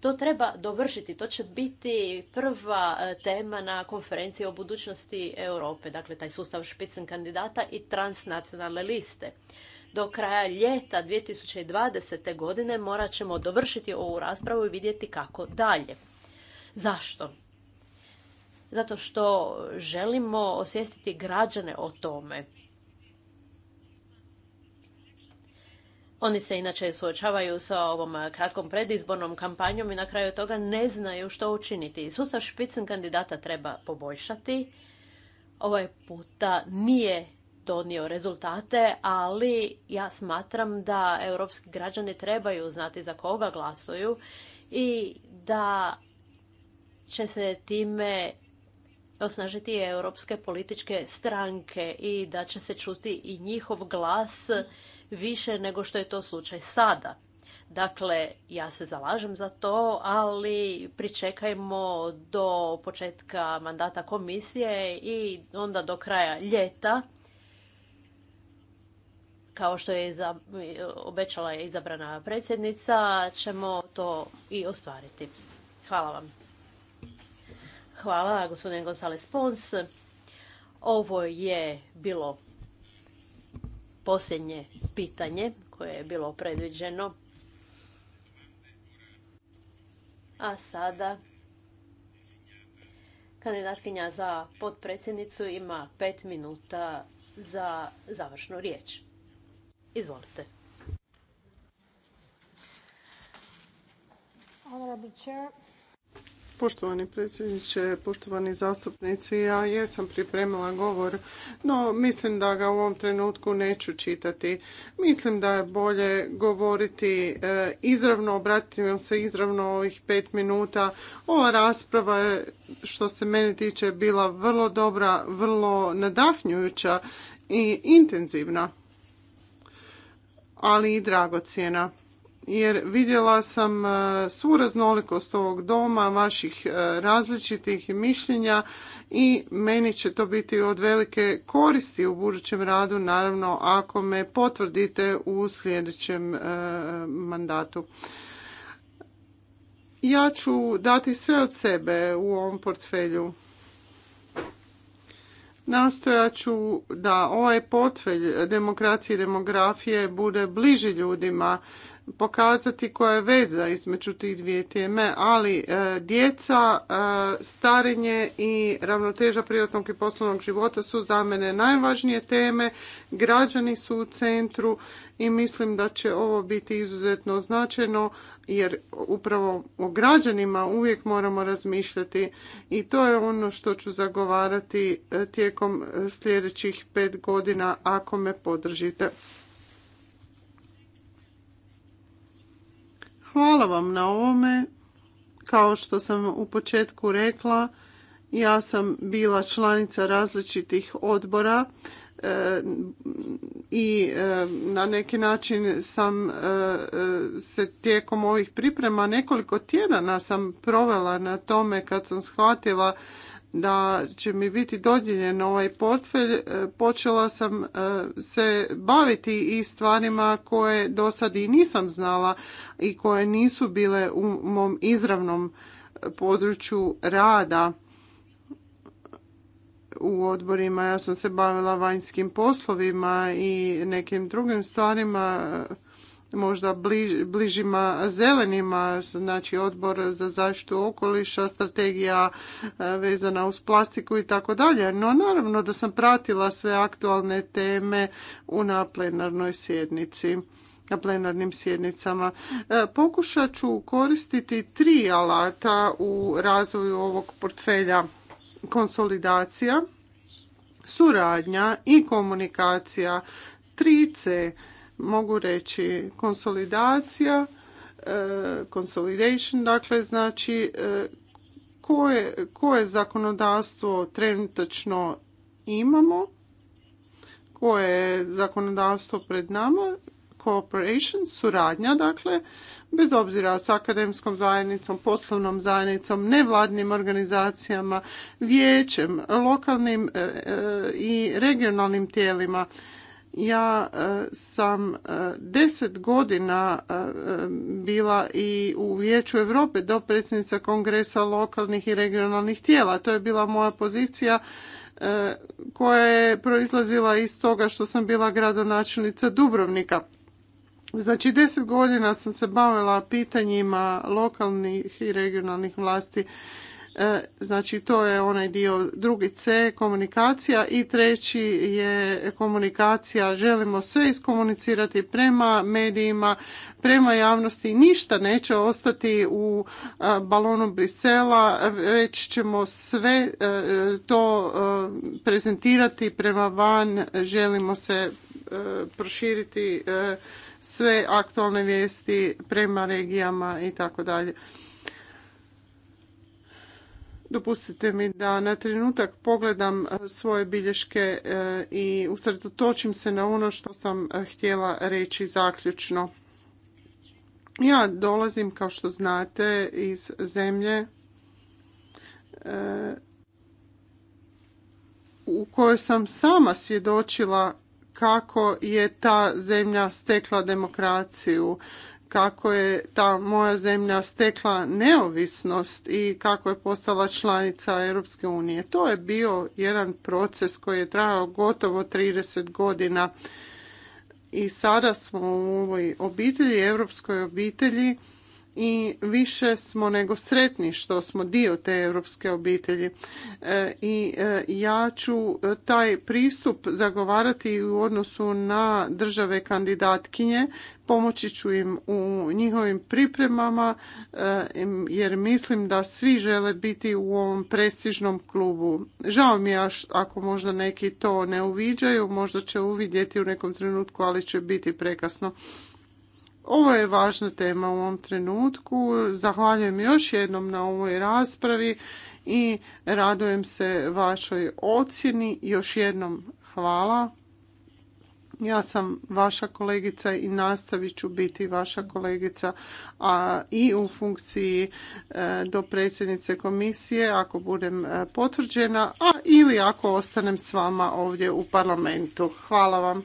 To treba dovršiti, to će biti prva e, tema na konferenciji o budućnosti Europe, dakle taj sustav špicen kandidata i transnacionalne liste. Do kraja ljeta 2020. godine morat ćemo dovršiti ovu raspravu i vidjeti kako dalje. Zašto? Zato što želimo osvijestiti građane o tome Oni se inače suočavaju sa ovom eh, kratkom predizbornom kampanjom i na kraju toga ne znaju što učiniti. Sustav špicen kandidata treba poboljšati. Ovaj puta nije donio rezultate, ali ja smatram da europski građani trebaju znati za koga glasuju i da će se time osnažiti europske političke stranke i da će se čuti i njihov glas više nego što je to slučaj sada. Dakle, ja se zalažem za to, ali pričekajmo do početka mandata komisije i onda do kraja ljeta, kao što je obećala je izabrana predsjednica, ćemo to i ostvariti. Hvala vam. Hvala, gospodine Gonzales Pons. Ovo je bilo posljednje pitanje koje je bilo predviđeno. A sada kandidatkinja za potpredsjednicu ima pet minuta za završnu riječ. Izvolite. Poštovani predsjedniče, poštovani zastupnici, ja jesam pripremila govor, no mislim da ga u ovom trenutku neću čitati. Mislim da je bolje govoriti e, izravno, obratiti vam se izravno ovih pet minuta. Ova rasprava je, što se mene tiče, bila vrlo dobra, vrlo nadahnjujuća i intenzivna, ali i dragocjena jer vidjela sam e, svu raznolikost ovog doma, vaših e, različitih mišljenja i meni će to biti od velike koristi u budućem radu, naravno ako me potvrdite u sljedećem e, mandatu. Ja ću dati sve od sebe u ovom portfelju. Nastojat ću da ovaj portfelj demokracije i demografije bude bliži ljudima pokazati koja je veza između tih dvije teme, ali e, djeca, e, starenje i ravnoteža privatnog i poslovnog života su za mene najvažnije teme, građani su u centru i mislim da će ovo biti izuzetno značajno jer upravo o građanima uvijek moramo razmišljati i to je ono što ću zagovarati e, tijekom sljedećih pet godina ako me podržite. Hvala vam na ovome. Kao što sam u početku rekla, ja sam bila članica različitih odbora e, i e, na neki način sam e, se tijekom ovih priprema nekoliko tjedana sam provela na tome kad sam shvatila da će mi biti dodijeljen ovaj portfelj, e, počela sam e, se baviti i stvarima koje do sad i nisam znala i koje nisu bile u mom izravnom području rada u odborima. Ja sam se bavila vanjskim poslovima i nekim drugim stvarima možda bližima zelenima, znači odbor za zaštitu okoliša, strategija e, vezana uz plastiku i tako dalje. No naravno da sam pratila sve aktualne teme u na plenarnoj sjednici na plenarnim sjednicama. E, pokušat ću koristiti tri alata u razvoju ovog portfelja. Konsolidacija, suradnja i komunikacija. 3C mogu reći konsolidacija, e, consolidation, dakle znači e, koje, koje zakonodavstvo trenutačno imamo, koje je zakonodavstvo pred nama, cooperation, suradnja dakle, bez obzira s akademskom zajednicom, poslovnom zajednicom, nevladnim organizacijama, vijećem, lokalnim e, i regionalnim tijelima ja e, sam e, deset godina e, bila i u Vijeću Europe do predsjednica kongresa lokalnih i regionalnih tijela. To je bila moja pozicija koja je proizlazila iz toga što sam bila gradonačelnica Dubrovnika. Znači, deset godina sam se bavila pitanjima lokalnih i regionalnih vlasti E, znači to je onaj dio drugi C, komunikacija i treći je komunikacija. Želimo sve iskomunicirati prema medijima, prema javnosti. Ništa neće ostati u e, balonu Brisela, već ćemo sve e, to prezentirati prema van. Želimo se proširiti sve aktualne vijesti prema regijama i tako dalje. Dopustite mi da na trenutak pogledam e, svoje bilješke e, i usredotočim se na ono što sam e, htjela reći zaključno. Ja dolazim, kao što znate, iz zemlje u kojoj sam sama svjedočila kako je ta zemlja stekla demokraciju kako je ta moja zemlja stekla neovisnost i kako je postala članica Europske unije. To je bio jedan proces koji je trajao gotovo 30 godina i sada smo u ovoj obitelji, europskoj obitelji, i više smo nego sretni što smo dio te europske obitelji. E, I e, ja ću taj pristup zagovarati u odnosu na države kandidatkinje, pomoći ću im u njihovim pripremama e, jer mislim da svi žele biti u ovom prestižnom klubu. Žao mi je ako možda neki to ne uviđaju, možda će uvidjeti u nekom trenutku, ali će biti prekasno. Ovo je važna tema u ovom trenutku. Zahvaljujem još jednom na ovoj raspravi i radujem se vašoj ocjeni. Još jednom hvala. Ja sam vaša kolegica i nastavit ću biti vaša kolegica a i u funkciji e, do predsjednice komisije ako budem e, potvrđena, a ili ako ostanem s vama ovdje u parlamentu. Hvala vam.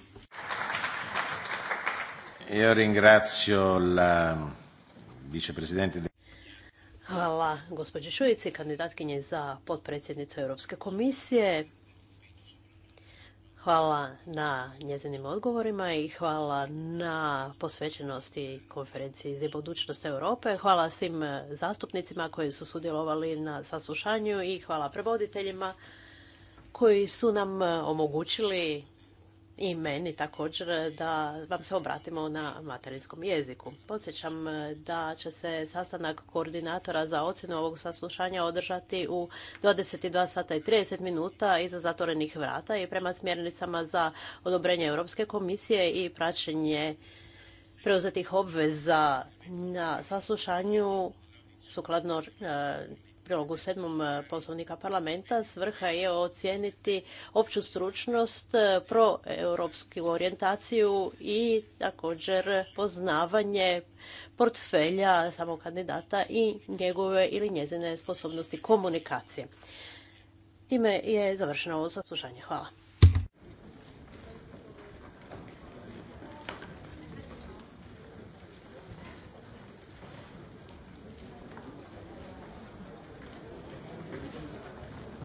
Hvala gospođi Šujici, kandidatkinje za potpredsjednicu Europske komisije. Hvala na njezinim odgovorima i hvala na posvećenosti konferenciji za budućnost Europe. Hvala svim zastupnicima koji su sudjelovali na saslušanju i hvala prevoditeljima koji su nam omogućili i meni također da vam se obratimo na materinskom jeziku. Podsjećam e, da će se sastanak koordinatora za ocjenu ovog saslušanja održati u 22 sata i 30 minuta iza zatvorenih vrata i prema smjernicama za odobrenje Europske komisije i praćenje preuzetih obveza na saslušanju sukladno e, prilogu sedmom e, poslovnika parlamenta svrha je ocijeniti opću stručnost, e, proeuropsku orijentaciju i također poznavanje portfelja samog kandidata i njegove ili njezine sposobnosti komunikacije. Time je završeno ovo saslušanje. Hvala.